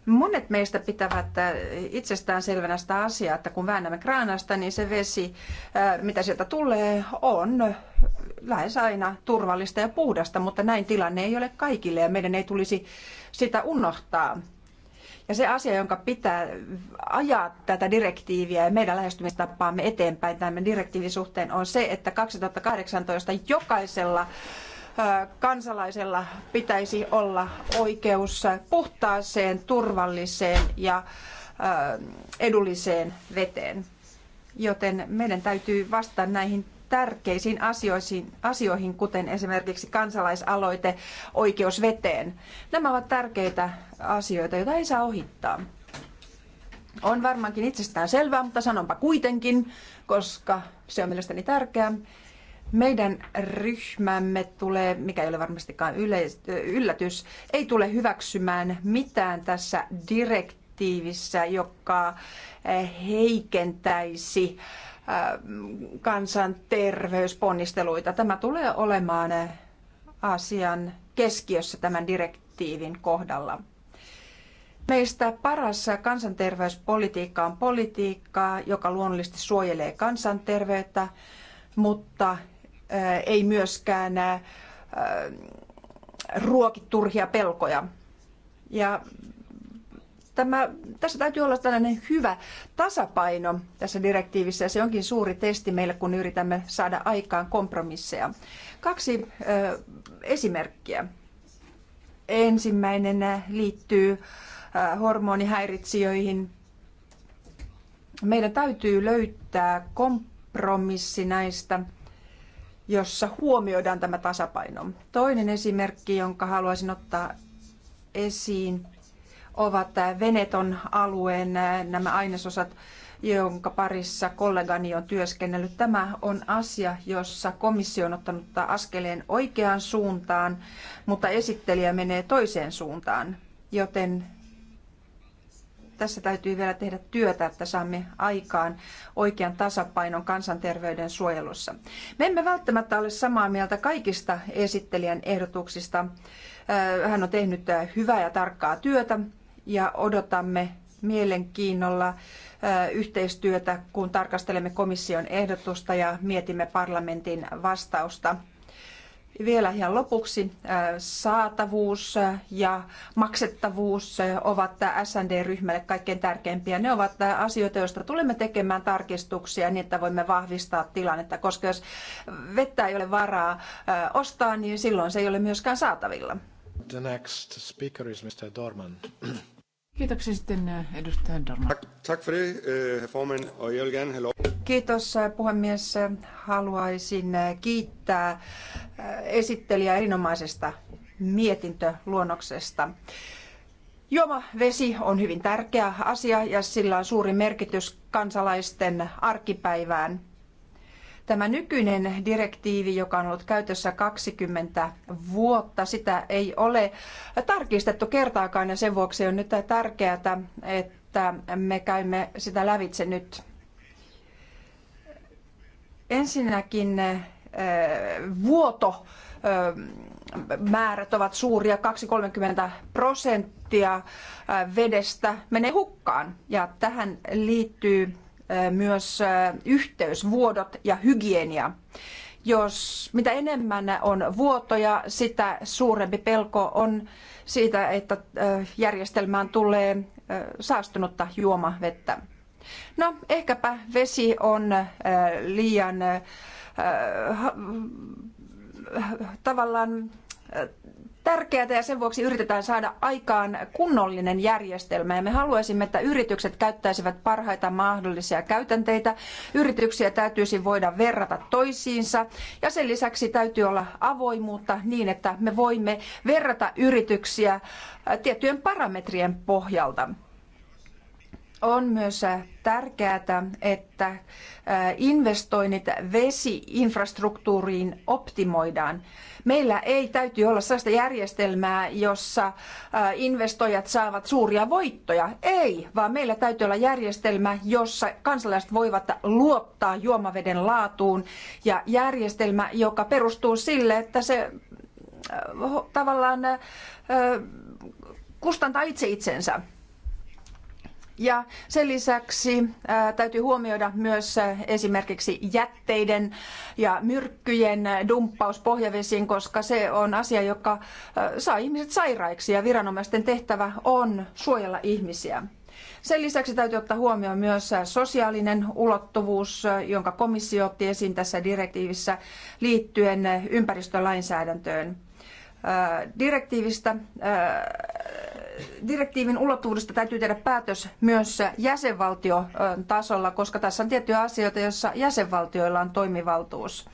Monet meistä pitävät äh, itsestään selvänä sitä asiaa, että kun väännämme kraanasta, niin se vesi, äh, mitä sieltä tulee, on lähes aina turvallista ja puhdasta, mutta näin tilanne ei ole kaikille ja meidän ei tulisi sitä unohtaa. Ja se asia, jonka pitää ajaa tätä direktiiviä ja meidän lähestymistapaamme eteenpäin tämän direktiivin suhteen, on se, että 2018 jokaisella kansalaisella pitäisi olla oikeus puhtaaseen, turvalliseen ja edulliseen veteen. Joten meidän täytyy vastata näihin tärkeisiin asioihin, asioihin, kuten esimerkiksi kansalaisaloite Oikeus veteen. Nämä ovat tärkeitä asioita, joita ei saa ohittaa. On varmaankin itsestään selvää, mutta sanonpa kuitenkin, koska se on mielestäni tärkeää, meidän ryhmämme tulee, mikä ei ole varmastikaan yllätys, ei tule hyväksymään mitään tässä direktiivissä, joka eh, heikentäisi eh, kansanterveysponnisteluita. Tämä tulee olemaan eh, asian keskiössä tämän direktiivin kohdalla. Meistä paras kansanterveyspolitiikka on politiikkaa, joka luonnollisesti suojelee kansanterveyttä, mutta ei myöskään ruoki turhia pelkoja. Ja tämä, tässä täytyy olla tällainen hyvä tasapaino tässä direktiivissä ja se onkin suuri testi meille, kun yritämme saada aikaan kompromisseja. Kaksi esimerkkiä. Ensimmäinen liittyy hormonihäiritsijöihin. Meidän täytyy löytää kompromissi näistä jossa huomioidaan tämä tasapaino. Toinen esimerkki, jonka haluaisin ottaa esiin, ovat Veneton alueen nämä ainesosat, jonka parissa kollegani on työskennellyt. Tämä on asia, jossa komissio on ottanut askeleen oikeaan suuntaan, mutta esittelijä menee toiseen suuntaan, joten tässä täytyy vielä tehdä työtä, että saamme aikaan oikean tasapainon kansanterveyden suojelussa. Me emme välttämättä ole samaa mieltä kaikista esittelijän ehdotuksista. Hän on tehnyt hyvää ja tarkkaa työtä ja odotamme mielenkiinnolla yhteistyötä, kun tarkastelemme komission ehdotusta ja mietimme parlamentin vastausta vielä ihan lopuksi äh, saatavuus ja maksettavuus äh, ovat SND-ryhmälle kaikkein tärkeimpiä. Ne ovat äh, asioita, joista tulemme tekemään tarkistuksia niin, että voimme vahvistaa tilannetta, koska jos vettä ei ole varaa ostaa, niin silloin se ei ole myöskään saatavilla. The next speaker is Mr. Dorman. Kiitoksia sitten eh, edustaja Dorman. Tack för det, eh, Kiitos eh, puhemies. Haluaisin kiittää esittelijä erinomaisesta mietintöluonnoksesta. Juomavesi on hyvin tärkeä asia ja sillä on suuri merkitys kansalaisten arkipäivään. Tämä nykyinen direktiivi, joka on ollut käytössä 20 vuotta, sitä ei ole tarkistettu kertaakaan ja sen vuoksi on nyt tärkeää, että me käymme sitä lävitse nyt. Ensinnäkin äh, vuoto äh, määrät ovat suuria, 2-30 prosenttia äh, vedestä menee hukkaan. Ja tähän liittyy myös yhteysvuodot ja hygienia. Jos mitä enemmän on vuotoja, sitä suurempi pelko on siitä, että järjestelmään tulee saastunutta juomavettä. No, ehkäpä vesi on liian tavallaan tärkeää ja sen vuoksi yritetään saada aikaan kunnollinen järjestelmä ja me haluaisimme, että yritykset käyttäisivät parhaita mahdollisia käytänteitä. Yrityksiä täytyisi voida verrata toisiinsa ja sen lisäksi täytyy olla avoimuutta niin, että me voimme verrata yrityksiä äh, tiettyjen parametrien pohjalta on myös äh, tärkeää, että äh, investoinnit vesiinfrastruktuuriin optimoidaan. Meillä ei täytyy olla sellaista järjestelmää, jossa äh, investoijat saavat suuria voittoja. Ei, vaan meillä täytyy olla järjestelmä, jossa kansalaiset voivat luottaa juomaveden laatuun ja järjestelmä, joka perustuu sille, että se tavallaan kustantaa itse itsensä. Ja sen lisäksi täytyy huomioida myös esimerkiksi jätteiden ja myrkkyjen dumppaus pohjavesiin, koska se on asia, joka saa ihmiset sairaiksi ja viranomaisten tehtävä on suojella ihmisiä. Sen lisäksi täytyy ottaa huomioon myös sosiaalinen ulottuvuus, jonka komissio otti esiin tässä direktiivissä liittyen ympäristölainsäädäntöön. Direktiivistä direktiivin ulottuvuudesta täytyy tehdä päätös myös jäsenvaltiotasolla, koska tässä on tiettyjä asioita, joissa jäsenvaltioilla on toimivaltuus.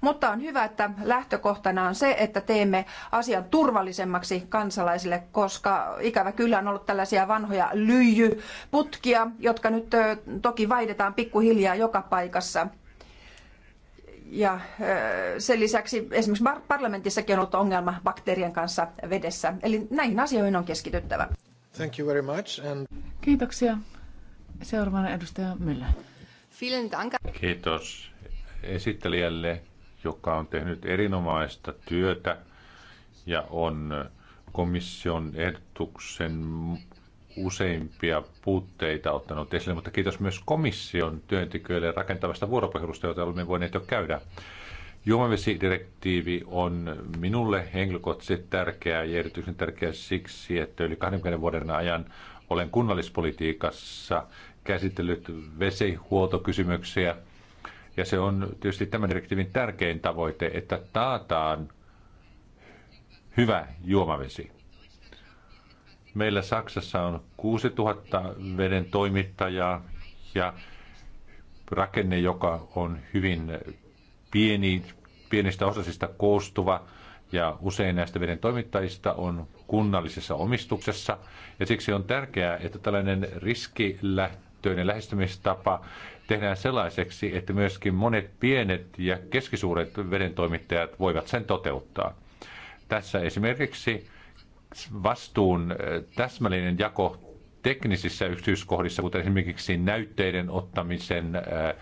Mutta on hyvä, että lähtökohtana on se, että teemme asian turvallisemmaksi kansalaisille, koska ikävä kyllä on ollut tällaisia vanhoja lyijyputkia, jotka nyt toki vaihdetaan pikkuhiljaa joka paikassa. Ja äh, sen lisäksi esimerkiksi parlamentissakin on ollut ongelma bakteerien kanssa vedessä. Eli näihin asioihin on keskityttävä. Thank you very much and... Kiitoksia. Seuraavana edustaja Myllä. Kiitos esittelijälle, joka on tehnyt erinomaista työtä ja on komission ehdotuksen useimpia puutteita ottanut esille, mutta kiitos myös komission työntekijöille rakentavasta vuoropuhelusta, jota olemme voineet jo käydä. Juomavesidirektiivi on minulle henkilökohtaisesti tärkeä ja erityisen tärkeä siksi, että yli 20 vuoden ajan olen kunnallispolitiikassa käsitellyt vesihuoltokysymyksiä. Ja se on tietysti tämän direktiivin tärkein tavoite, että taataan hyvä juomavesi. Meillä Saksassa on 6000 veden toimittajaa ja rakenne, joka on hyvin pieni, pienistä osasista koostuva ja usein näistä veden toimittajista on kunnallisessa omistuksessa. Ja siksi on tärkeää, että tällainen riskilähtöinen lähestymistapa tehdään sellaiseksi, että myöskin monet pienet ja keskisuuret veden toimittajat voivat sen toteuttaa. Tässä esimerkiksi vastuun eh, täsmällinen jako teknisissä yksityiskohdissa, kuten esimerkiksi näytteiden ottamisen eh, eh,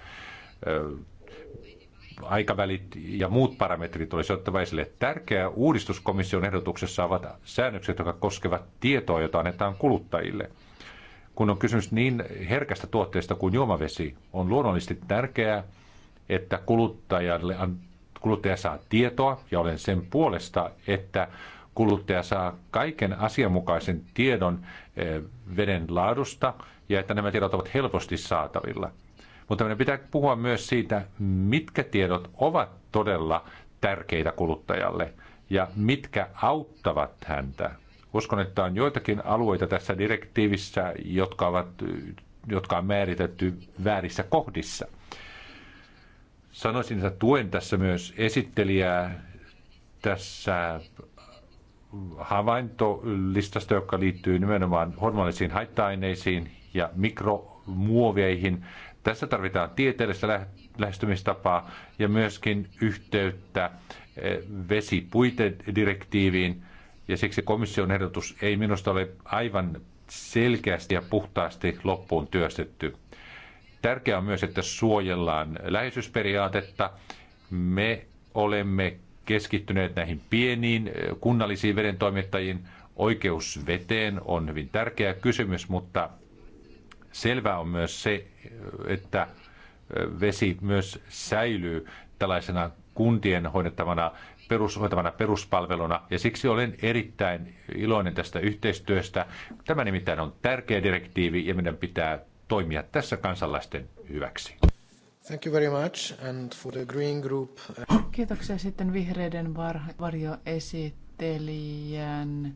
aikavälit ja muut parametrit olisi ottava esille. Tärkeä uudistuskomission ehdotuksessa ovat säännökset, jotka koskevat tietoa, jota annetaan kuluttajille. Kun on kysymys niin herkästä tuotteesta kuin juomavesi, on luonnollisesti tärkeää, että kuluttajalle, kuluttaja saa tietoa, ja olen sen puolesta, että kuluttaja saa kaiken asianmukaisen tiedon eh, veden laadusta ja että nämä tiedot ovat helposti saatavilla. Mutta meidän pitää puhua myös siitä, mitkä tiedot ovat todella tärkeitä kuluttajalle ja mitkä auttavat häntä. Uskon, että on joitakin alueita tässä direktiivissä, jotka, ovat, jotka on määritetty väärissä kohdissa. Sanoisin, että tuen tässä myös esittelijää tässä havaintolistasta, joka liittyy nimenomaan hormonallisiin haitta-aineisiin ja mikromuoveihin. Tässä tarvitaan tieteellistä lähestymistapaa ja myöskin yhteyttä eh, vesipuitedirektiiviin. Ja siksi komission ehdotus ei minusta ole aivan selkeästi ja puhtaasti loppuun työstetty. Tärkeää on myös, että suojellaan läheisyysperiaatetta. Me olemme keskittyneet näihin pieniin eh, kunnallisiin vedentoimittajiin. Oikeus veteen on hyvin tärkeä kysymys, mutta selvää on myös se, eh, että eh, vesi myös säilyy tällaisena kuntien hoidettavana perushoitavana peruspalveluna, ja siksi olen erittäin iloinen tästä yhteistyöstä. Tämä nimittäin on tärkeä direktiivi, ja meidän pitää toimia tässä kansalaisten hyväksi. Thank you very much. And for the Green Group... Uh, Kiitoksia sitten vihreiden var- varjoesittelijän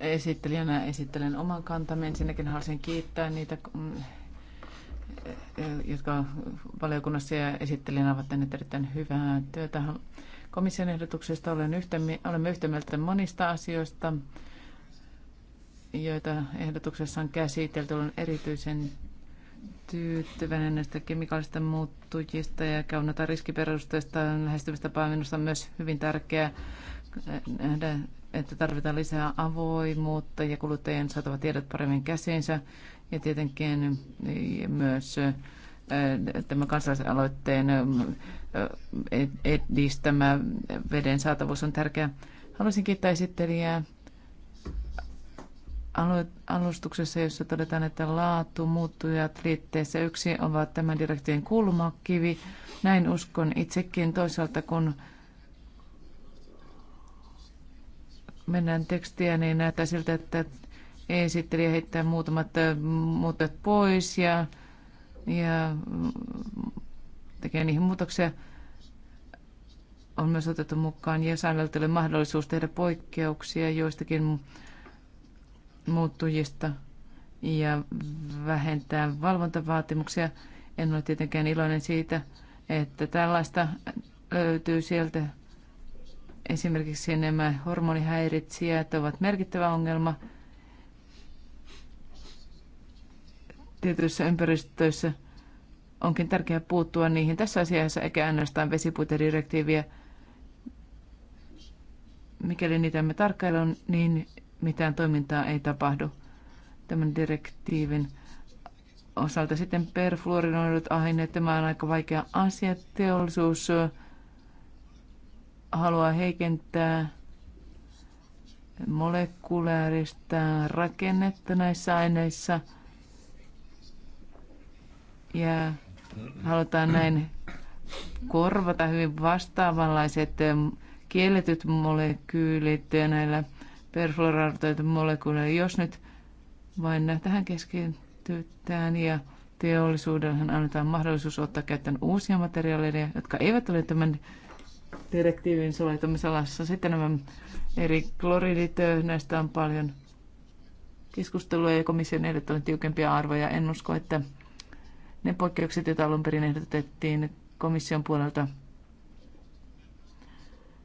esittelijänä esittelen oman kantamme. Ensinnäkin haluaisin kiittää niitä, mm, e, e, jotka valiokunnassa ja esittelijänä ovat tänne erittäin hyvää työtä. Komission ehdotuksesta olen yhtä, olemme yhtä mieltä monista asioista, joita ehdotuksessa on käsitelty. Olen erityisen tyytyväinen näistä kemikaalisista muuttujista ja kaunata riskiperusteista lähestymistapaa minusta on myös hyvin tärkeää nähdä, että tarvitaan lisää avoimuutta ja kuluttajien saatava tiedot paremmin käsiinsä ja tietenkin myös tämä kansalaisaloitteen edistämä veden saatavuus on tärkeä. Haluaisin kiittää esittelijää alustuksessa, jossa todetaan, että laatu, muuttujat liitteessä yksi ovat tämän direktiivin kulmakivi. Näin uskon itsekin toisaalta, kun mennään tekstiä, niin näyttää siltä, että esittelijä heittää muutamat muutot pois ja, ja tekee niihin muutoksia. On myös otettu mukaan ja mahdollisuus tehdä poikkeuksia joistakin muuttujista ja vähentää valvontavaatimuksia. En ole tietenkään iloinen siitä, että tällaista löytyy sieltä. Esimerkiksi nämä hormonihäiritsijät ovat merkittävä ongelma tietyissä ympäristöissä. Onkin tärkeää puuttua niihin tässä asiassa, eikä ainoastaan vesipuitedirektiiviä mikäli niitä emme tarkkailu, niin mitään toimintaa ei tapahdu tämän direktiivin osalta. Sitten perfluorinoidut aineet, tämä on aika vaikea asia. Teollisuus haluaa heikentää molekulääristä rakennetta näissä aineissa ja halutaan näin korvata hyvin vastaavanlaiset kielletyt molekyylit näillä perfluorauteita molekyyleja. Jos nyt vain tähän keskitytään ja teollisuudelle annetaan mahdollisuus ottaa käyttöön uusia materiaaleja, jotka eivät ole tämän direktiivin soveltamisalassa. Sitten nämä eri kloridit, näistä on paljon keskustelua ja komission ehdottanut tiukempia arvoja. En usko, että ne poikkeukset, joita alun perin ehdotettiin komission puolelta,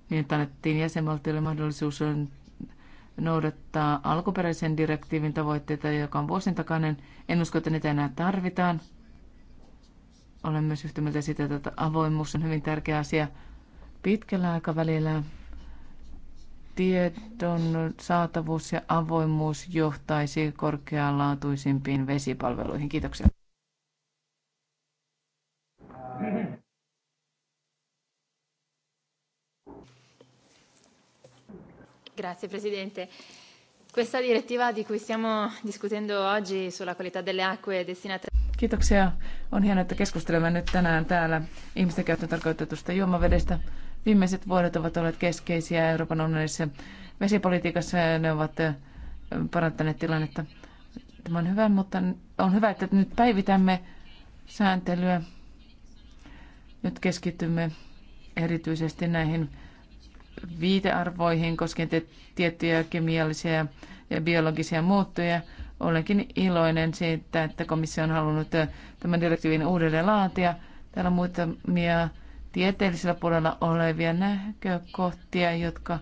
niin että annettiin jäsenvaltioille mahdollisuus noudattaa alkuperäisen direktiivin tavoitteita, joka on vuosin takainen. En usko, että niitä enää tarvitaan. Olen myös yhtä mieltä siitä, että avoimuus on hyvin tärkeä asia pitkällä aikavälillä. Tiedon saatavuus ja avoimuus johtaisi korkealaatuisimpiin vesipalveluihin. Kiitoksia. Grazie Presidente. Questa direttiva di cui stiamo discutendo oggi sulla qualità delle acque destinate... Kiitoksia. On hienoa, että keskustelemme nyt tänään täällä ihmisten käyttöön tarkoitetusta juomavedestä. Viimeiset vuodet ovat olleet keskeisiä Euroopan unionissa vesipolitiikassa ja ne ovat eh, parantaneet tilannetta. Tämä on hyvä, mutta on hyvä, että nyt päivitämme sääntelyä. Nyt keskitymme erityisesti näihin viitearvoihin koskien tiettyjä kemiallisia ja biologisia muuttuja. Olenkin iloinen siitä, että komissio on halunnut äh, tämän direktiivin uudelleen laatia. Täällä on muutamia tieteellisellä puolella olevia näkökohtia, jotka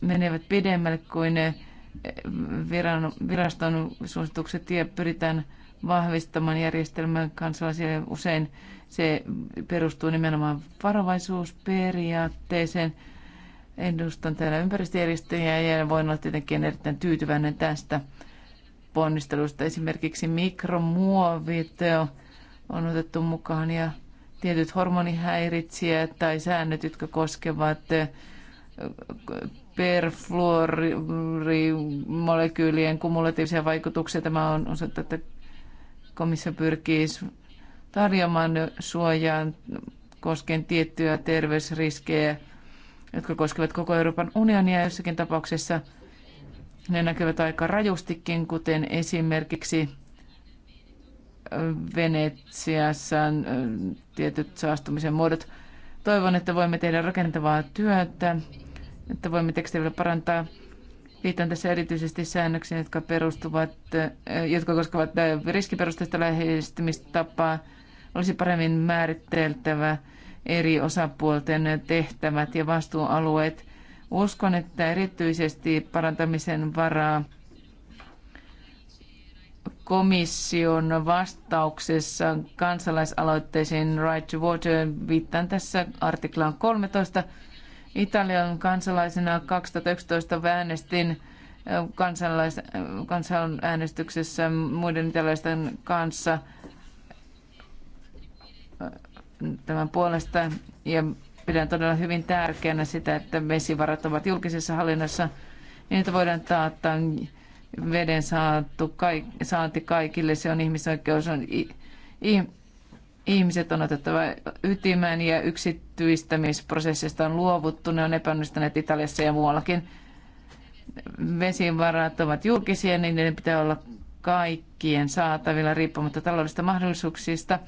menevät pidemmälle kuin äh, viraston suositukset ja pyritään vahvistamaan järjestelmän kansalaisille. Usein se perustuu nimenomaan varovaisuusperiaatteeseen. Edustan täällä ympäristöjärjestöjä ja voin olla tietenkin erittäin tyytyväinen tästä ponnistelusta. Esimerkiksi mikromuovit on otettu mukaan ja tietyt hormonihäiritsijät tai säännöt, jotka koskevat eh, perfluorimolekyylien kumulatiivisia vaikutuksia. Tämä on osoittaa, että komissio pyrkii tarjoamaan suojaan koskien tiettyjä terveysriskejä – jotka koskevat koko Euroopan unionia jossakin tapauksessa. Ne näkyvät aika rajustikin, kuten esimerkiksi Venetsiassa tietyt saastumisen muodot. Toivon, että voimme tehdä rakentavaa työtä, että voimme tekstiivillä parantaa. Viitan tässä erityisesti säännöksiin, jotka, perustuvat, jotka koskevat riskiperusteista lähestymistapaa. Olisi paremmin määriteltävä eri osapuolten tehtävät ja vastuualueet. Uskon, että erityisesti parantamisen varaa komission vastauksessa kansalaisaloitteisiin Right to Water. Viittaan tässä artiklaan 13. Italian kansalaisena 2011 äänestin kansalais, kansanäänestyksessä muiden italaisten kanssa tämän puolesta ja pidän todella hyvin tärkeänä sitä, että vesivarat ovat julkisessa hallinnassa, niin että voidaan taata veden saatu, saanti kaikille. Se on ihmisoikeus. On, ihmiset on otettava ytimään ja yksityistämisprosessista on luovuttu. Ne on epäonnistuneet Italiassa ja muuallakin. Vesivarat ovat julkisia, niin ne pitää olla kaikkien saatavilla riippumatta taloudellisista mahdollisuuksista.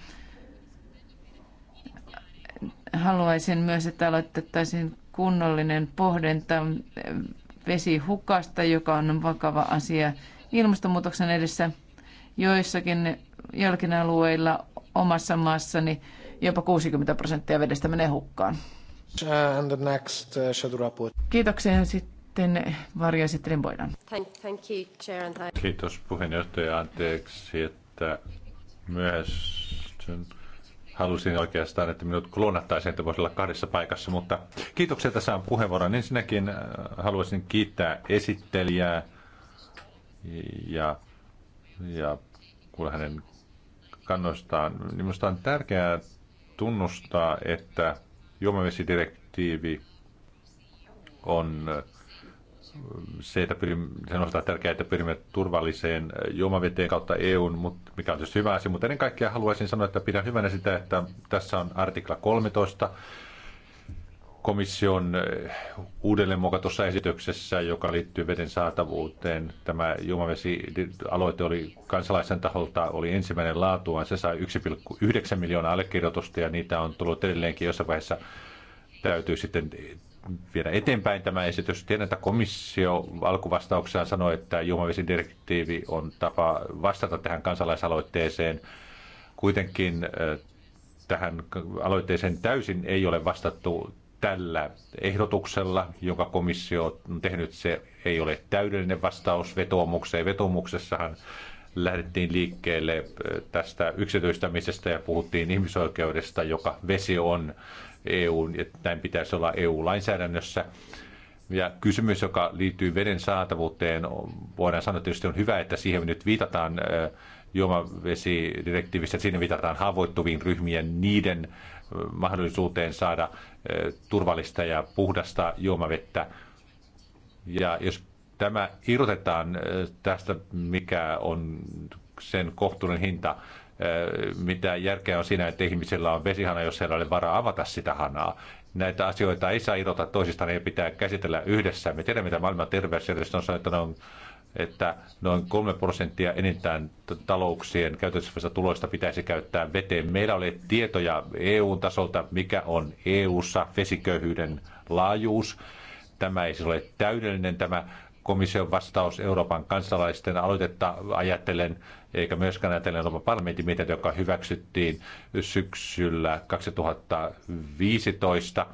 Haluaisin myös, että aloitettaisiin kunnollinen pohdinta vesihukasta, joka on vakava asia ilmastonmuutoksen edessä. Joissakin joillakin alueilla omassa maassani jopa 60 prosenttia vedestä menee hukkaan. And the next uh, Kiitoksia sitten varjoesittelijän voidaan. Thank, thank you, Chair, and Kiitos puheenjohtaja. Anteeksi, että myös halusin oikeastaan, että minut kloonattaisiin, että voisi olla kahdessa paikassa, mutta kiitoksia että saan puheenvuoron. Ensinnäkin äh, haluaisin kiittää esittelijää ja, ja kuulla hänen kannoistaan. Niin minusta on tärkeää tunnustaa, että juomavesidirektiivi on se, että pyrimme, sen osalta on tärkeää, että pyrimme turvalliseen äh, juomaveteen kautta EUn, mutta mikä on tietysti hyvä asia. Mutta ennen kaikkea haluaisin sanoa, että pidän hyvänä sitä, että tässä on artikla 13 komission äh, uudelleenmuokatussa esityksessä, joka liittyy veden saatavuuteen. Tämä juomavesialoite oli kansalaisen taholta oli ensimmäinen laatuaan. Se sai 1,9 miljoonaa allekirjoitusta ja niitä on tullut edelleenkin jossain vaiheessa täytyy sitten viedä eteenpäin tämä esitys. Tiedän, että komissio alkuvastauksessaan sanoi, että juomavesidirektiivi on tapa vastata tähän kansalaisaloitteeseen. Kuitenkin eh, tähän aloitteeseen täysin ei ole vastattu tällä ehdotuksella, jonka komissio on tehnyt. Se ei ole täydellinen vastaus vetoomukseen. Vetoomuksessahan lähdettiin liikkeelle eh, tästä yksityistämisestä ja puhuttiin ihmisoikeudesta, joka vesi on. EU, että näin pitäisi olla EU-lainsäädännössä. Ja kysymys, joka liittyy veden saatavuuteen, voidaan sanoa, että tietysti on hyvä, että siihen nyt viitataan äh, juomavesidirektiivissä, siinä viitataan haavoittuviin ryhmien niiden äh, mahdollisuuteen saada äh, turvallista ja puhdasta juomavettä. Ja jos tämä irrotetaan tästä, mikä on sen kohtuullinen hinta, mitä järkeä on siinä, että ihmisellä on vesihana, jos siellä ei varaa avata sitä hanaa. Näitä asioita ei saa irrota toisistaan, ne pitää käsitellä yhdessä. Me tiedämme, mitä maailman terveysjärjestö on sanonut, että, on, että noin 3 prosenttia enintään talouksien käytettävissä tuloista pitäisi käyttää veteen. Meillä oli tietoja EU-tasolta, mikä on EU-ssa vesiköyhyyden laajuus. Tämä ei siis ole täydellinen tämä komission vastaus Euroopan kansalaisten aloitetta ajatellen eikä myöskään ajatellen Euroopan parlamentin mietintö, joka hyväksyttiin syksyllä 2015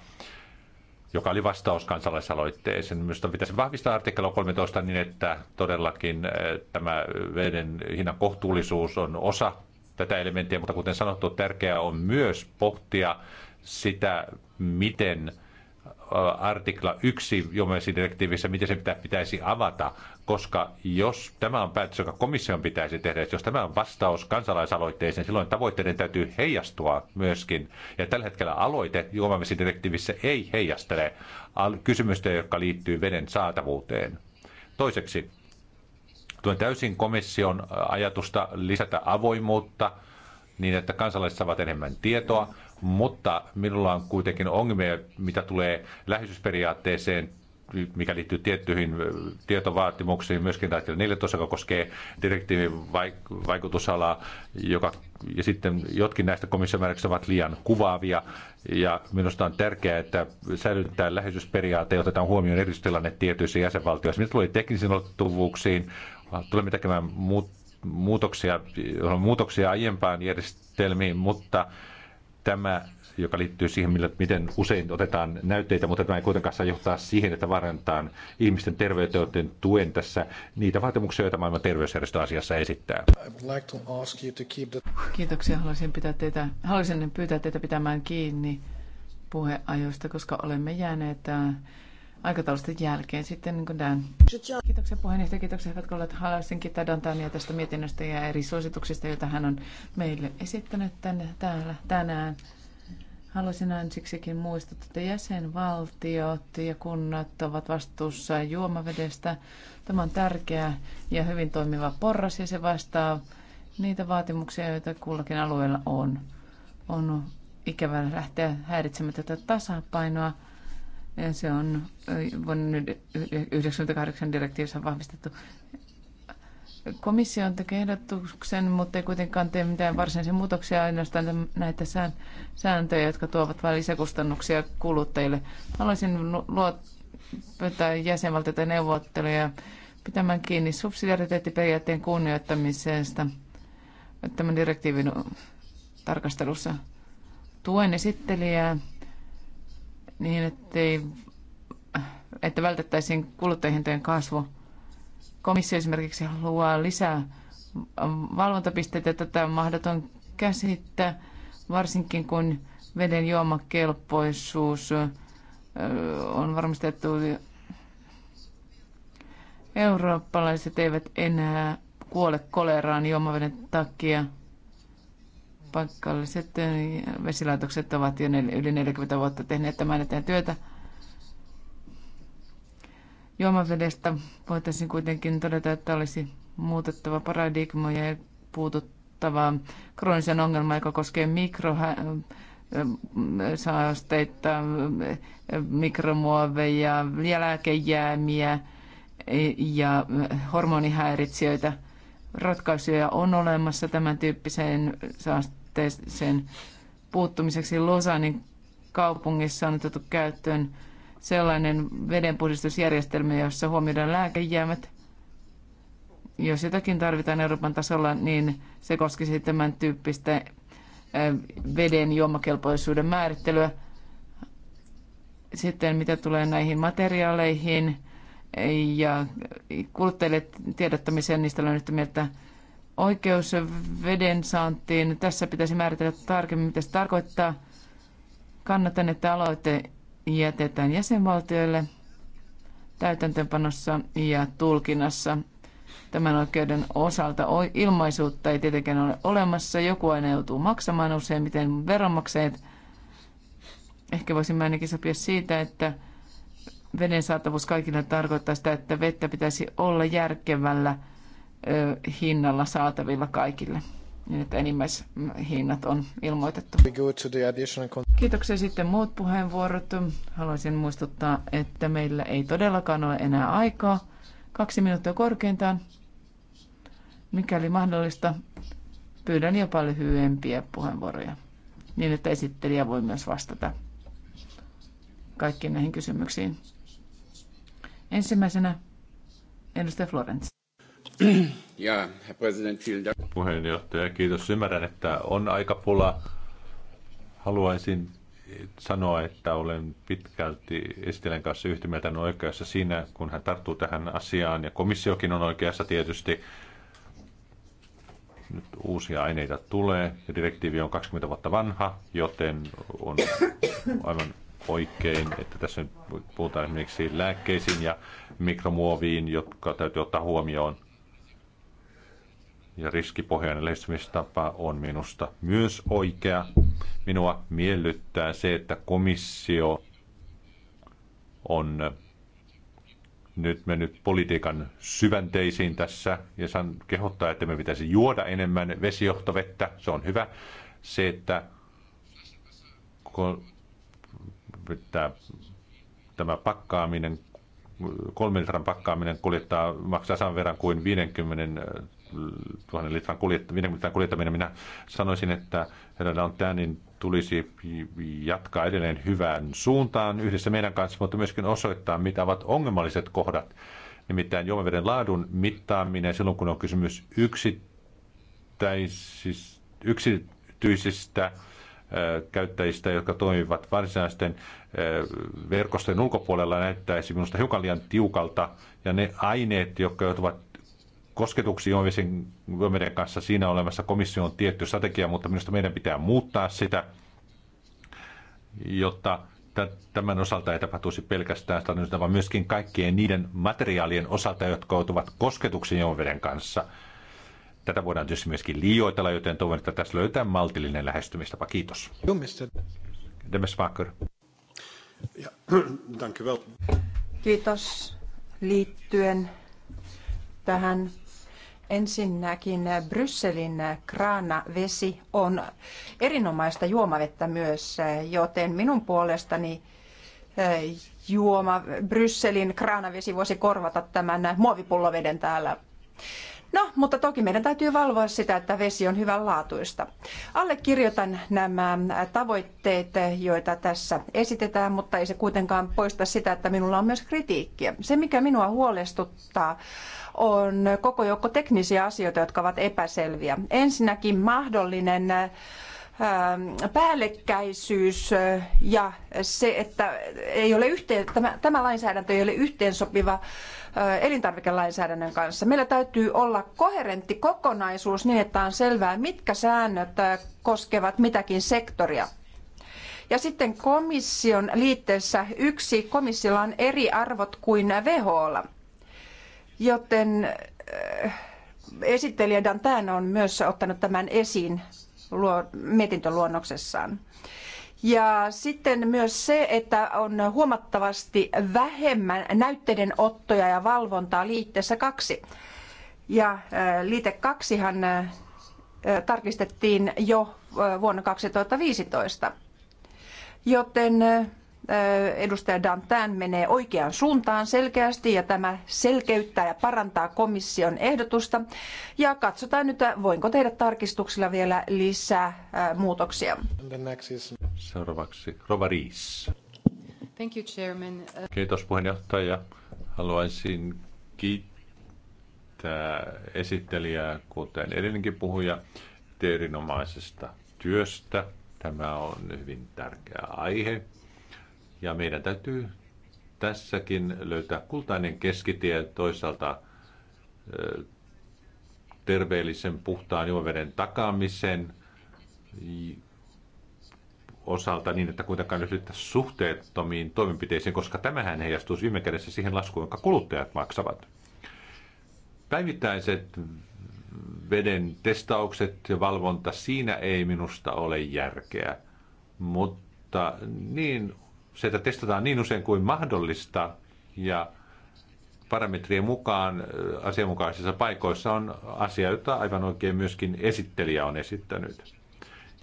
joka oli vastaus kansalaisaloitteeseen. Minusta pitäisi vahvistaa artikkelo 13 niin, että todellakin eh, tämä veden hinnan kohtuullisuus on osa tätä elementtiä, mutta kuten sanottu, tärkeää on myös pohtia sitä, miten artikla 1 direktiivissä, miten se pitäisi avata, koska jos tämä on päätös, joka komission pitäisi tehdä, jos tämä on vastaus kansalaisaloitteeseen, silloin tavoitteiden täytyy heijastua myöskin. Ja tällä hetkellä aloite juomavesidirektiivissä ei heijastele kysymystä, joka liittyy veden saatavuuteen. Toiseksi, tuen täysin komission ajatusta lisätä avoimuutta niin, että kansalaiset saavat enemmän tietoa, mutta minulla on kuitenkin ongelmia, mitä tulee läheisyysperiaatteeseen, mikä liittyy tiettyihin tietovaatimuksiin, myöskin artikla 14, joka koskee direktiivin vaikutusalaa, joka, ja sitten jotkin näistä komissiomääräyksistä ovat liian kuvaavia, ja minusta on tärkeää, että säilytetään läheisyysperiaate ja otetaan huomioon erityistilanne tietyissä jäsenvaltioissa. Mitä tulee teknisiin ulottuvuuksiin, tulemme tekemään muut, muutoksia, muutoksia aiempaan järjestelmiin, mutta tämä, joka liittyy siihen, millä miten usein otetaan näytteitä, mutta tämä ei kuitenkaan saa johtaa siihen, että varantaan ihmisten terveyteen tuen tässä niitä vaatimuksia, joita maailman terveysjärjestö asiassa esittää. Kiitoksia. Haluaisin, pitää teitä, haluaisin pyytää teitä pitämään kiinni puheajoista, koska olemme jääneet äh, aikataulusta jälkeen. Sitten niin Dan. Kiitoksia puheenjohtaja, kiitoksia hyvät kollegat. Haluaisin kiittää Dantania tästä mietinnöstä ja eri suosituksista, joita hän on meille esittänyt tänne, täällä tänään. Haluaisin ensiksikin muistuttaa, että jäsenvaltiot ja kunnat ovat vastuussa juomavedestä. Tämä on tärkeä ja hyvin toimiva porras ja se vastaa niitä vaatimuksia, joita kullakin alueella on. On ikävä lähteä häiritsemättä tätä tasapainoa se on vuonna 1998 direktiivissä vahvistettu. Komissio on tekee ehdotuksen, mutta ei kuitenkaan tee mitään varsinaisia muutoksia, ainoastaan näitä sääntöjä, jotka tuovat vain lisäkustannuksia kuluttajille. Haluaisin luottaa jäsenvaltioita neuvotteluja pitämään kiinni subsidiariteettiperiaatteen kunnioittamisesta tämän direktiivin tarkastelussa. Tuen esittelijää niin, ettei, että vältettäisiin kuluttajahintojen kasvu. Komissio esimerkiksi haluaa lisää valvontapisteitä. Tätä on mahdoton käsittää, varsinkin kun veden juomakelpoisuus on varmistettu. Eurooppalaiset eivät enää kuole koleraan juomaveden takia paikalliset vesilaitokset ovat jo yli 40 vuotta tehneet tämän eteen työtä. Juomavedestä voitaisiin kuitenkin todeta, että olisi muutettava paradigmoja ja puututtava kroonisen ongelman, joka koskee mikrosaasteita, mikromuoveja, lääkejäämiä e, ja hormonihäiritsijöitä ratkaisuja on olemassa tämän tyyppiseen saast- tilanteeseen puuttumiseksi Losanin kaupungissa on otettu käyttöön sellainen vedenpuhdistusjärjestelmä, jossa huomioidaan lääkejäämät. Jos jotakin tarvitaan Euroopan tasolla, niin se koskisi tämän tyyppistä veden juomakelpoisuuden määrittelyä. Sitten mitä tulee näihin materiaaleihin ja kuluttajille tiedottamiseen, niistä olen yhtä mieltä, että Oikeus veden saantiin. Tässä pitäisi määritellä tarkemmin, mitä se tarkoittaa. Kannatan, että aloite jätetään jäsenvaltioille täytäntöönpanossa ja tulkinnassa tämän oikeuden osalta. Ilmaisuutta ei tietenkään ole olemassa. Joku aina joutuu maksamaan useimmiten veronmaksajat. Ehkä voisin ainakin sopia siitä, että veden saatavuus kaikille tarkoittaa sitä, että vettä pitäisi olla järkevällä hinnalla saatavilla kaikille, niin että enimmäishinnat on ilmoitettu. Kiitoksia sitten muut puheenvuorot. Haluaisin muistuttaa, että meillä ei todellakaan ole enää aikaa. Kaksi minuuttia korkeintaan. Mikäli mahdollista, pyydän jo paljon hyvempiä puheenvuoroja, niin että esittelijä voi myös vastata kaikkiin näihin kysymyksiin. Ensimmäisenä edustaja Florence. Ja, Herr Puheenjohtaja, kiitos. Ymmärrän, että on aika pula. Haluaisin sanoa, että olen pitkälti Estilän kanssa yhtä mieltä oikeassa siinä, kun hän tarttuu tähän asiaan, ja komissiokin on oikeassa tietysti. Nyt uusia aineita tulee, ja direktiivi on 20 vuotta vanha, joten on aivan oikein, että tässä nyt puhutaan esimerkiksi lääkkeisiin ja mikromuoviin, jotka täytyy ottaa huomioon ja riskipohjainen lähestymistapa on minusta myös oikea. Minua miellyttää se, että komissio on nyt mennyt politiikan syvänteisiin tässä ja san kehottaa, että me pitäisi juoda enemmän vesijohtovettä. Se on hyvä. Se, että, että tämä pakkaaminen, kolmen litran pakkaaminen kuljettaa, maksaa saman verran kuin 50 tuhannen litran kuljettaminen, kuljettaminen, minä sanoisin, että herra Dantanin tulisi jatkaa edelleen hyvään suuntaan yhdessä meidän kanssa, mutta myöskin osoittaa, mitä ovat ongelmalliset kohdat. Nimittäin juomaveden laadun mittaaminen silloin, kun on kysymys yksittäisistä, yksityisistä käyttäjistä, jotka toimivat varsinaisten verkostojen ulkopuolella, näyttäisi minusta hiukan liian tiukalta. Ja ne aineet, jotka joutuvat kosketuksiin joiden kanssa. Siinä on olemassa komission tietty strategia, mutta minusta meidän pitää muuttaa sitä, jotta tämän osalta ei tapahtuisi pelkästään sitä, vaan myöskin kaikkien niiden materiaalien osalta, jotka joutuvat kosketuksiin jouveden kanssa. Tätä voidaan tietysti myöskin liioitella, joten toivon, että tässä löytää maltillinen lähestymistapa. Kiitos. Demesmaker. (clears throat) Kiitos liittyen tähän Ensinnäkin Brysselin kraanavesi on erinomaista juomavettä myös, joten minun puolestani eh, juoma Brysselin kraanavesi voisi korvata tämän muovipulloveden täällä. No, mutta toki meidän täytyy valvoa sitä, että vesi on hyvänlaatuista. Allekirjoitan nämä tavoitteet, joita tässä esitetään, mutta ei se kuitenkaan poista sitä, että minulla on myös kritiikkiä. Se, mikä minua huolestuttaa, on koko joukko teknisiä asioita, jotka ovat epäselviä. Ensinnäkin mahdollinen Ähm, päällekkäisyys äh, ja se, että ei ole yhteen, tämä, tämä lainsäädäntö ei ole yhteensopiva äh, elintarvikelainsäädännön kanssa. Meillä täytyy olla koherentti kokonaisuus niin, että on selvää, mitkä säännöt äh, koskevat mitäkin sektoria. Ja sitten komission liitteessä yksi, komissiolla on eri arvot kuin WHOlla. Joten esittelijä Dantan on myös ottanut tämän esiin mietintöluonnoksessaan. Ja sitten myös se, että on huomattavasti vähemmän näytteiden ottoja ja valvontaa liitteessä kaksi. Ja äh, liite kaksihan äh, tarkistettiin jo äh, vuonna 2015. Joten edustaja Dantan menee oikeaan suuntaan selkeästi ja tämä selkeyttää ja parantaa komission ehdotusta. Ja katsotaan nyt, voinko tehdä tarkistuksilla vielä lisää muutoksia. Seuraavaksi Rova Riis. Thank you, Chairman. Kiitos puheenjohtaja. Haluaisin kiittää esittelijää, kuten edellinenkin puhuja, erinomaisesta työstä. Tämä on hyvin tärkeä aihe ja meidän täytyy tässäkin löytää kultainen keskitie toisaalta terveellisen puhtaan juomaveden takaamisen osalta niin, että kuitenkaan yhdyttää suhteettomiin toimenpiteisiin, koska tämähän heijastuu viime kädessä siihen laskuun, jonka kuluttajat maksavat. Päivittäiset veden testaukset ja valvonta, siinä ei minusta ole järkeä, mutta niin se, testataan niin usein kuin mahdollista ja parametrien mukaan asianmukaisissa paikoissa on asia, jota aivan oikein myöskin esittelijä on esittänyt.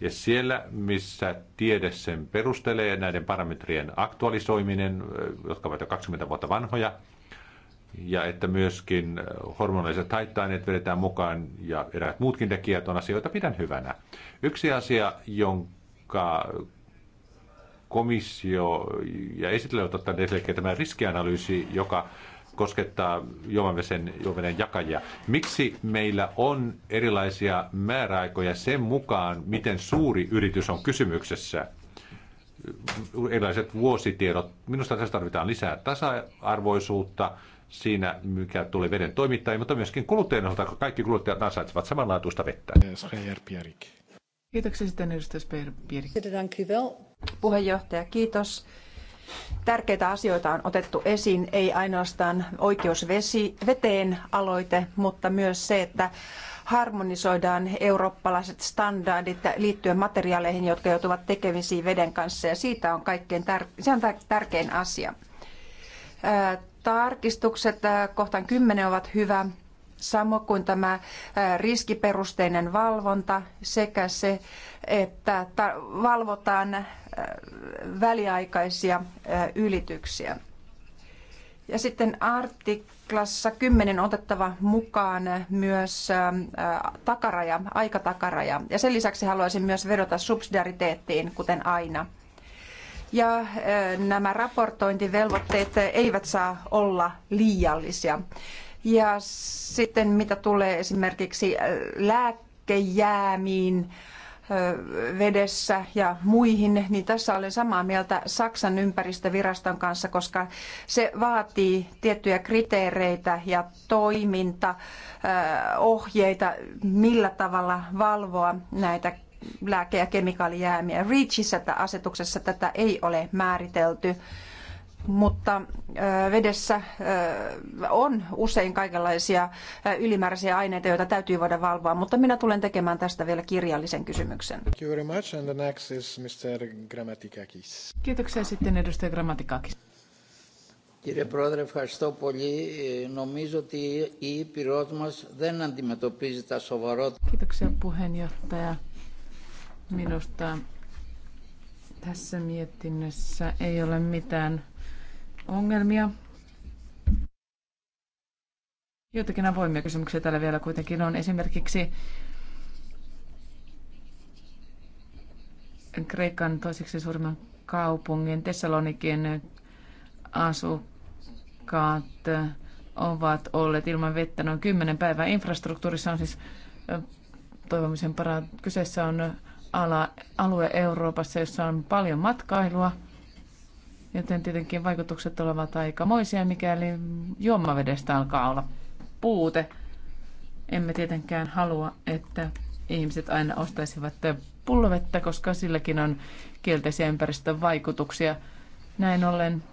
Ja siellä, missä tiede sen perustelee, näiden parametrien aktualisoiminen, jotka ovat jo 20 vuotta vanhoja, ja että myöskin hormonalliset haitta-aineet vedetään mukaan ja eräät muutkin tekijät on asioita pidän hyvänä. Yksi asia, jonka komissio ja esittelevät ottaneet esille tämä riskianalyysi, joka koskettaa juomavesen, juomaveden jakajia. Miksi meillä on erilaisia määräaikoja sen mukaan, miten suuri yritys on kysymyksessä? Erilaiset vuositiedot. Minusta tässä tarvitaan lisää tasa-arvoisuutta siinä, mikä tulee veden toimittajiin, mutta myöskin kuluttajien osalta, kaikki kuluttajat ansaitsevat samanlaatuista vettä. Kiitoksia sitten edustaja Pierik. Puheenjohtaja, kiitos. Tärkeitä asioita on otettu esiin, ei ainoastaan oikeus vesi, veteen aloite, mutta myös se, että harmonisoidaan eurooppalaiset standardit liittyen materiaaleihin, jotka joutuvat tekemisiin veden kanssa, ja siitä on kaikkein tär- se on tärkein asia. Tarkistukset kohtaan 10 ovat hyvä Samoin kuin tämä riskiperusteinen valvonta sekä se, että valvotaan väliaikaisia ylityksiä. Ja sitten artiklassa 10 otettava mukaan myös takaraja, aikatakaraja. Ja sen lisäksi haluaisin myös vedota subsidiariteettiin, kuten aina. Ja nämä raportointivelvoitteet eivät saa olla liiallisia. Ja sitten mitä tulee esimerkiksi äh, lääkkejäämiin äh, vedessä ja muihin, niin tässä olen samaa mieltä Saksan ympäristöviraston kanssa, koska se vaatii tiettyjä kriteereitä ja toimintaohjeita, äh, millä tavalla valvoa näitä lääke- ja kemikaalijäämiä. REACHissa asetuksessa tätä ei ole määritelty mutta vedessä on usein kaikenlaisia ylimääräisiä aineita, joita täytyy voida valvoa, mutta minä tulen tekemään tästä vielä kirjallisen kysymyksen. Thank you very much. And the next is Mr. Grammatikakis. Kiitoksia sitten edustaja Grammatikakis. Κύριε Πρόεδρε, ευχαριστώ πολύ. Νομίζω ότι η Ήπειρός μας δεν αντιμετωπίζει τα σοβαρότερα. Κοίταξε puheenjohtaja. Minusta tässä mietinnössä ei ole mitään ongelmia. Joitakin avoimia kysymyksiä täällä vielä kuitenkin on. Esimerkiksi Kreikan toiseksi suurimman kaupungin Thessalonikin asukkaat ovat olleet ilman vettä noin 10 päivää. Infrastruktuurissa on siis toivomisen paraa. Kyseessä on ala, alue Euroopassa, jossa on paljon matkailua – Joten tietenkin vaikutukset olivat aikamoisia, mikäli juomavedestä alkaa olla puute. Emme tietenkään halua, että ihmiset aina ostaisivat pullovettä, koska silläkin on kielteisiä ympäristön vaikutuksia. Näin ollen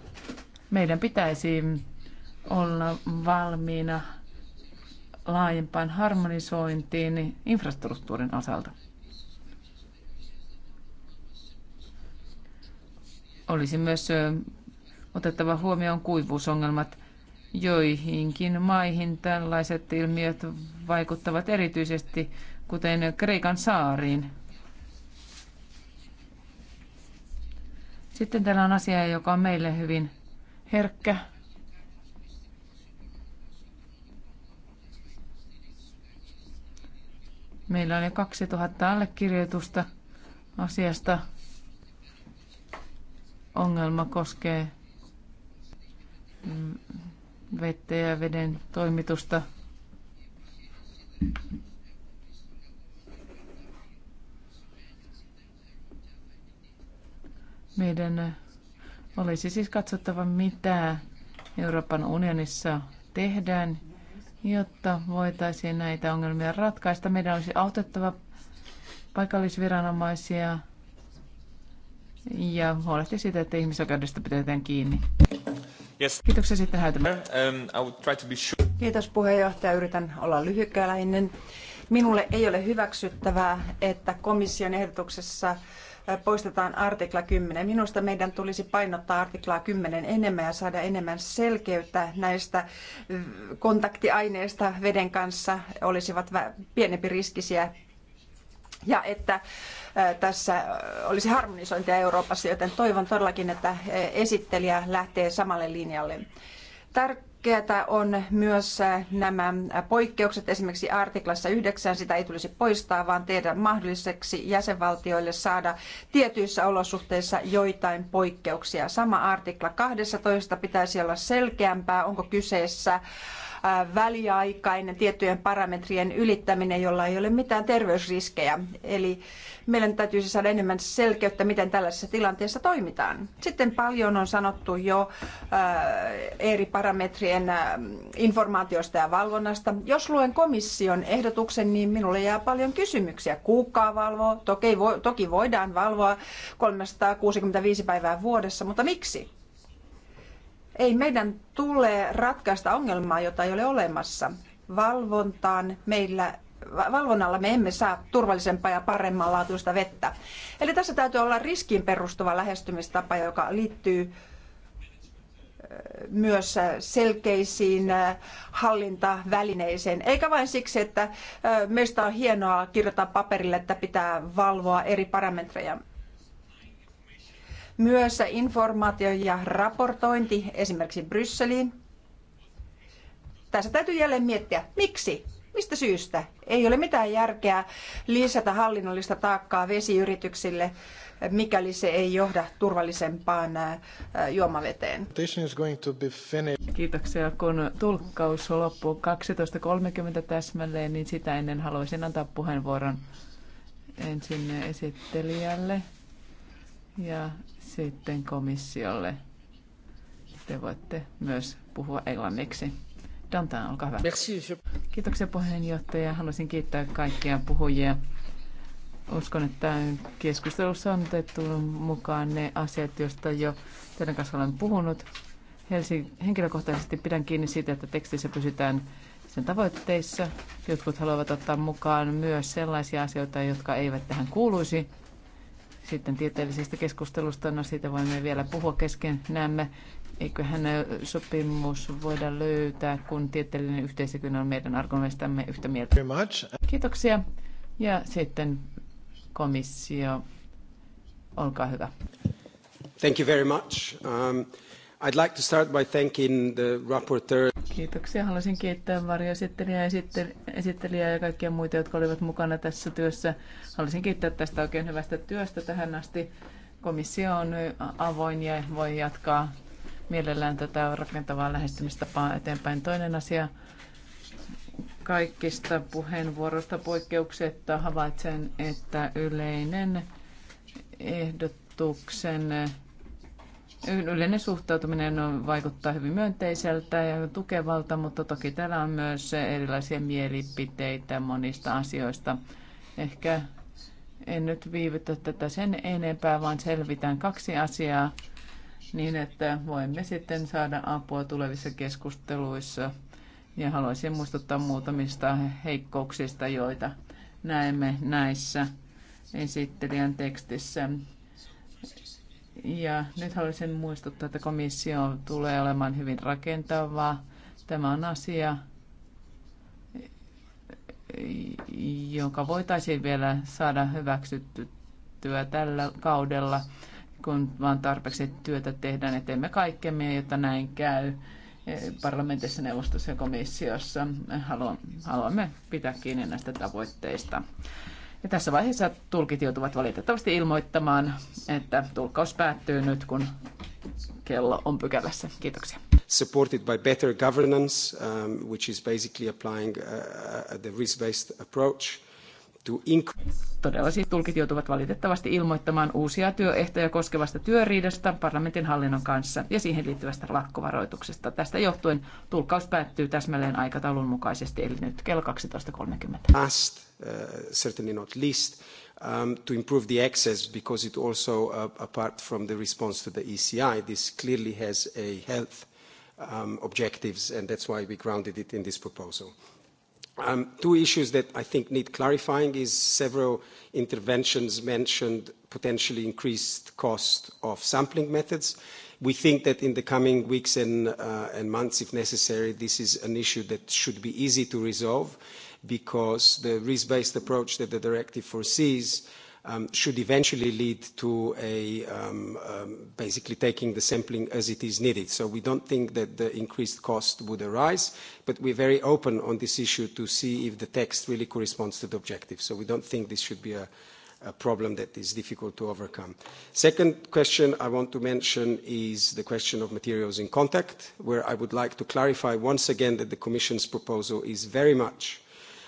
meidän pitäisi olla valmiina laajempaan harmonisointiin infrastruktuurin osalta. Olisi myös otettava huomioon kuivuusongelmat. Joihinkin maihin tällaiset ilmiöt vaikuttavat erityisesti, kuten Kreikan saariin. Sitten täällä on asia, joka on meille hyvin herkkä. Meillä on jo 2000 allekirjoitusta asiasta ongelma koskee vettä ja veden toimitusta. Meidän olisi siis katsottava, mitä Euroopan unionissa tehdään, jotta voitaisiin näitä ongelmia ratkaista. Meidän olisi autettava paikallisviranomaisia – ja huolehtia siitä, että ihmisoikeudesta pidetään kiinni. Yes. Kiitoksia sitten Häytämä. Um, sure. Kiitos puheenjohtaja. Yritän olla lyhykäläinen. Minulle ei ole hyväksyttävää, että komission ehdotuksessa poistetaan artikla 10. Minusta meidän tulisi painottaa artiklaa 10 enemmän ja saada enemmän selkeyttä näistä kontaktiaineista veden kanssa olisivat pienempi riskisiä ja että tässä olisi harmonisointia Euroopassa, joten toivon todellakin, että esittelijä lähtee samalle linjalle. Tärkeätä on myös nämä poikkeukset, esimerkiksi artiklassa 9, sitä ei tulisi poistaa, vaan tehdä mahdolliseksi jäsenvaltioille saada tietyissä olosuhteissa joitain poikkeuksia. Sama artikla 12 pitäisi olla selkeämpää, onko kyseessä väliaikainen tiettyjen parametrien ylittäminen, jolla ei ole mitään terveysriskejä. Eli meidän täytyisi saada enemmän selkeyttä, miten tällaisessa tilanteessa toimitaan. Sitten paljon on sanottu jo eri parametrien informaatiosta ja valvonnasta. Jos luen komission ehdotuksen, niin minulle jää paljon kysymyksiä. Kuukaa valvoo, toki, toki voidaan valvoa 365 päivää vuodessa, mutta miksi? Ei meidän tule ratkaista ongelmaa, jota ei ole olemassa. Valvontaan meillä valvonnalla me emme saa turvallisempaa ja paremmanlaatuista vettä. Eli tässä täytyy olla riskiin perustuva lähestymistapa, joka liittyy myös selkeisiin hallintavälineisiin. Eikä vain siksi, että meistä on hienoa kirjoittaa paperille, että pitää valvoa eri parametreja. Myös informaatio ja raportointi esimerkiksi Brysseliin. Tässä täytyy jälleen miettiä, miksi Mistä syystä? Ei ole mitään järkeä lisätä hallinnollista taakkaa vesiyrityksille, mikäli se ei johda turvallisempaan juomaveteen. Kiitoksia. Kun tulkkaus loppuu 12.30 täsmälleen, niin sitä ennen haluaisin antaa puheenvuoron ensin esittelijälle ja sitten komissiolle. Te voitte myös puhua englanniksi. Dantan, olkaa hyvä. Merci. Kiitoksia puheenjohtaja. Haluaisin kiittää kaikkia puhujia. Uskon, että keskustelussa on otettu mukaan ne asiat, joista jo teidän kanssa olen puhunut. Henkilökohtaisesti pidän kiinni siitä, että tekstissä pysytään sen tavoitteissa. Jotkut haluavat ottaa mukaan myös sellaisia asioita, jotka eivät tähän kuuluisi. Sitten tieteellisestä keskustelusta, no siitä voimme vielä puhua kesken. Näemme, eiköhän sopimus voida löytää, kun tieteellinen yhteisökin on meidän argumentistamme yhtä mieltä. Kiitoksia. Ja sitten komissio, olkaa hyvä. Thank you very much. Um... I'd like to start by thanking the rapporteur. Kiitoksia. Haluaisin kiittää varjoesittelijää, esittelijää ja kaikkia muita, jotka olivat mukana tässä työssä. Haluaisin kiittää tästä oikein hyvästä työstä tähän asti. Komissio on avoin ja voi jatkaa mielellään tätä rakentavaa lähestymistapaa eteenpäin. Toinen asia kaikista puheenvuoroista poikkeuksetta havaitsen, että yleinen ehdotuksen yleinen suhtautuminen on, vaikuttaa hyvin myönteiseltä ja tukevalta, mutta toki täällä on myös erilaisia mielipiteitä monista asioista. Ehkä en nyt viivytä tätä sen enempää, vaan selvitän kaksi asiaa niin, että voimme sitten saada apua tulevissa keskusteluissa. Ja haluaisin muistuttaa muutamista heikkouksista, joita näemme näissä esittelijän tekstissä. Ja nyt haluaisin muistuttaa, että komissio tulee olemaan hyvin rakentavaa. Tämä on asia, joka voitaisiin vielä saada hyväksyttyä tällä kaudella, kun vaan tarpeeksi työtä tehdään, että teemme kaikkemme, jotta näin käy parlamentissa, neuvostossa ja komissiossa. Haluamme pitää kiinni näistä tavoitteista. Ja tässä vaiheessa tulkit joutuvat valitettavasti ilmoittamaan, että tulkkaus päättyy nyt, kun kello on pykälässä. Kiitoksia. Supported by better governance, um, which is basically applying uh, uh the risk-based approach to increase... Todella siis tulkit joutuvat valitettavasti ilmoittamaan uusia työehtoja koskevasta työriidasta parlamentin hallinnon kanssa ja siihen liittyvästä lakkovaroituksesta. Tästä johtuen tulkkaus päättyy täsmälleen aikataulun mukaisesti, eli nyt kello 12.30. Last Uh, certainly not least, um, to improve the access because it also, uh, apart from the response to the ECI, this clearly has a health um, objectives and that's why we grounded it in this proposal. Um, two issues that I think need clarifying is several interventions mentioned potentially increased cost of sampling methods. We think that in the coming weeks and uh, months, if necessary, this is an issue that should be easy to resolve because the risk-based approach that the directive foresees um, should eventually lead to a um, um, basically taking the sampling as it is needed. So we don't think that the increased cost would arise, but we're very open on this issue to see if the text really corresponds to the objective. So we don't think this should be a, a problem that is difficult to overcome. Second question I want to mention is the question of materials in contact, where I would like to clarify once again that the Commission's proposal is very much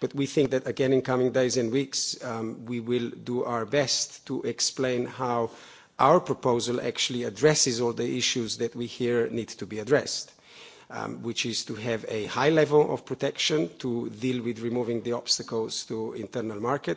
But we think that, again, in coming days and weeks, um, we will do our best to explain how our proposal actually addresses all the issues that we hear need to be addressed. Um, which is to have a high level of protection to deal with removing the obstacles to internal market,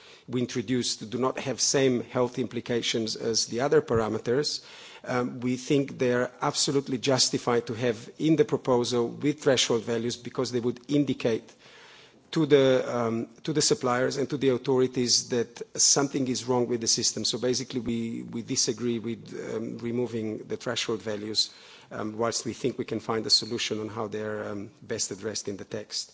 we introduced do not have same health implications as the other parameters. Um, we think they are absolutely justified to have in the proposal with threshold values because they would indicate to the, um, to the suppliers and to the authorities that something is wrong with the system. So basically, we, we disagree with um, removing the threshold values, whilst we think we can find a solution on how they are best addressed in the text.